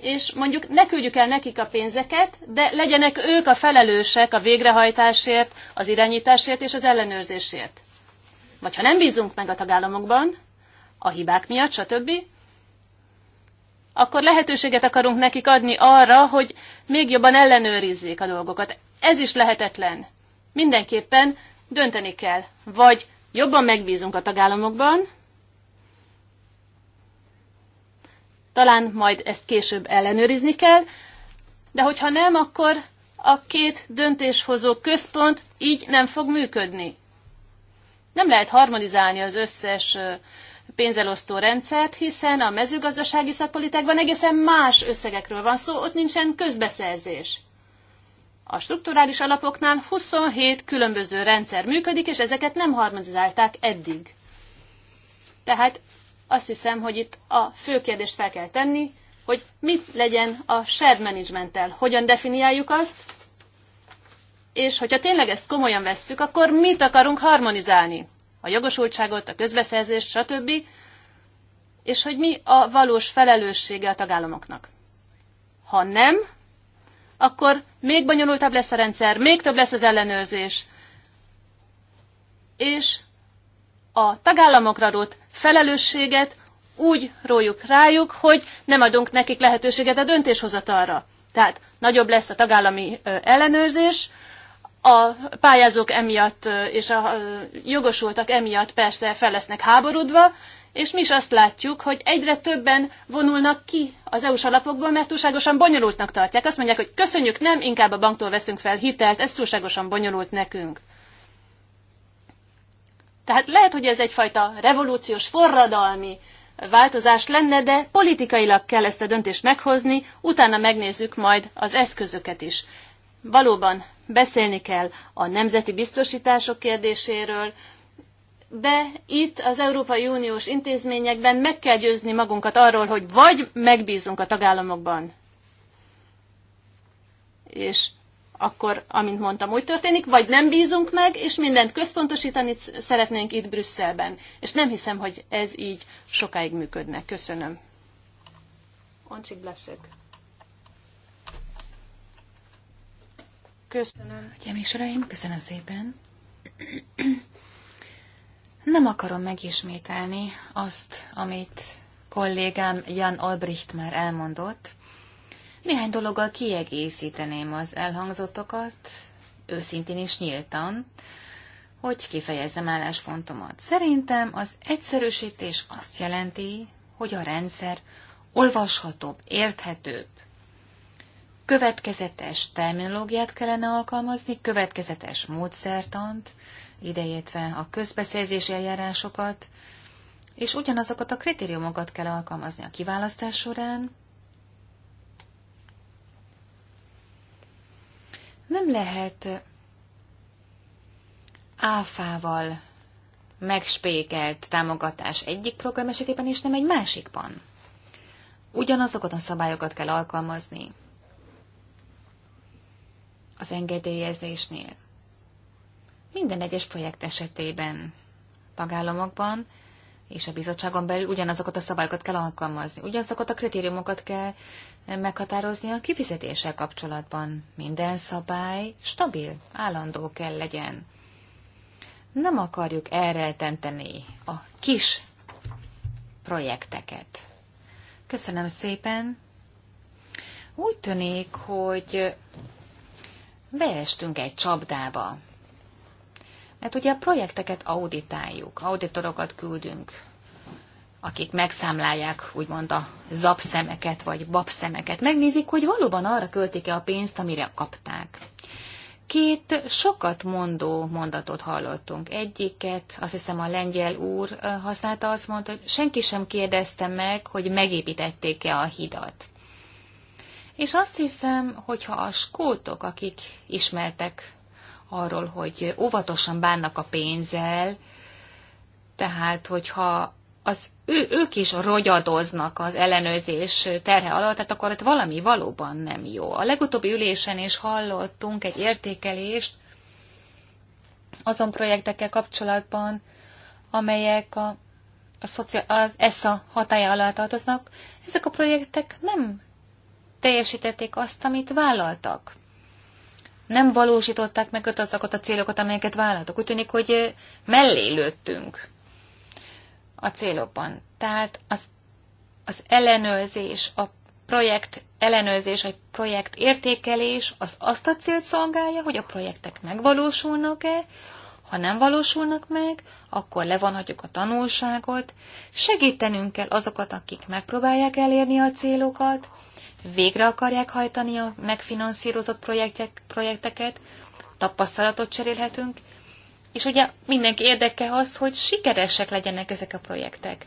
és mondjuk ne küldjük el nekik a pénzeket, de legyenek ők a felelősek a végrehajtásért, az irányításért és az ellenőrzésért. Vagy ha nem bízunk meg a tagállamokban, a hibák miatt, stb., akkor lehetőséget akarunk nekik adni arra, hogy még jobban ellenőrizzék a dolgokat. Ez is lehetetlen. Mindenképpen dönteni kell. Vagy jobban megbízunk a tagállamokban, Talán majd ezt később ellenőrizni kell, de hogyha nem, akkor a két döntéshozó központ így nem fog működni. Nem lehet harmonizálni az összes pénzelosztó rendszert, hiszen a mezőgazdasági szakpolitikában egészen más összegekről van szó, ott nincsen közbeszerzés. A strukturális alapoknál 27 különböző rendszer működik, és ezeket nem harmonizálták eddig. Tehát azt hiszem, hogy itt a fő kérdést fel kell tenni, hogy mit legyen a shared managementtel, hogyan definiáljuk azt, és hogyha tényleg ezt komolyan vesszük, akkor mit akarunk harmonizálni? A jogosultságot, a közbeszerzést, stb. És hogy mi a valós felelőssége a tagállamoknak. Ha nem, akkor még bonyolultabb lesz a rendszer, még több lesz az ellenőrzés, és a tagállamokra adott felelősséget úgy rójuk rájuk, hogy nem adunk nekik lehetőséget a döntéshozatalra. Tehát nagyobb lesz a tagállami ellenőrzés, a pályázók emiatt és a jogosultak emiatt persze fel lesznek háborodva, és mi is azt látjuk, hogy egyre többen vonulnak ki az EU-s alapokból, mert túlságosan bonyolultnak tartják. Azt mondják, hogy köszönjük, nem, inkább a banktól veszünk fel hitelt, ez túlságosan bonyolult nekünk. Tehát lehet, hogy ez egyfajta revolúciós, forradalmi változás lenne, de politikailag kell ezt a döntést meghozni, utána megnézzük majd az eszközöket is. Valóban beszélni kell a nemzeti biztosítások kérdéséről, de itt az Európai Uniós intézményekben meg kell győzni magunkat arról, hogy vagy megbízunk a tagállamokban, és akkor, amint mondtam, úgy történik, vagy nem bízunk meg, és mindent központosítani szeretnénk itt Brüsszelben. És nem hiszem, hogy ez így sokáig működne. Köszönöm. Oncsik Blasek. Köszönöm. Ugye, és uraim, köszönöm szépen. Nem akarom megismételni azt, amit kollégám Jan Albrecht már elmondott, néhány dologgal kiegészíteném az elhangzottakat, őszintén is nyíltan, hogy kifejezzem álláspontomat. Szerintem az egyszerűsítés azt jelenti, hogy a rendszer olvashatóbb, érthetőbb, következetes terminológiát kellene alkalmazni, következetes módszertant, idejétve a közbeszerzési eljárásokat, és ugyanazokat a kritériumokat kell alkalmazni a kiválasztás során, Nem lehet áfával megspékelt támogatás egyik program esetében, és nem egy másikban. Ugyanazokat a szabályokat kell alkalmazni az engedélyezésnél. Minden egyes projekt esetében tagállamokban és a bizottságon belül ugyanazokat a szabályokat kell alkalmazni, ugyanazokat a kritériumokat kell meghatározni a kifizetéssel kapcsolatban. Minden szabály stabil, állandó kell legyen. Nem akarjuk elrejtenteni a kis projekteket. Köszönöm szépen. Úgy tűnik, hogy beestünk egy csapdába. Mert ugye a projekteket auditáljuk, auditorokat küldünk akik megszámlálják úgymond a zapszemeket vagy babszemeket, megnézik, hogy valóban arra költik-e a pénzt, amire kapták. Két sokat mondó mondatot hallottunk. Egyiket, azt hiszem a lengyel úr használta, azt mondta, hogy senki sem kérdezte meg, hogy megépítették-e a hidat. És azt hiszem, hogyha a skótok, akik ismertek arról, hogy óvatosan bánnak a pénzzel, tehát hogyha az ő, ők is rogyadoznak az ellenőrzés terhe alatt, tehát akkor ott valami valóban nem jó. A legutóbbi ülésen is hallottunk egy értékelést azon projektekkel kapcsolatban, amelyek a, a szocia, az ESSA hatája alá tartoznak. Ezek a projektek nem teljesítették azt, amit vállaltak. Nem valósították meg azokat a célokat, amelyeket vállaltak. Úgy tűnik, hogy mellé lőttünk a célokban. Tehát az, az ellenőrzés, a projekt ellenőrzés, vagy projekt értékelés az azt a célt szolgálja, hogy a projektek megvalósulnak-e, ha nem valósulnak meg, akkor levonhatjuk a tanulságot, segítenünk kell azokat, akik megpróbálják elérni a célokat, végre akarják hajtani a megfinanszírozott projektek, projekteket, tapasztalatot cserélhetünk, és ugye mindenki érdeke az, hogy sikeresek legyenek ezek a projektek.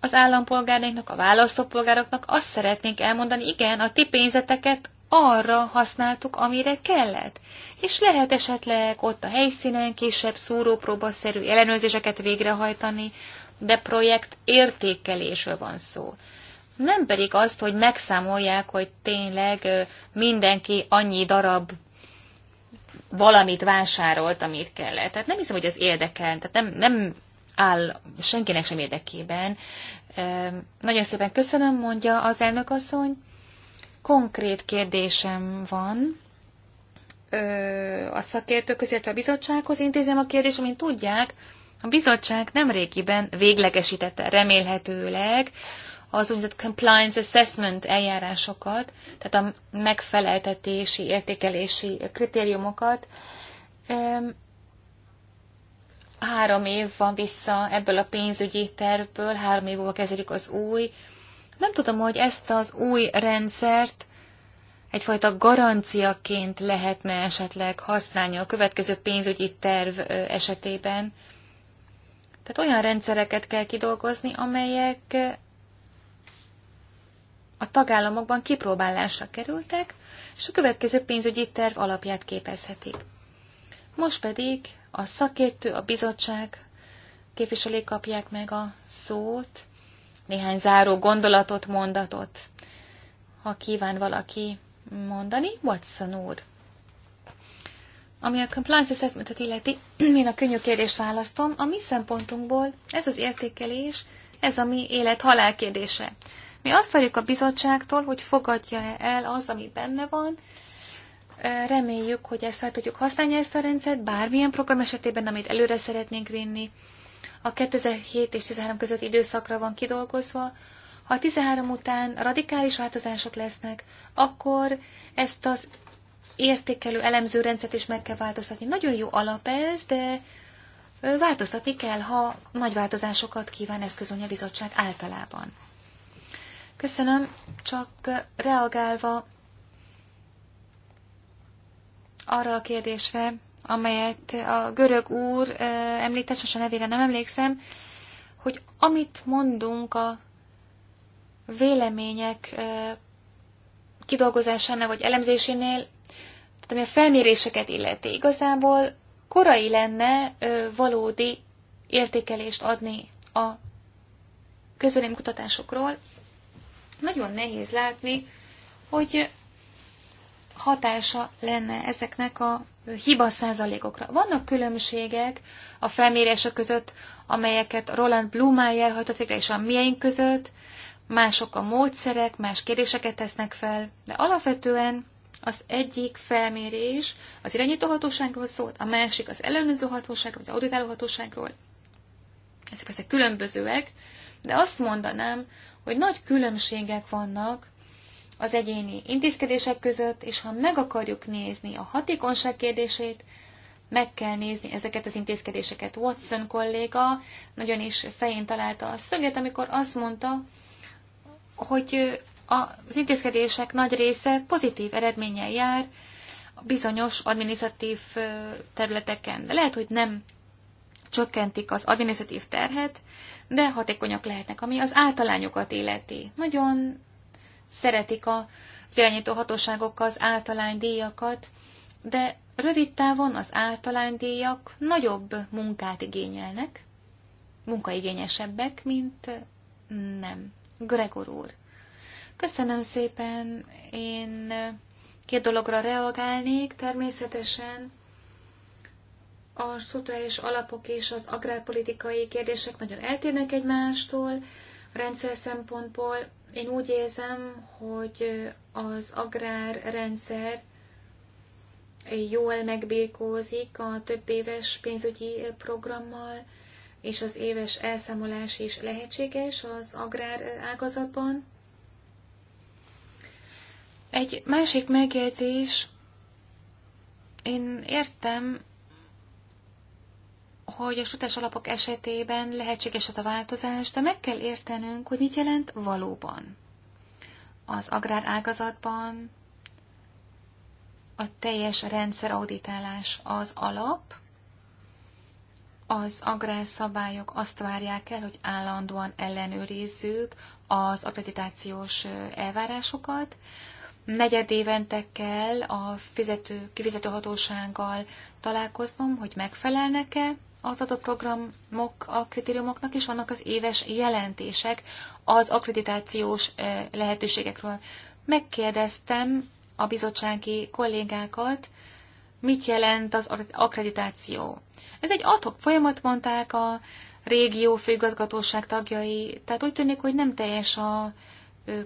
Az állampolgárainknak, a választópolgároknak azt szeretnénk elmondani, igen, a ti pénzeteket arra használtuk, amire kellett. És lehet esetleg ott a helyszínen kisebb szúrópróbaszerű ellenőrzéseket végrehajtani, de projekt értékelésről van szó. Nem pedig azt, hogy megszámolják, hogy tényleg mindenki annyi darab valamit vásárolt, amit kellett. Tehát nem hiszem, hogy ez érdekel, tehát nem, nem áll senkinek sem érdekében. Nagyon szépen köszönöm, mondja az elnök asszony. Konkrét kérdésem van a szakértők, illetve a bizottsághoz intézem a kérdést, amint tudják, a bizottság nemrégiben véglegesítette remélhetőleg az úgynevezett compliance assessment eljárásokat, tehát a megfeleltetési, értékelési kritériumokat. Három év van vissza ebből a pénzügyi tervből, három év múlva kezdjük az új. Nem tudom, hogy ezt az új rendszert egyfajta garanciaként lehetne esetleg használni a következő pénzügyi terv esetében. Tehát olyan rendszereket kell kidolgozni, amelyek a tagállamokban kipróbálásra kerültek, és a következő pénzügyi terv alapját képezhetik. Most pedig a szakértő, a bizottság képviselői kapják meg a szót, néhány záró gondolatot, mondatot. Ha kíván valaki mondani, Watson úr. Ami a compliance assessment illeti, én a könnyű kérdést választom, a mi szempontunkból ez az értékelés, ez a mi élet-halál kérdése. Mi azt várjuk a bizottságtól, hogy fogadja -e el az, ami benne van. Reméljük, hogy ezt fel tudjuk használni ezt a rendszert, bármilyen program esetében, amit előre szeretnénk vinni. A 2007 és 13 között időszakra van kidolgozva. Ha 13 után radikális változások lesznek, akkor ezt az értékelő elemző rendszert is meg kell változtatni. Nagyon jó alap ez, de változtatni kell, ha nagy változásokat kíván eszközölni a bizottság általában. Köszönöm, csak reagálva arra a kérdésre, amelyet a görög úr említett, a nevére nem emlékszem, hogy amit mondunk a vélemények kidolgozásánál vagy elemzésénél, tehát ami a felméréseket illeti, igazából korai lenne valódi értékelést adni a kutatásokról. Nagyon nehéz látni, hogy hatása lenne ezeknek a hiba százalékokra. Vannak különbségek a felmérések között, amelyeket Roland Blumeyer hajtott végre, és a miénk között, mások a módszerek, más kérdéseket tesznek fel, de alapvetően az egyik felmérés az irányító hatóságról szólt, a másik az ellenőrző hatóságról, vagy auditáló hatóságról. Ezek ezek különbözőek, de azt mondanám, hogy nagy különbségek vannak az egyéni intézkedések között, és ha meg akarjuk nézni a hatékonyság kérdését, meg kell nézni ezeket az intézkedéseket. Watson kolléga nagyon is fején találta a szöget, amikor azt mondta, hogy az intézkedések nagy része pozitív eredménnyel jár bizonyos administratív területeken. De lehet, hogy nem csökkentik az administratív terhet, de hatékonyak lehetnek, ami az általányokat életi. Nagyon szeretik a irányító hatóságokkal az általánydíjakat, de rövid távon az általánydíjak nagyobb munkát igényelnek, munkaigényesebbek, mint mm, nem. Gregor úr. Köszönöm szépen, én két dologra reagálnék természetesen a és alapok és az agrárpolitikai kérdések nagyon eltérnek egymástól a rendszer szempontból. Én úgy érzem, hogy az agrárrendszer jól megbírkózik a több éves pénzügyi programmal, és az éves elszámolás is lehetséges az agrár ágazatban. Egy másik megjegyzés, én értem hogy a sutás alapok esetében lehetséges ez a változás, de meg kell értenünk, hogy mit jelent valóban. Az agrárágazatban a teljes rendszer auditálás az alap, az agrárszabályok azt várják el, hogy állandóan ellenőrizzük az akreditációs elvárásokat, negyed évente kell a fizető, kifizetőhatósággal találkoznom, hogy megfelelnek-e az adott programok a kritériumoknak, is vannak az éves jelentések az akkreditációs lehetőségekről. Megkérdeztem a bizottsági kollégákat, mit jelent az akkreditáció. Ez egy adhok folyamat, mondták a régió főigazgatóság tagjai, tehát úgy tűnik, hogy nem teljes a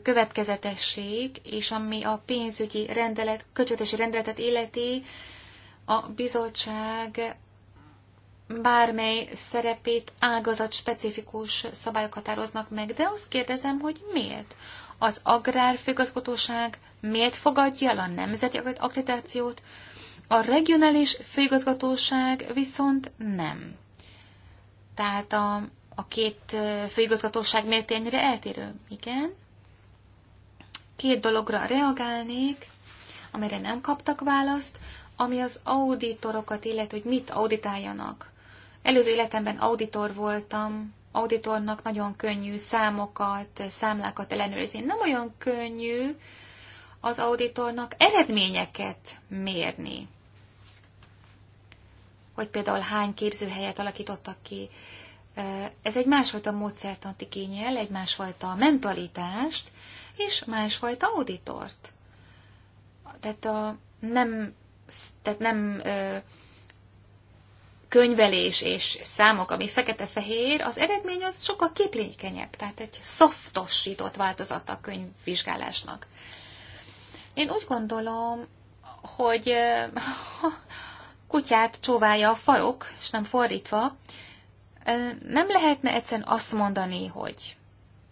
következetesség, és ami a pénzügyi rendelet, költségvetési rendeletet illeti, a bizottság bármely szerepét ágazat specifikus szabályok határoznak meg, de azt kérdezem, hogy miért? Az agrárfőgazgatóság miért fogadja el a nemzeti akkreditációt, a regionális főigazgatóság viszont nem. Tehát a, a két főigazgatóság miért ennyire eltérő? Igen. Két dologra reagálnék, amire nem kaptak választ, ami az auditorokat illeti, hogy mit auditáljanak. Előző életemben auditor voltam, auditornak nagyon könnyű számokat, számlákat ellenőrizni. Nem olyan könnyű az auditornak eredményeket mérni. Hogy például hány képzőhelyet alakítottak ki. Ez egy másfajta módszertant igényel, egy másfajta mentalitást, és másfajta auditort. Tehát a nem, tehát nem könyvelés és számok, ami fekete-fehér, az eredmény az sokkal képlékenyebb, tehát egy szoftosított változata a könyvvizsgálásnak. Én úgy gondolom, hogy kutyát csóválja a farok, és nem fordítva, nem lehetne egyszerűen azt mondani, hogy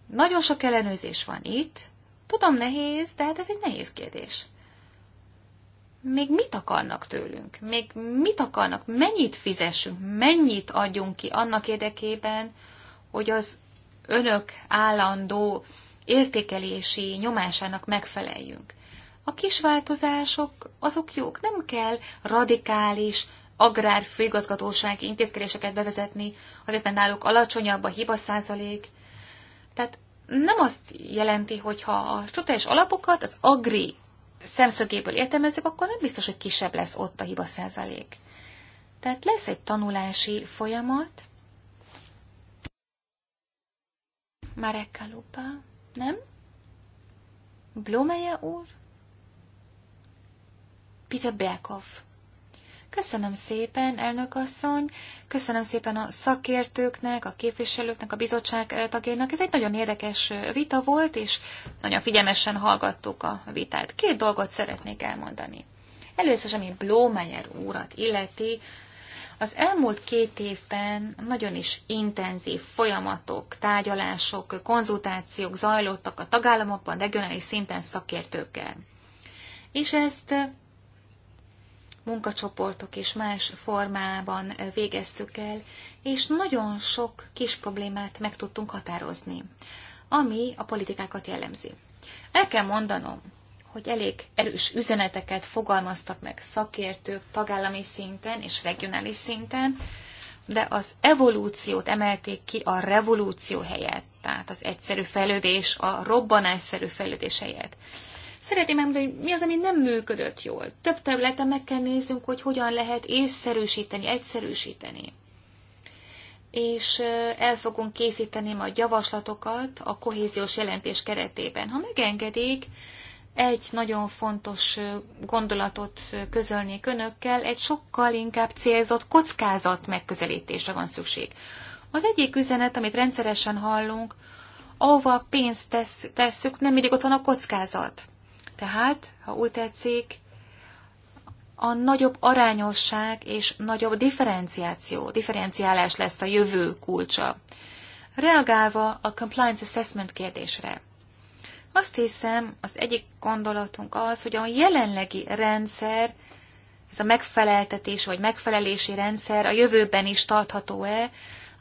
nagyon sok ellenőrzés van itt, tudom nehéz, de hát ez egy nehéz kérdés még mit akarnak tőlünk? Még mit akarnak? Mennyit fizessünk? Mennyit adjunk ki annak érdekében, hogy az önök állandó értékelési nyomásának megfeleljünk? A kis változások azok jók, nem kell radikális főigazgatósági intézkedéseket bevezetni, azért mert náluk alacsonyabb a hiba százalék. Tehát nem azt jelenti, hogyha a struktúrális alapokat az agri szemszögéből értelmezzük, akkor nem biztos, hogy kisebb lesz ott a hiba százalék. Tehát lesz egy tanulási folyamat. Marek Kalupa, nem? Blomeje úr? Peter Belkov. Köszönöm szépen, elnök asszony. Köszönöm szépen a szakértőknek, a képviselőknek, a bizottság eh, tagjainak. Ez egy nagyon érdekes eh, vita volt, és nagyon figyelmesen hallgattuk a vitát. Két dolgot szeretnék elmondani. Először, ami Blómeyer úrat illeti, az elmúlt két évben nagyon is intenzív folyamatok, tárgyalások, konzultációk zajlottak a tagállamokban, regionális szinten szakértőkkel. És ezt munkacsoportok és más formában végeztük el, és nagyon sok kis problémát meg tudtunk határozni, ami a politikákat jellemzi. El kell mondanom, hogy elég erős üzeneteket fogalmaztak meg szakértők tagállami szinten és regionális szinten, de az evolúciót emelték ki a revolúció helyett, tehát az egyszerű fejlődés, a robbanásszerű fejlődés helyett. Szeretném megmondani, hogy mi az, ami nem működött jól. Több területen meg kell néznünk, hogy hogyan lehet észszerűsíteni, egyszerűsíteni. És el fogunk készíteni majd javaslatokat a kohéziós jelentés keretében. Ha megengedik, egy nagyon fontos gondolatot közölnék önökkel, egy sokkal inkább célzott kockázat megközelítésre van szükség. Az egyik üzenet, amit rendszeresen hallunk, ahova pénzt tesszük, nem mindig ott van a kockázat. Tehát, ha úgy tetszik, a nagyobb arányosság és nagyobb differenciáció, differenciálás lesz a jövő kulcsa. Reagálva a compliance assessment kérdésre. Azt hiszem, az egyik gondolatunk az, hogy a jelenlegi rendszer, ez a megfeleltetés vagy megfelelési rendszer a jövőben is tartható-e,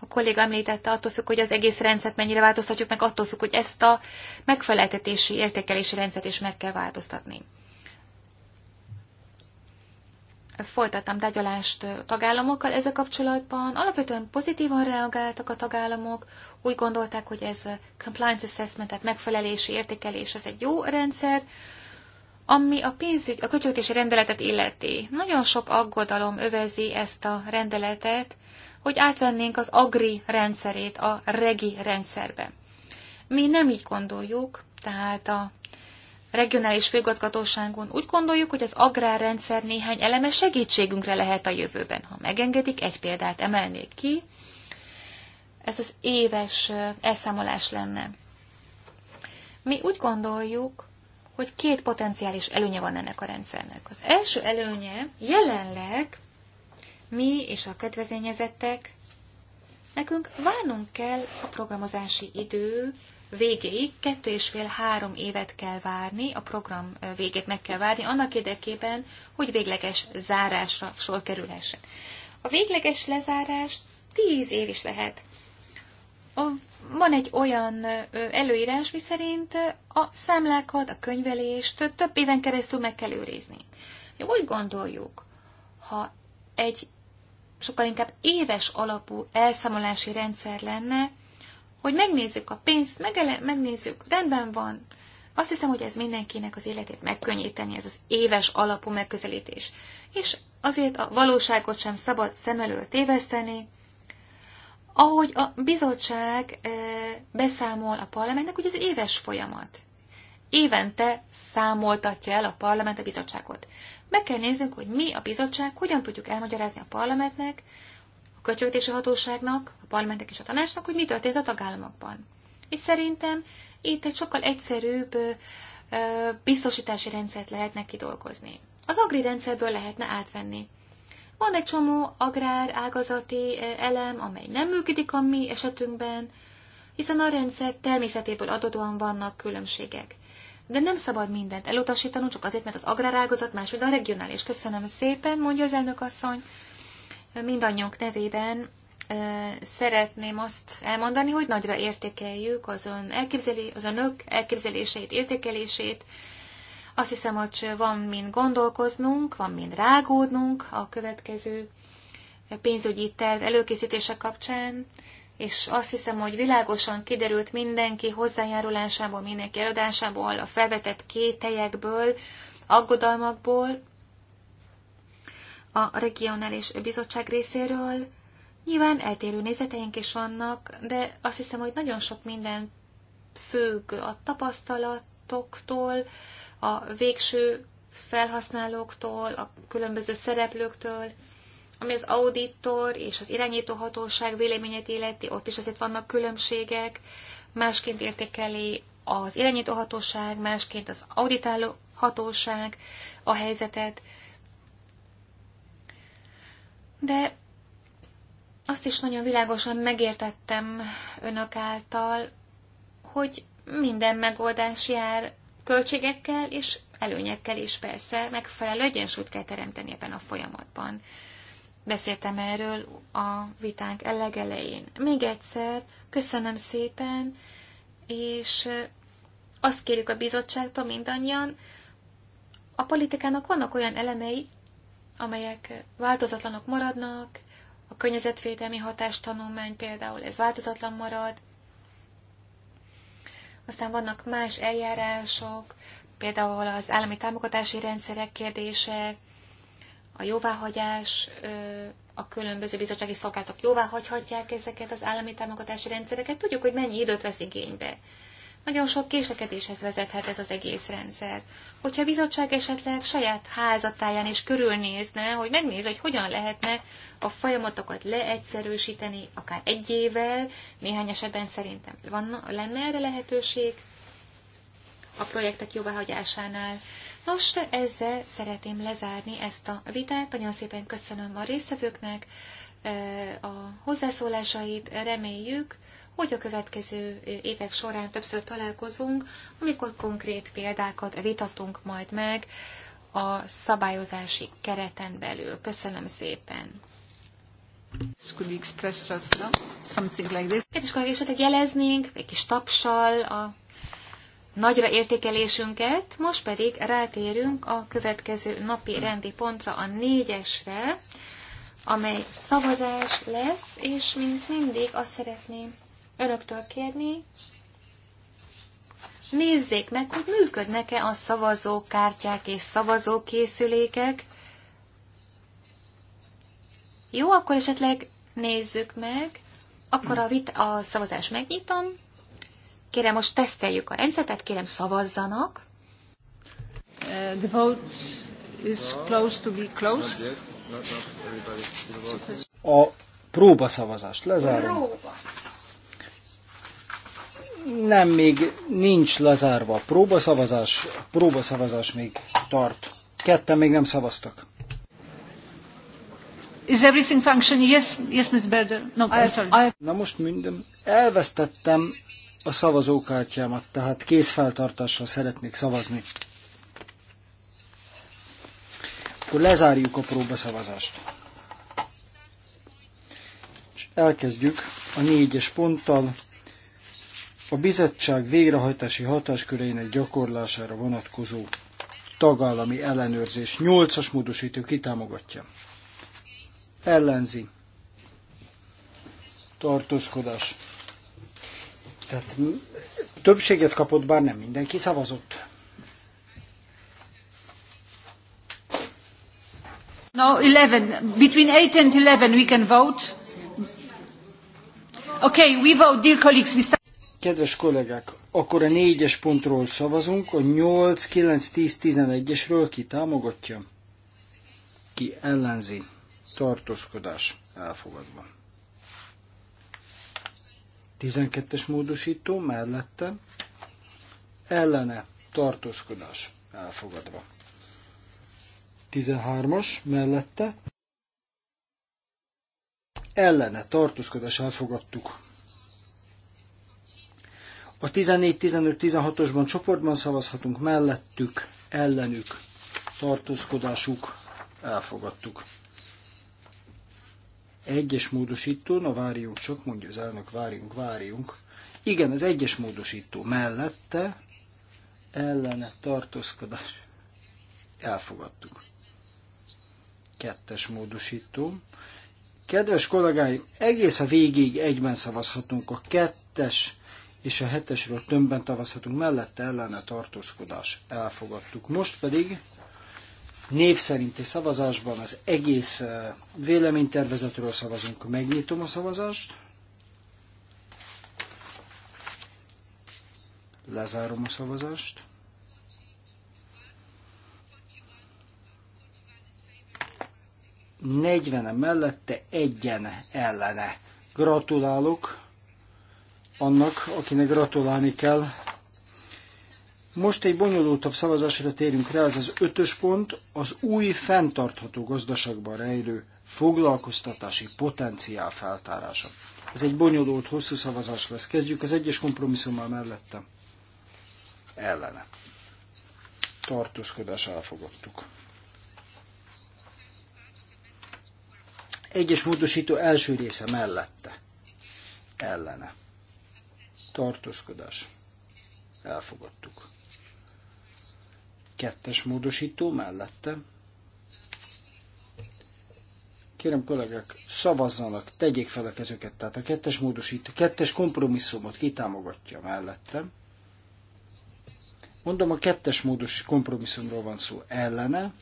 a kolléga említette, attól függ, hogy az egész rendszert mennyire változtatjuk meg, attól függ, hogy ezt a megfeleltetési értékelési rendszert is meg kell változtatni. Folytattam tárgyalást tagállamokkal ezzel kapcsolatban. Alapvetően pozitívan reagáltak a tagállamok, úgy gondolták, hogy ez a compliance assessment, tehát megfelelési értékelés, ez egy jó rendszer, ami a pénzügy, a költségvetési rendeletet illeti. Nagyon sok aggodalom övezi ezt a rendeletet, hogy átvennénk az agri rendszerét a regi rendszerbe. Mi nem így gondoljuk, tehát a regionális főgazgatóságon úgy gondoljuk, hogy az agrárrendszer néhány eleme segítségünkre lehet a jövőben. Ha megengedik, egy példát emelnék ki. Ez az éves elszámolás lenne. Mi úgy gondoljuk, hogy két potenciális előnye van ennek a rendszernek. Az első előnye jelenleg mi és a kötvezényezettek, nekünk várnunk kell a programozási idő végéig, kettő és fél három évet kell várni, a program végét meg kell várni, annak érdekében, hogy végleges zárásra sor kerülhessen. A végleges lezárás tíz év is lehet. Van egy olyan előírás, miszerint a számlákat, a könyvelést több éven keresztül meg kell őrizni. Úgy gondoljuk, ha egy sokkal inkább éves alapú elszámolási rendszer lenne, hogy megnézzük a pénzt, megele- megnézzük, rendben van. Azt hiszem, hogy ez mindenkinek az életét megkönnyíteni, ez az éves alapú megközelítés. És azért a valóságot sem szabad szem elől téveszteni, ahogy a bizottság e, beszámol a parlamentnek, hogy ez éves folyamat. Évente számoltatja el a parlament a bizottságot. Meg kell néznünk, hogy mi a bizottság hogyan tudjuk elmagyarázni a parlamentnek, a költségvetési hatóságnak, a parlamentnek és a tanácsnak, hogy mi történt a tagállamokban. És szerintem itt egy sokkal egyszerűbb biztosítási rendszert lehetne kidolgozni. Az agri rendszerből lehetne átvenni. Van egy csomó agrár ágazati elem, amely nem működik a mi esetünkben, hiszen a rendszer természetéből adódóan vannak különbségek de nem szabad mindent elutasítanunk, csak azért, mert az agrárágazat más, de a regionális. Köszönöm szépen, mondja az elnök asszony. Mindannyiunk nevében szeretném azt elmondani, hogy nagyra értékeljük az, ön elképzelé, az önök elképzeléseit, értékelését. Azt hiszem, hogy van mind gondolkoznunk, van mind rágódnunk a következő pénzügyi terv előkészítése kapcsán és azt hiszem, hogy világosan kiderült mindenki hozzájárulásából, mindenki eladásából, a felvetett kételyekből, aggodalmakból, a regionális bizottság részéről. Nyilván eltérő nézeteink is vannak, de azt hiszem, hogy nagyon sok minden függ a tapasztalatoktól, a végső felhasználóktól, a különböző szereplőktől, ami az auditor és az irányítóhatóság véleményét illeti, ott is azért vannak különbségek. Másként értékeli az irányítóhatóság, másként az auditáló hatóság a helyzetet. De azt is nagyon világosan megértettem önök által, hogy minden megoldás jár költségekkel és előnyekkel is persze, megfelelő egyensúlyt kell teremteni ebben a folyamatban. Beszéltem erről a vitánk legelején. Még egyszer köszönöm szépen, és azt kérjük a bizottságtól mindannyian, a politikának vannak olyan elemei, amelyek változatlanok maradnak, a környezetvédelmi hatástanulmány például ez változatlan marad, aztán vannak más eljárások, például az állami támogatási rendszerek kérdése, a jóváhagyás, a különböző bizottsági szolgálatok jóváhagyhatják ezeket az állami támogatási rendszereket. Tudjuk, hogy mennyi időt vesz igénybe. Nagyon sok késlekedéshez vezethet ez az egész rendszer. Hogyha a bizottság esetleg saját házatáján is körülnézne, hogy megnéz, hogy hogyan lehetne a folyamatokat leegyszerűsíteni, akár egy évvel, néhány esetben szerintem van, lenne erre lehetőség a projektek jóváhagyásánál. Nos, ezzel szeretném lezárni ezt a vitát. Nagyon szépen köszönöm a résztvevőknek a hozzászólásait. Reméljük, hogy a következő évek során többször találkozunk, amikor konkrét példákat vitatunk majd meg a szabályozási kereten belül. Köszönöm szépen! Something like this? Kedves kollégák, esetleg jeleznénk egy kis tapsal a nagyra értékelésünket, most pedig rátérünk a következő napi rendi pontra, a négyesre, amely szavazás lesz, és mint mindig azt szeretném önöktől kérni, nézzék meg, hogy működnek-e a szavazókártyák és szavazókészülékek. Jó, akkor esetleg nézzük meg, akkor a, vit- a szavazást megnyitom, Kérem, most teszteljük a rendszert, kérem szavazzanak. Uh, the vote is close to be closed. A próbaszavazást lezárom. Nem, még nincs lezárva a próbaszavazás. A próbaszavazás még tart. Ketten még nem szavaztak. Is everything functioning? Yes, yes, Ms. Berger. No, I'm sorry. Na most minden. Elvesztettem a szavazókártyámat, tehát kézfeltartásra szeretnék szavazni. Akkor lezárjuk a próbaszavazást. És elkezdjük a négyes ponttal a bizottság végrehajtási hatásköreinek gyakorlására vonatkozó tagállami ellenőrzés 8-as módosítő kitámogatja. Ellenzi. Tartózkodás tehát többséget kapott, bár nem mindenki szavazott. Now 11. Between 8 and 11 we can vote. Okay, we vote, dear colleagues. We start... Kedves kollégák, akkor a négyes pontról szavazunk, a 8, 9, 10, 11-esről ki támogatja, ki ellenzi, tartózkodás elfogadva. 12-es módosító mellette ellene tartózkodás elfogadva. 13-as mellette ellene tartózkodás elfogadtuk. A 14-15-16-osban csoportban szavazhatunk mellettük, ellenük, tartózkodásuk elfogadtuk. Egyes módosító, na várjunk csak, mondja az elnök, várjunk, várjunk. Igen, az egyes módosító mellette ellene tartózkodás. Elfogadtuk. Kettes módosító. Kedves kollégáim, egész a végig egyben szavazhatunk a kettes és a hetesről tömbben tavaszhatunk mellette ellene tartózkodás. Elfogadtuk. Most pedig név szerinti szavazásban az egész eh, véleménytervezetről szavazunk. Megnyitom a szavazást. Lezárom a szavazást. negyvene mellette, egyen ellene. Gratulálok annak, akinek gratulálni kell, most egy bonyolultabb szavazásra térünk rá, ez az ötös pont, az új fenntartható gazdaságban rejlő foglalkoztatási potenciál feltárása. Ez egy bonyolult, hosszú szavazás lesz. Kezdjük az egyes kompromisszummal mellette. Ellene. Tartózkodás elfogadtuk. Egyes módosító első része mellette. Ellene. Tartózkodás. Elfogadtuk. Kettes módosító mellette. Kérem kollégák, szavazzanak, tegyék fel a kezüket. Tehát a kettes módosító, kettes kompromisszumot kitámogatja mellette. Mondom, a kettes módos kompromisszumról van szó. Ellene,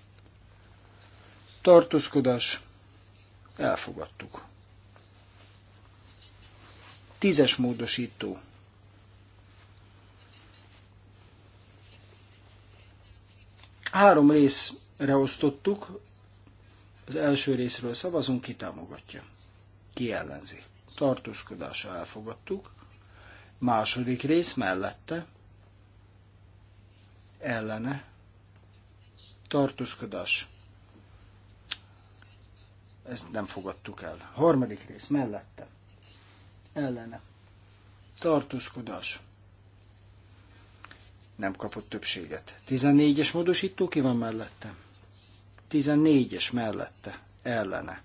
tartózkodás, elfogadtuk. Tízes módosító Három részre osztottuk, az első részről szavazunk, ki támogatja, ki ellenzi. Tartózkodása elfogadtuk. Második rész mellette, ellene, tartózkodás. Ezt nem fogadtuk el. Harmadik rész mellette, ellene, tartózkodás nem kapott többséget. 14-es módosító ki van mellette? 14-es mellette, ellene.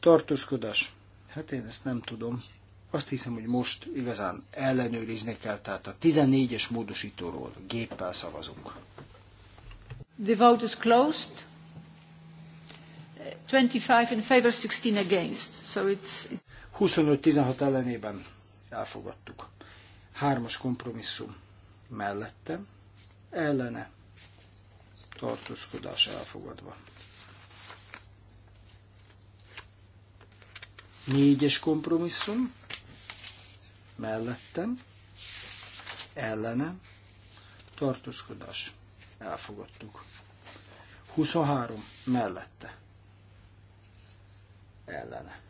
Tartózkodás. Hát én ezt nem tudom. Azt hiszem, hogy most igazán ellenőrizni kell, tehát a 14-es módosítóról géppel szavazunk. The vote is closed. 25 in favor, 16 against. So it's... 25-16 ellenében elfogadtuk. Hármas kompromisszum mellette, ellene, tartózkodás elfogadva. Négyes kompromisszum, mellettem, ellenem, tartózkodás, elfogadtuk. 23 mellette, ellene,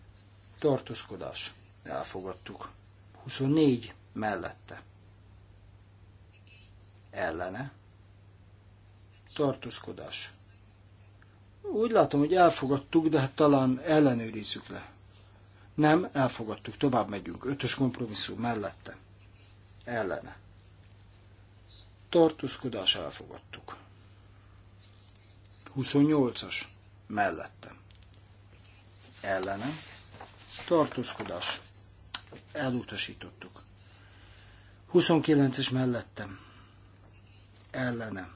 tartózkodás, elfogadtuk. 24 mellette, ellene tartózkodás. Úgy látom, hogy elfogadtuk, de hát talán ellenőrizzük le. Nem, elfogadtuk, tovább megyünk. Ötös kompromisszum mellette. Ellene. Tartózkodás elfogadtuk. 28-as mellette. Ellene. Tartózkodás. Elutasítottuk. 29-es mellettem ellene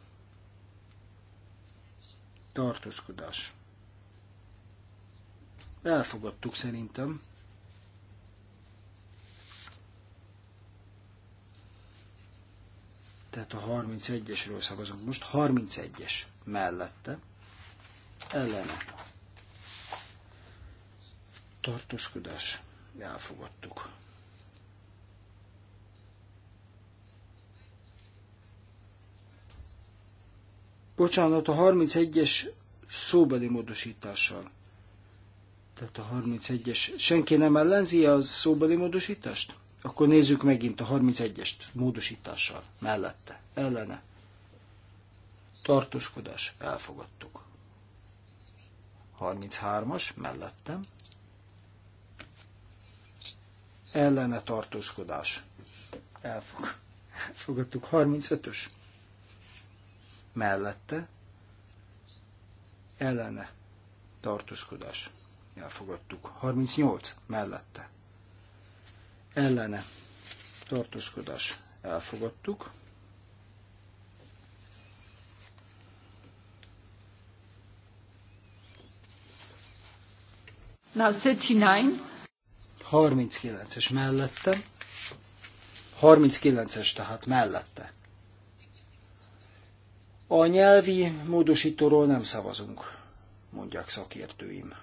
tartózkodás. Elfogadtuk szerintem. Tehát a 31-esről szavazunk most. 31-es mellette ellene tartózkodás. Elfogadtuk. bocsánat, a 31-es szóbeli módosítással. Tehát a 31-es. Senki nem ellenzi a szóbeli módosítást? Akkor nézzük megint a 31-est módosítással mellette, ellene. Tartózkodás, elfogadtuk. 33-as, mellettem. Ellene tartózkodás, elfog. elfogadtuk. 35-ös, mellette ellene tartózkodás. Elfogadtuk. 38 mellette ellene tartózkodás. Elfogadtuk. Now 39. 39-es mellette. 39-es tehát mellette. A nyelvi módosítóról nem szavazunk, mondják szakértőim.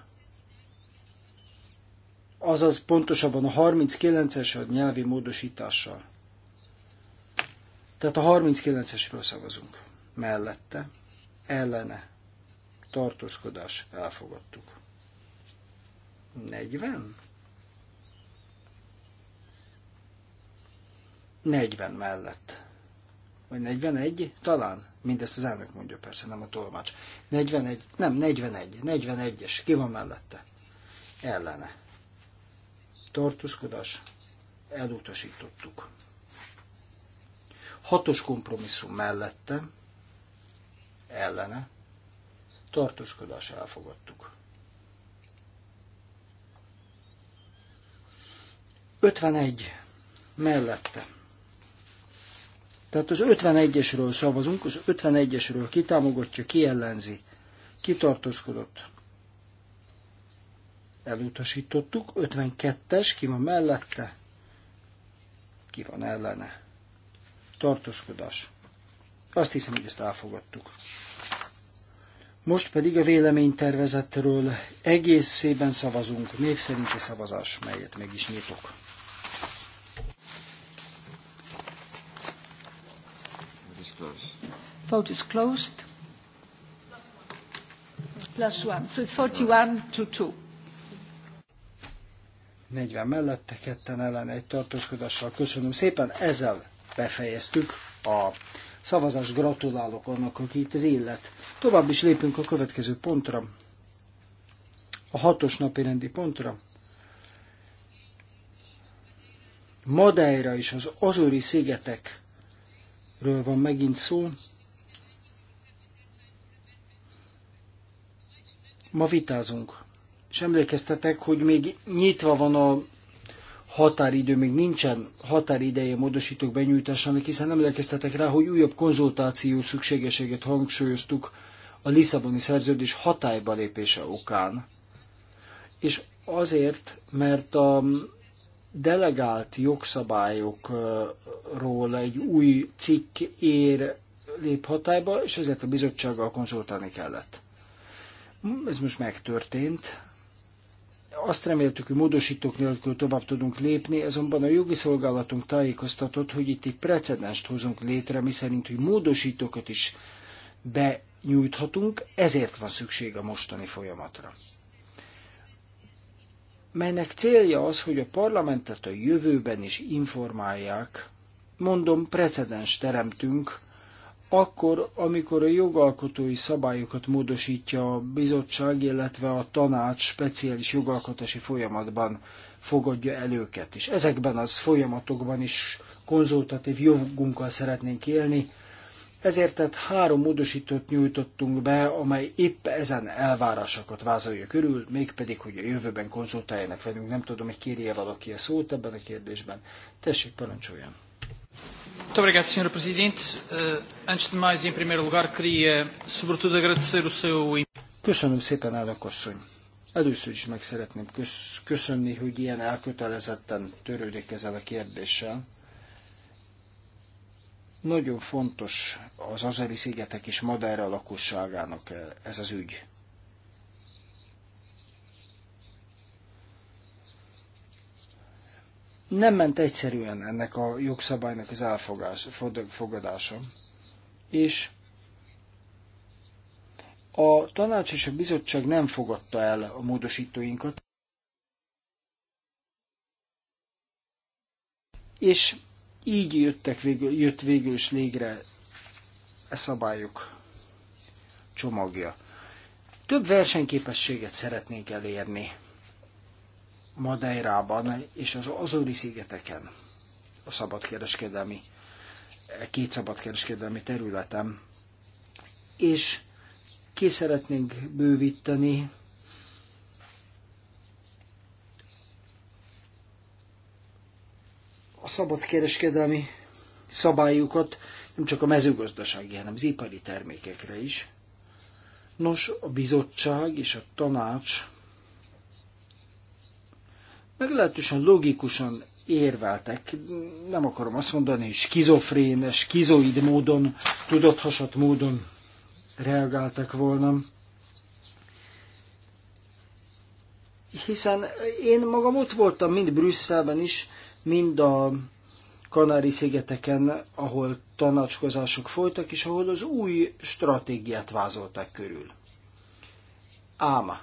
Azaz pontosabban a 39-es a nyelvi módosítással. Tehát a 39-esről szavazunk. Mellette, ellene, tartózkodás, elfogadtuk. 40? 40 mellett. Vagy 41? Talán. Mindezt az elnök mondja, persze nem a tolmács. 41, nem, 41, 41-es, ki van mellette? Ellene. Tartózkodás, elutasítottuk. Hatos kompromisszum mellette, ellene, tartózkodás elfogadtuk. 51 mellette tehát az 51-esről szavazunk, az 51-esről kitámogatja, ki ellenzi, kitartózkodott. Elutasítottuk, 52-es, ki van mellette, ki van ellene. Tartózkodás. Azt hiszem, hogy ezt elfogadtuk. Most pedig a véleménytervezetről egészében szavazunk, név szerinti szavazás, melyet meg is nyitok. Vote is closed. Plus one. So it's 41 to 2. 40 mellette, ketten ellen egy tartózkodással. Köszönöm szépen, ezzel befejeztük a szavazás. Gratulálok annak, aki itt az illet. Tovább is lépünk a következő pontra, a hatos napi rendi pontra. Madeira és az Azori szigetekről van megint szó. Ma vitázunk, és emlékeztetek, hogy még nyitva van a határidő, még nincsen határideje módosítók benyújtásának, hiszen emlékeztetek rá, hogy újabb konzultáció szükségességet hangsúlyoztuk a Lisszaboni szerződés hatályba lépése okán. És azért, mert a delegált jogszabályokról egy új cikk ér lép hatályba, és ezért a bizottsággal konzultálni kellett. Hm, ez most megtörtént. Azt reméltük, hogy módosítók nélkül tovább tudunk lépni, azonban a jogi szolgálatunk tájékoztatott, hogy itt egy precedenst hozunk létre, miszerint, hogy módosítókat is benyújthatunk, ezért van szükség a mostani folyamatra melynek célja az, hogy a parlamentet a jövőben is informálják. Mondom, precedens teremtünk, akkor, amikor a jogalkotói szabályokat módosítja a bizottság, illetve a tanács speciális jogalkotási folyamatban fogadja el őket. És ezekben az folyamatokban is konzultatív jogunkkal szeretnénk élni, ezért tehát három módosítót nyújtottunk be, amely épp ezen elvárásokat vázolja körül, mégpedig, hogy a jövőben konzultáljanak velünk. Nem tudom, hogy kérje valaki a szót ebben a kérdésben. Tessék, parancsoljon! Muito obrigado, Sr. Presidente. Eh, antes de mais, em primeiro lugar, queria sobretudo agradecer o seu... Köszönöm szépen, elnök asszony. Először is meg szeretném köszönni, hogy ilyen elkötelezetten törődik ezzel a kérdéssel. Nagyon fontos az azeri szigetek és Madeira lakosságának ez az ügy. nem ment egyszerűen ennek a jogszabálynak az elfogadása. És a tanács és a bizottság nem fogadta el a módosítóinkat, és így jöttek végül, jött végül is légre e szabályok csomagja. Több versenyképességet szeretnénk elérni Madeirában és az Azori szigeteken a szabadkereskedelmi, e két szabadkereskedelmi területem, és ki szeretnénk bővíteni a szabadkereskedelmi szabályokat nem csak a mezőgazdasági, hanem az ipari termékekre is. Nos, a bizottság és a tanács meglehetősen logikusan érveltek. Nem akarom azt mondani, hogy skizofrénes, skizoid módon, tudathasat módon reagáltak volna. Hiszen én magam ott voltam, mind Brüsszelben is, mind a Kanári-szigeteken, ahol tanácskozások folytak, és ahol az új stratégiát vázolták körül. Áma,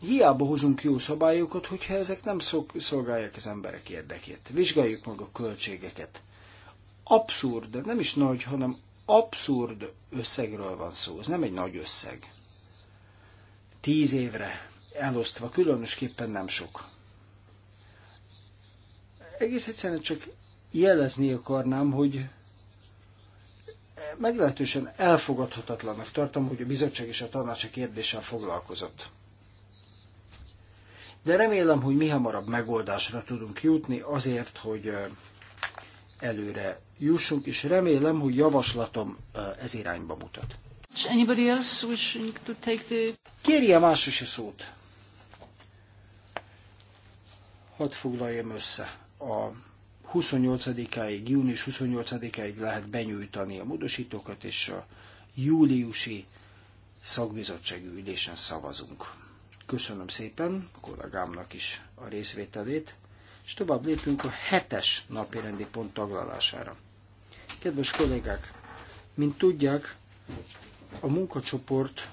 Hiába hozunk jó szabályokat, hogyha ezek nem szolgálják az emberek érdekét. Vizsgáljuk meg a költségeket. Abszurd, de nem is nagy, hanem abszurd összegről van szó. Ez nem egy nagy összeg. Tíz évre elosztva különösképpen nem sok. Egész egyszerűen csak jelezni akarnám, hogy meglehetősen elfogadhatatlannak tartom, hogy a bizottság és a tanács a kérdéssel foglalkozott de remélem, hogy mi hamarabb megoldásra tudunk jutni azért, hogy előre jussunk, és remélem, hogy javaslatom ez irányba mutat. Kérje más is a szót. Hadd foglaljam össze. A 28-áig, június 28-áig lehet benyújtani a módosítókat, és a júliusi szakbizottsági ülésen szavazunk. Köszönöm szépen kollégámnak is a részvételét, és tovább lépünk a hetes napi rendi pont taglalására. Kedves kollégák, mint tudják, a munkacsoport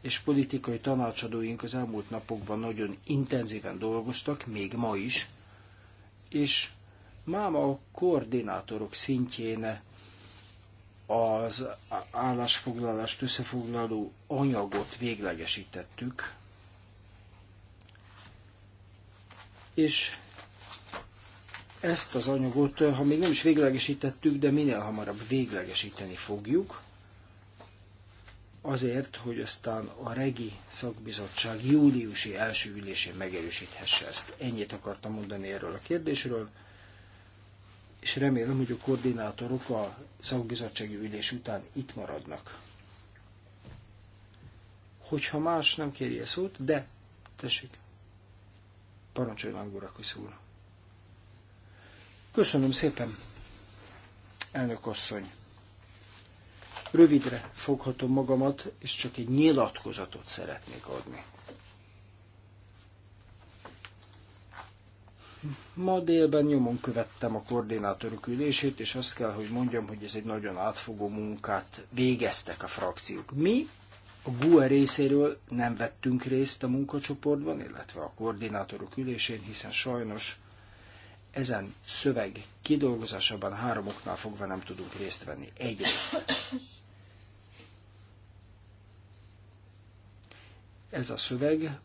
és politikai tanácsadóink az elmúlt napokban nagyon intenzíven dolgoztak, még ma is, és máma a koordinátorok szintjén az állásfoglalást összefoglaló anyagot véglegesítettük, és ezt az anyagot, ha még nem is véglegesítettük, de minél hamarabb véglegesíteni fogjuk, azért, hogy aztán a regi szakbizottság júliusi első ülésén megerősíthesse ezt. Ennyit akartam mondani erről a kérdésről és remélem, hogy a koordinátorok a szakbizottsági ülés után itt maradnak. Hogyha más nem kéri a szót, de tessék, parancsoljon Angóra úr. Köszönöm szépen, elnök asszony. Rövidre foghatom magamat, és csak egy nyilatkozatot szeretnék adni. Ma délben nyomon követtem a koordinátorok ülését, és azt kell, hogy mondjam, hogy ez egy nagyon átfogó munkát végeztek a frakciók. Mi a GUE részéről nem vettünk részt a munkacsoportban, illetve a koordinátorok ülésén, hiszen sajnos ezen szöveg kidolgozásában három oknál fogva nem tudunk részt venni. Egyrészt ez a szöveg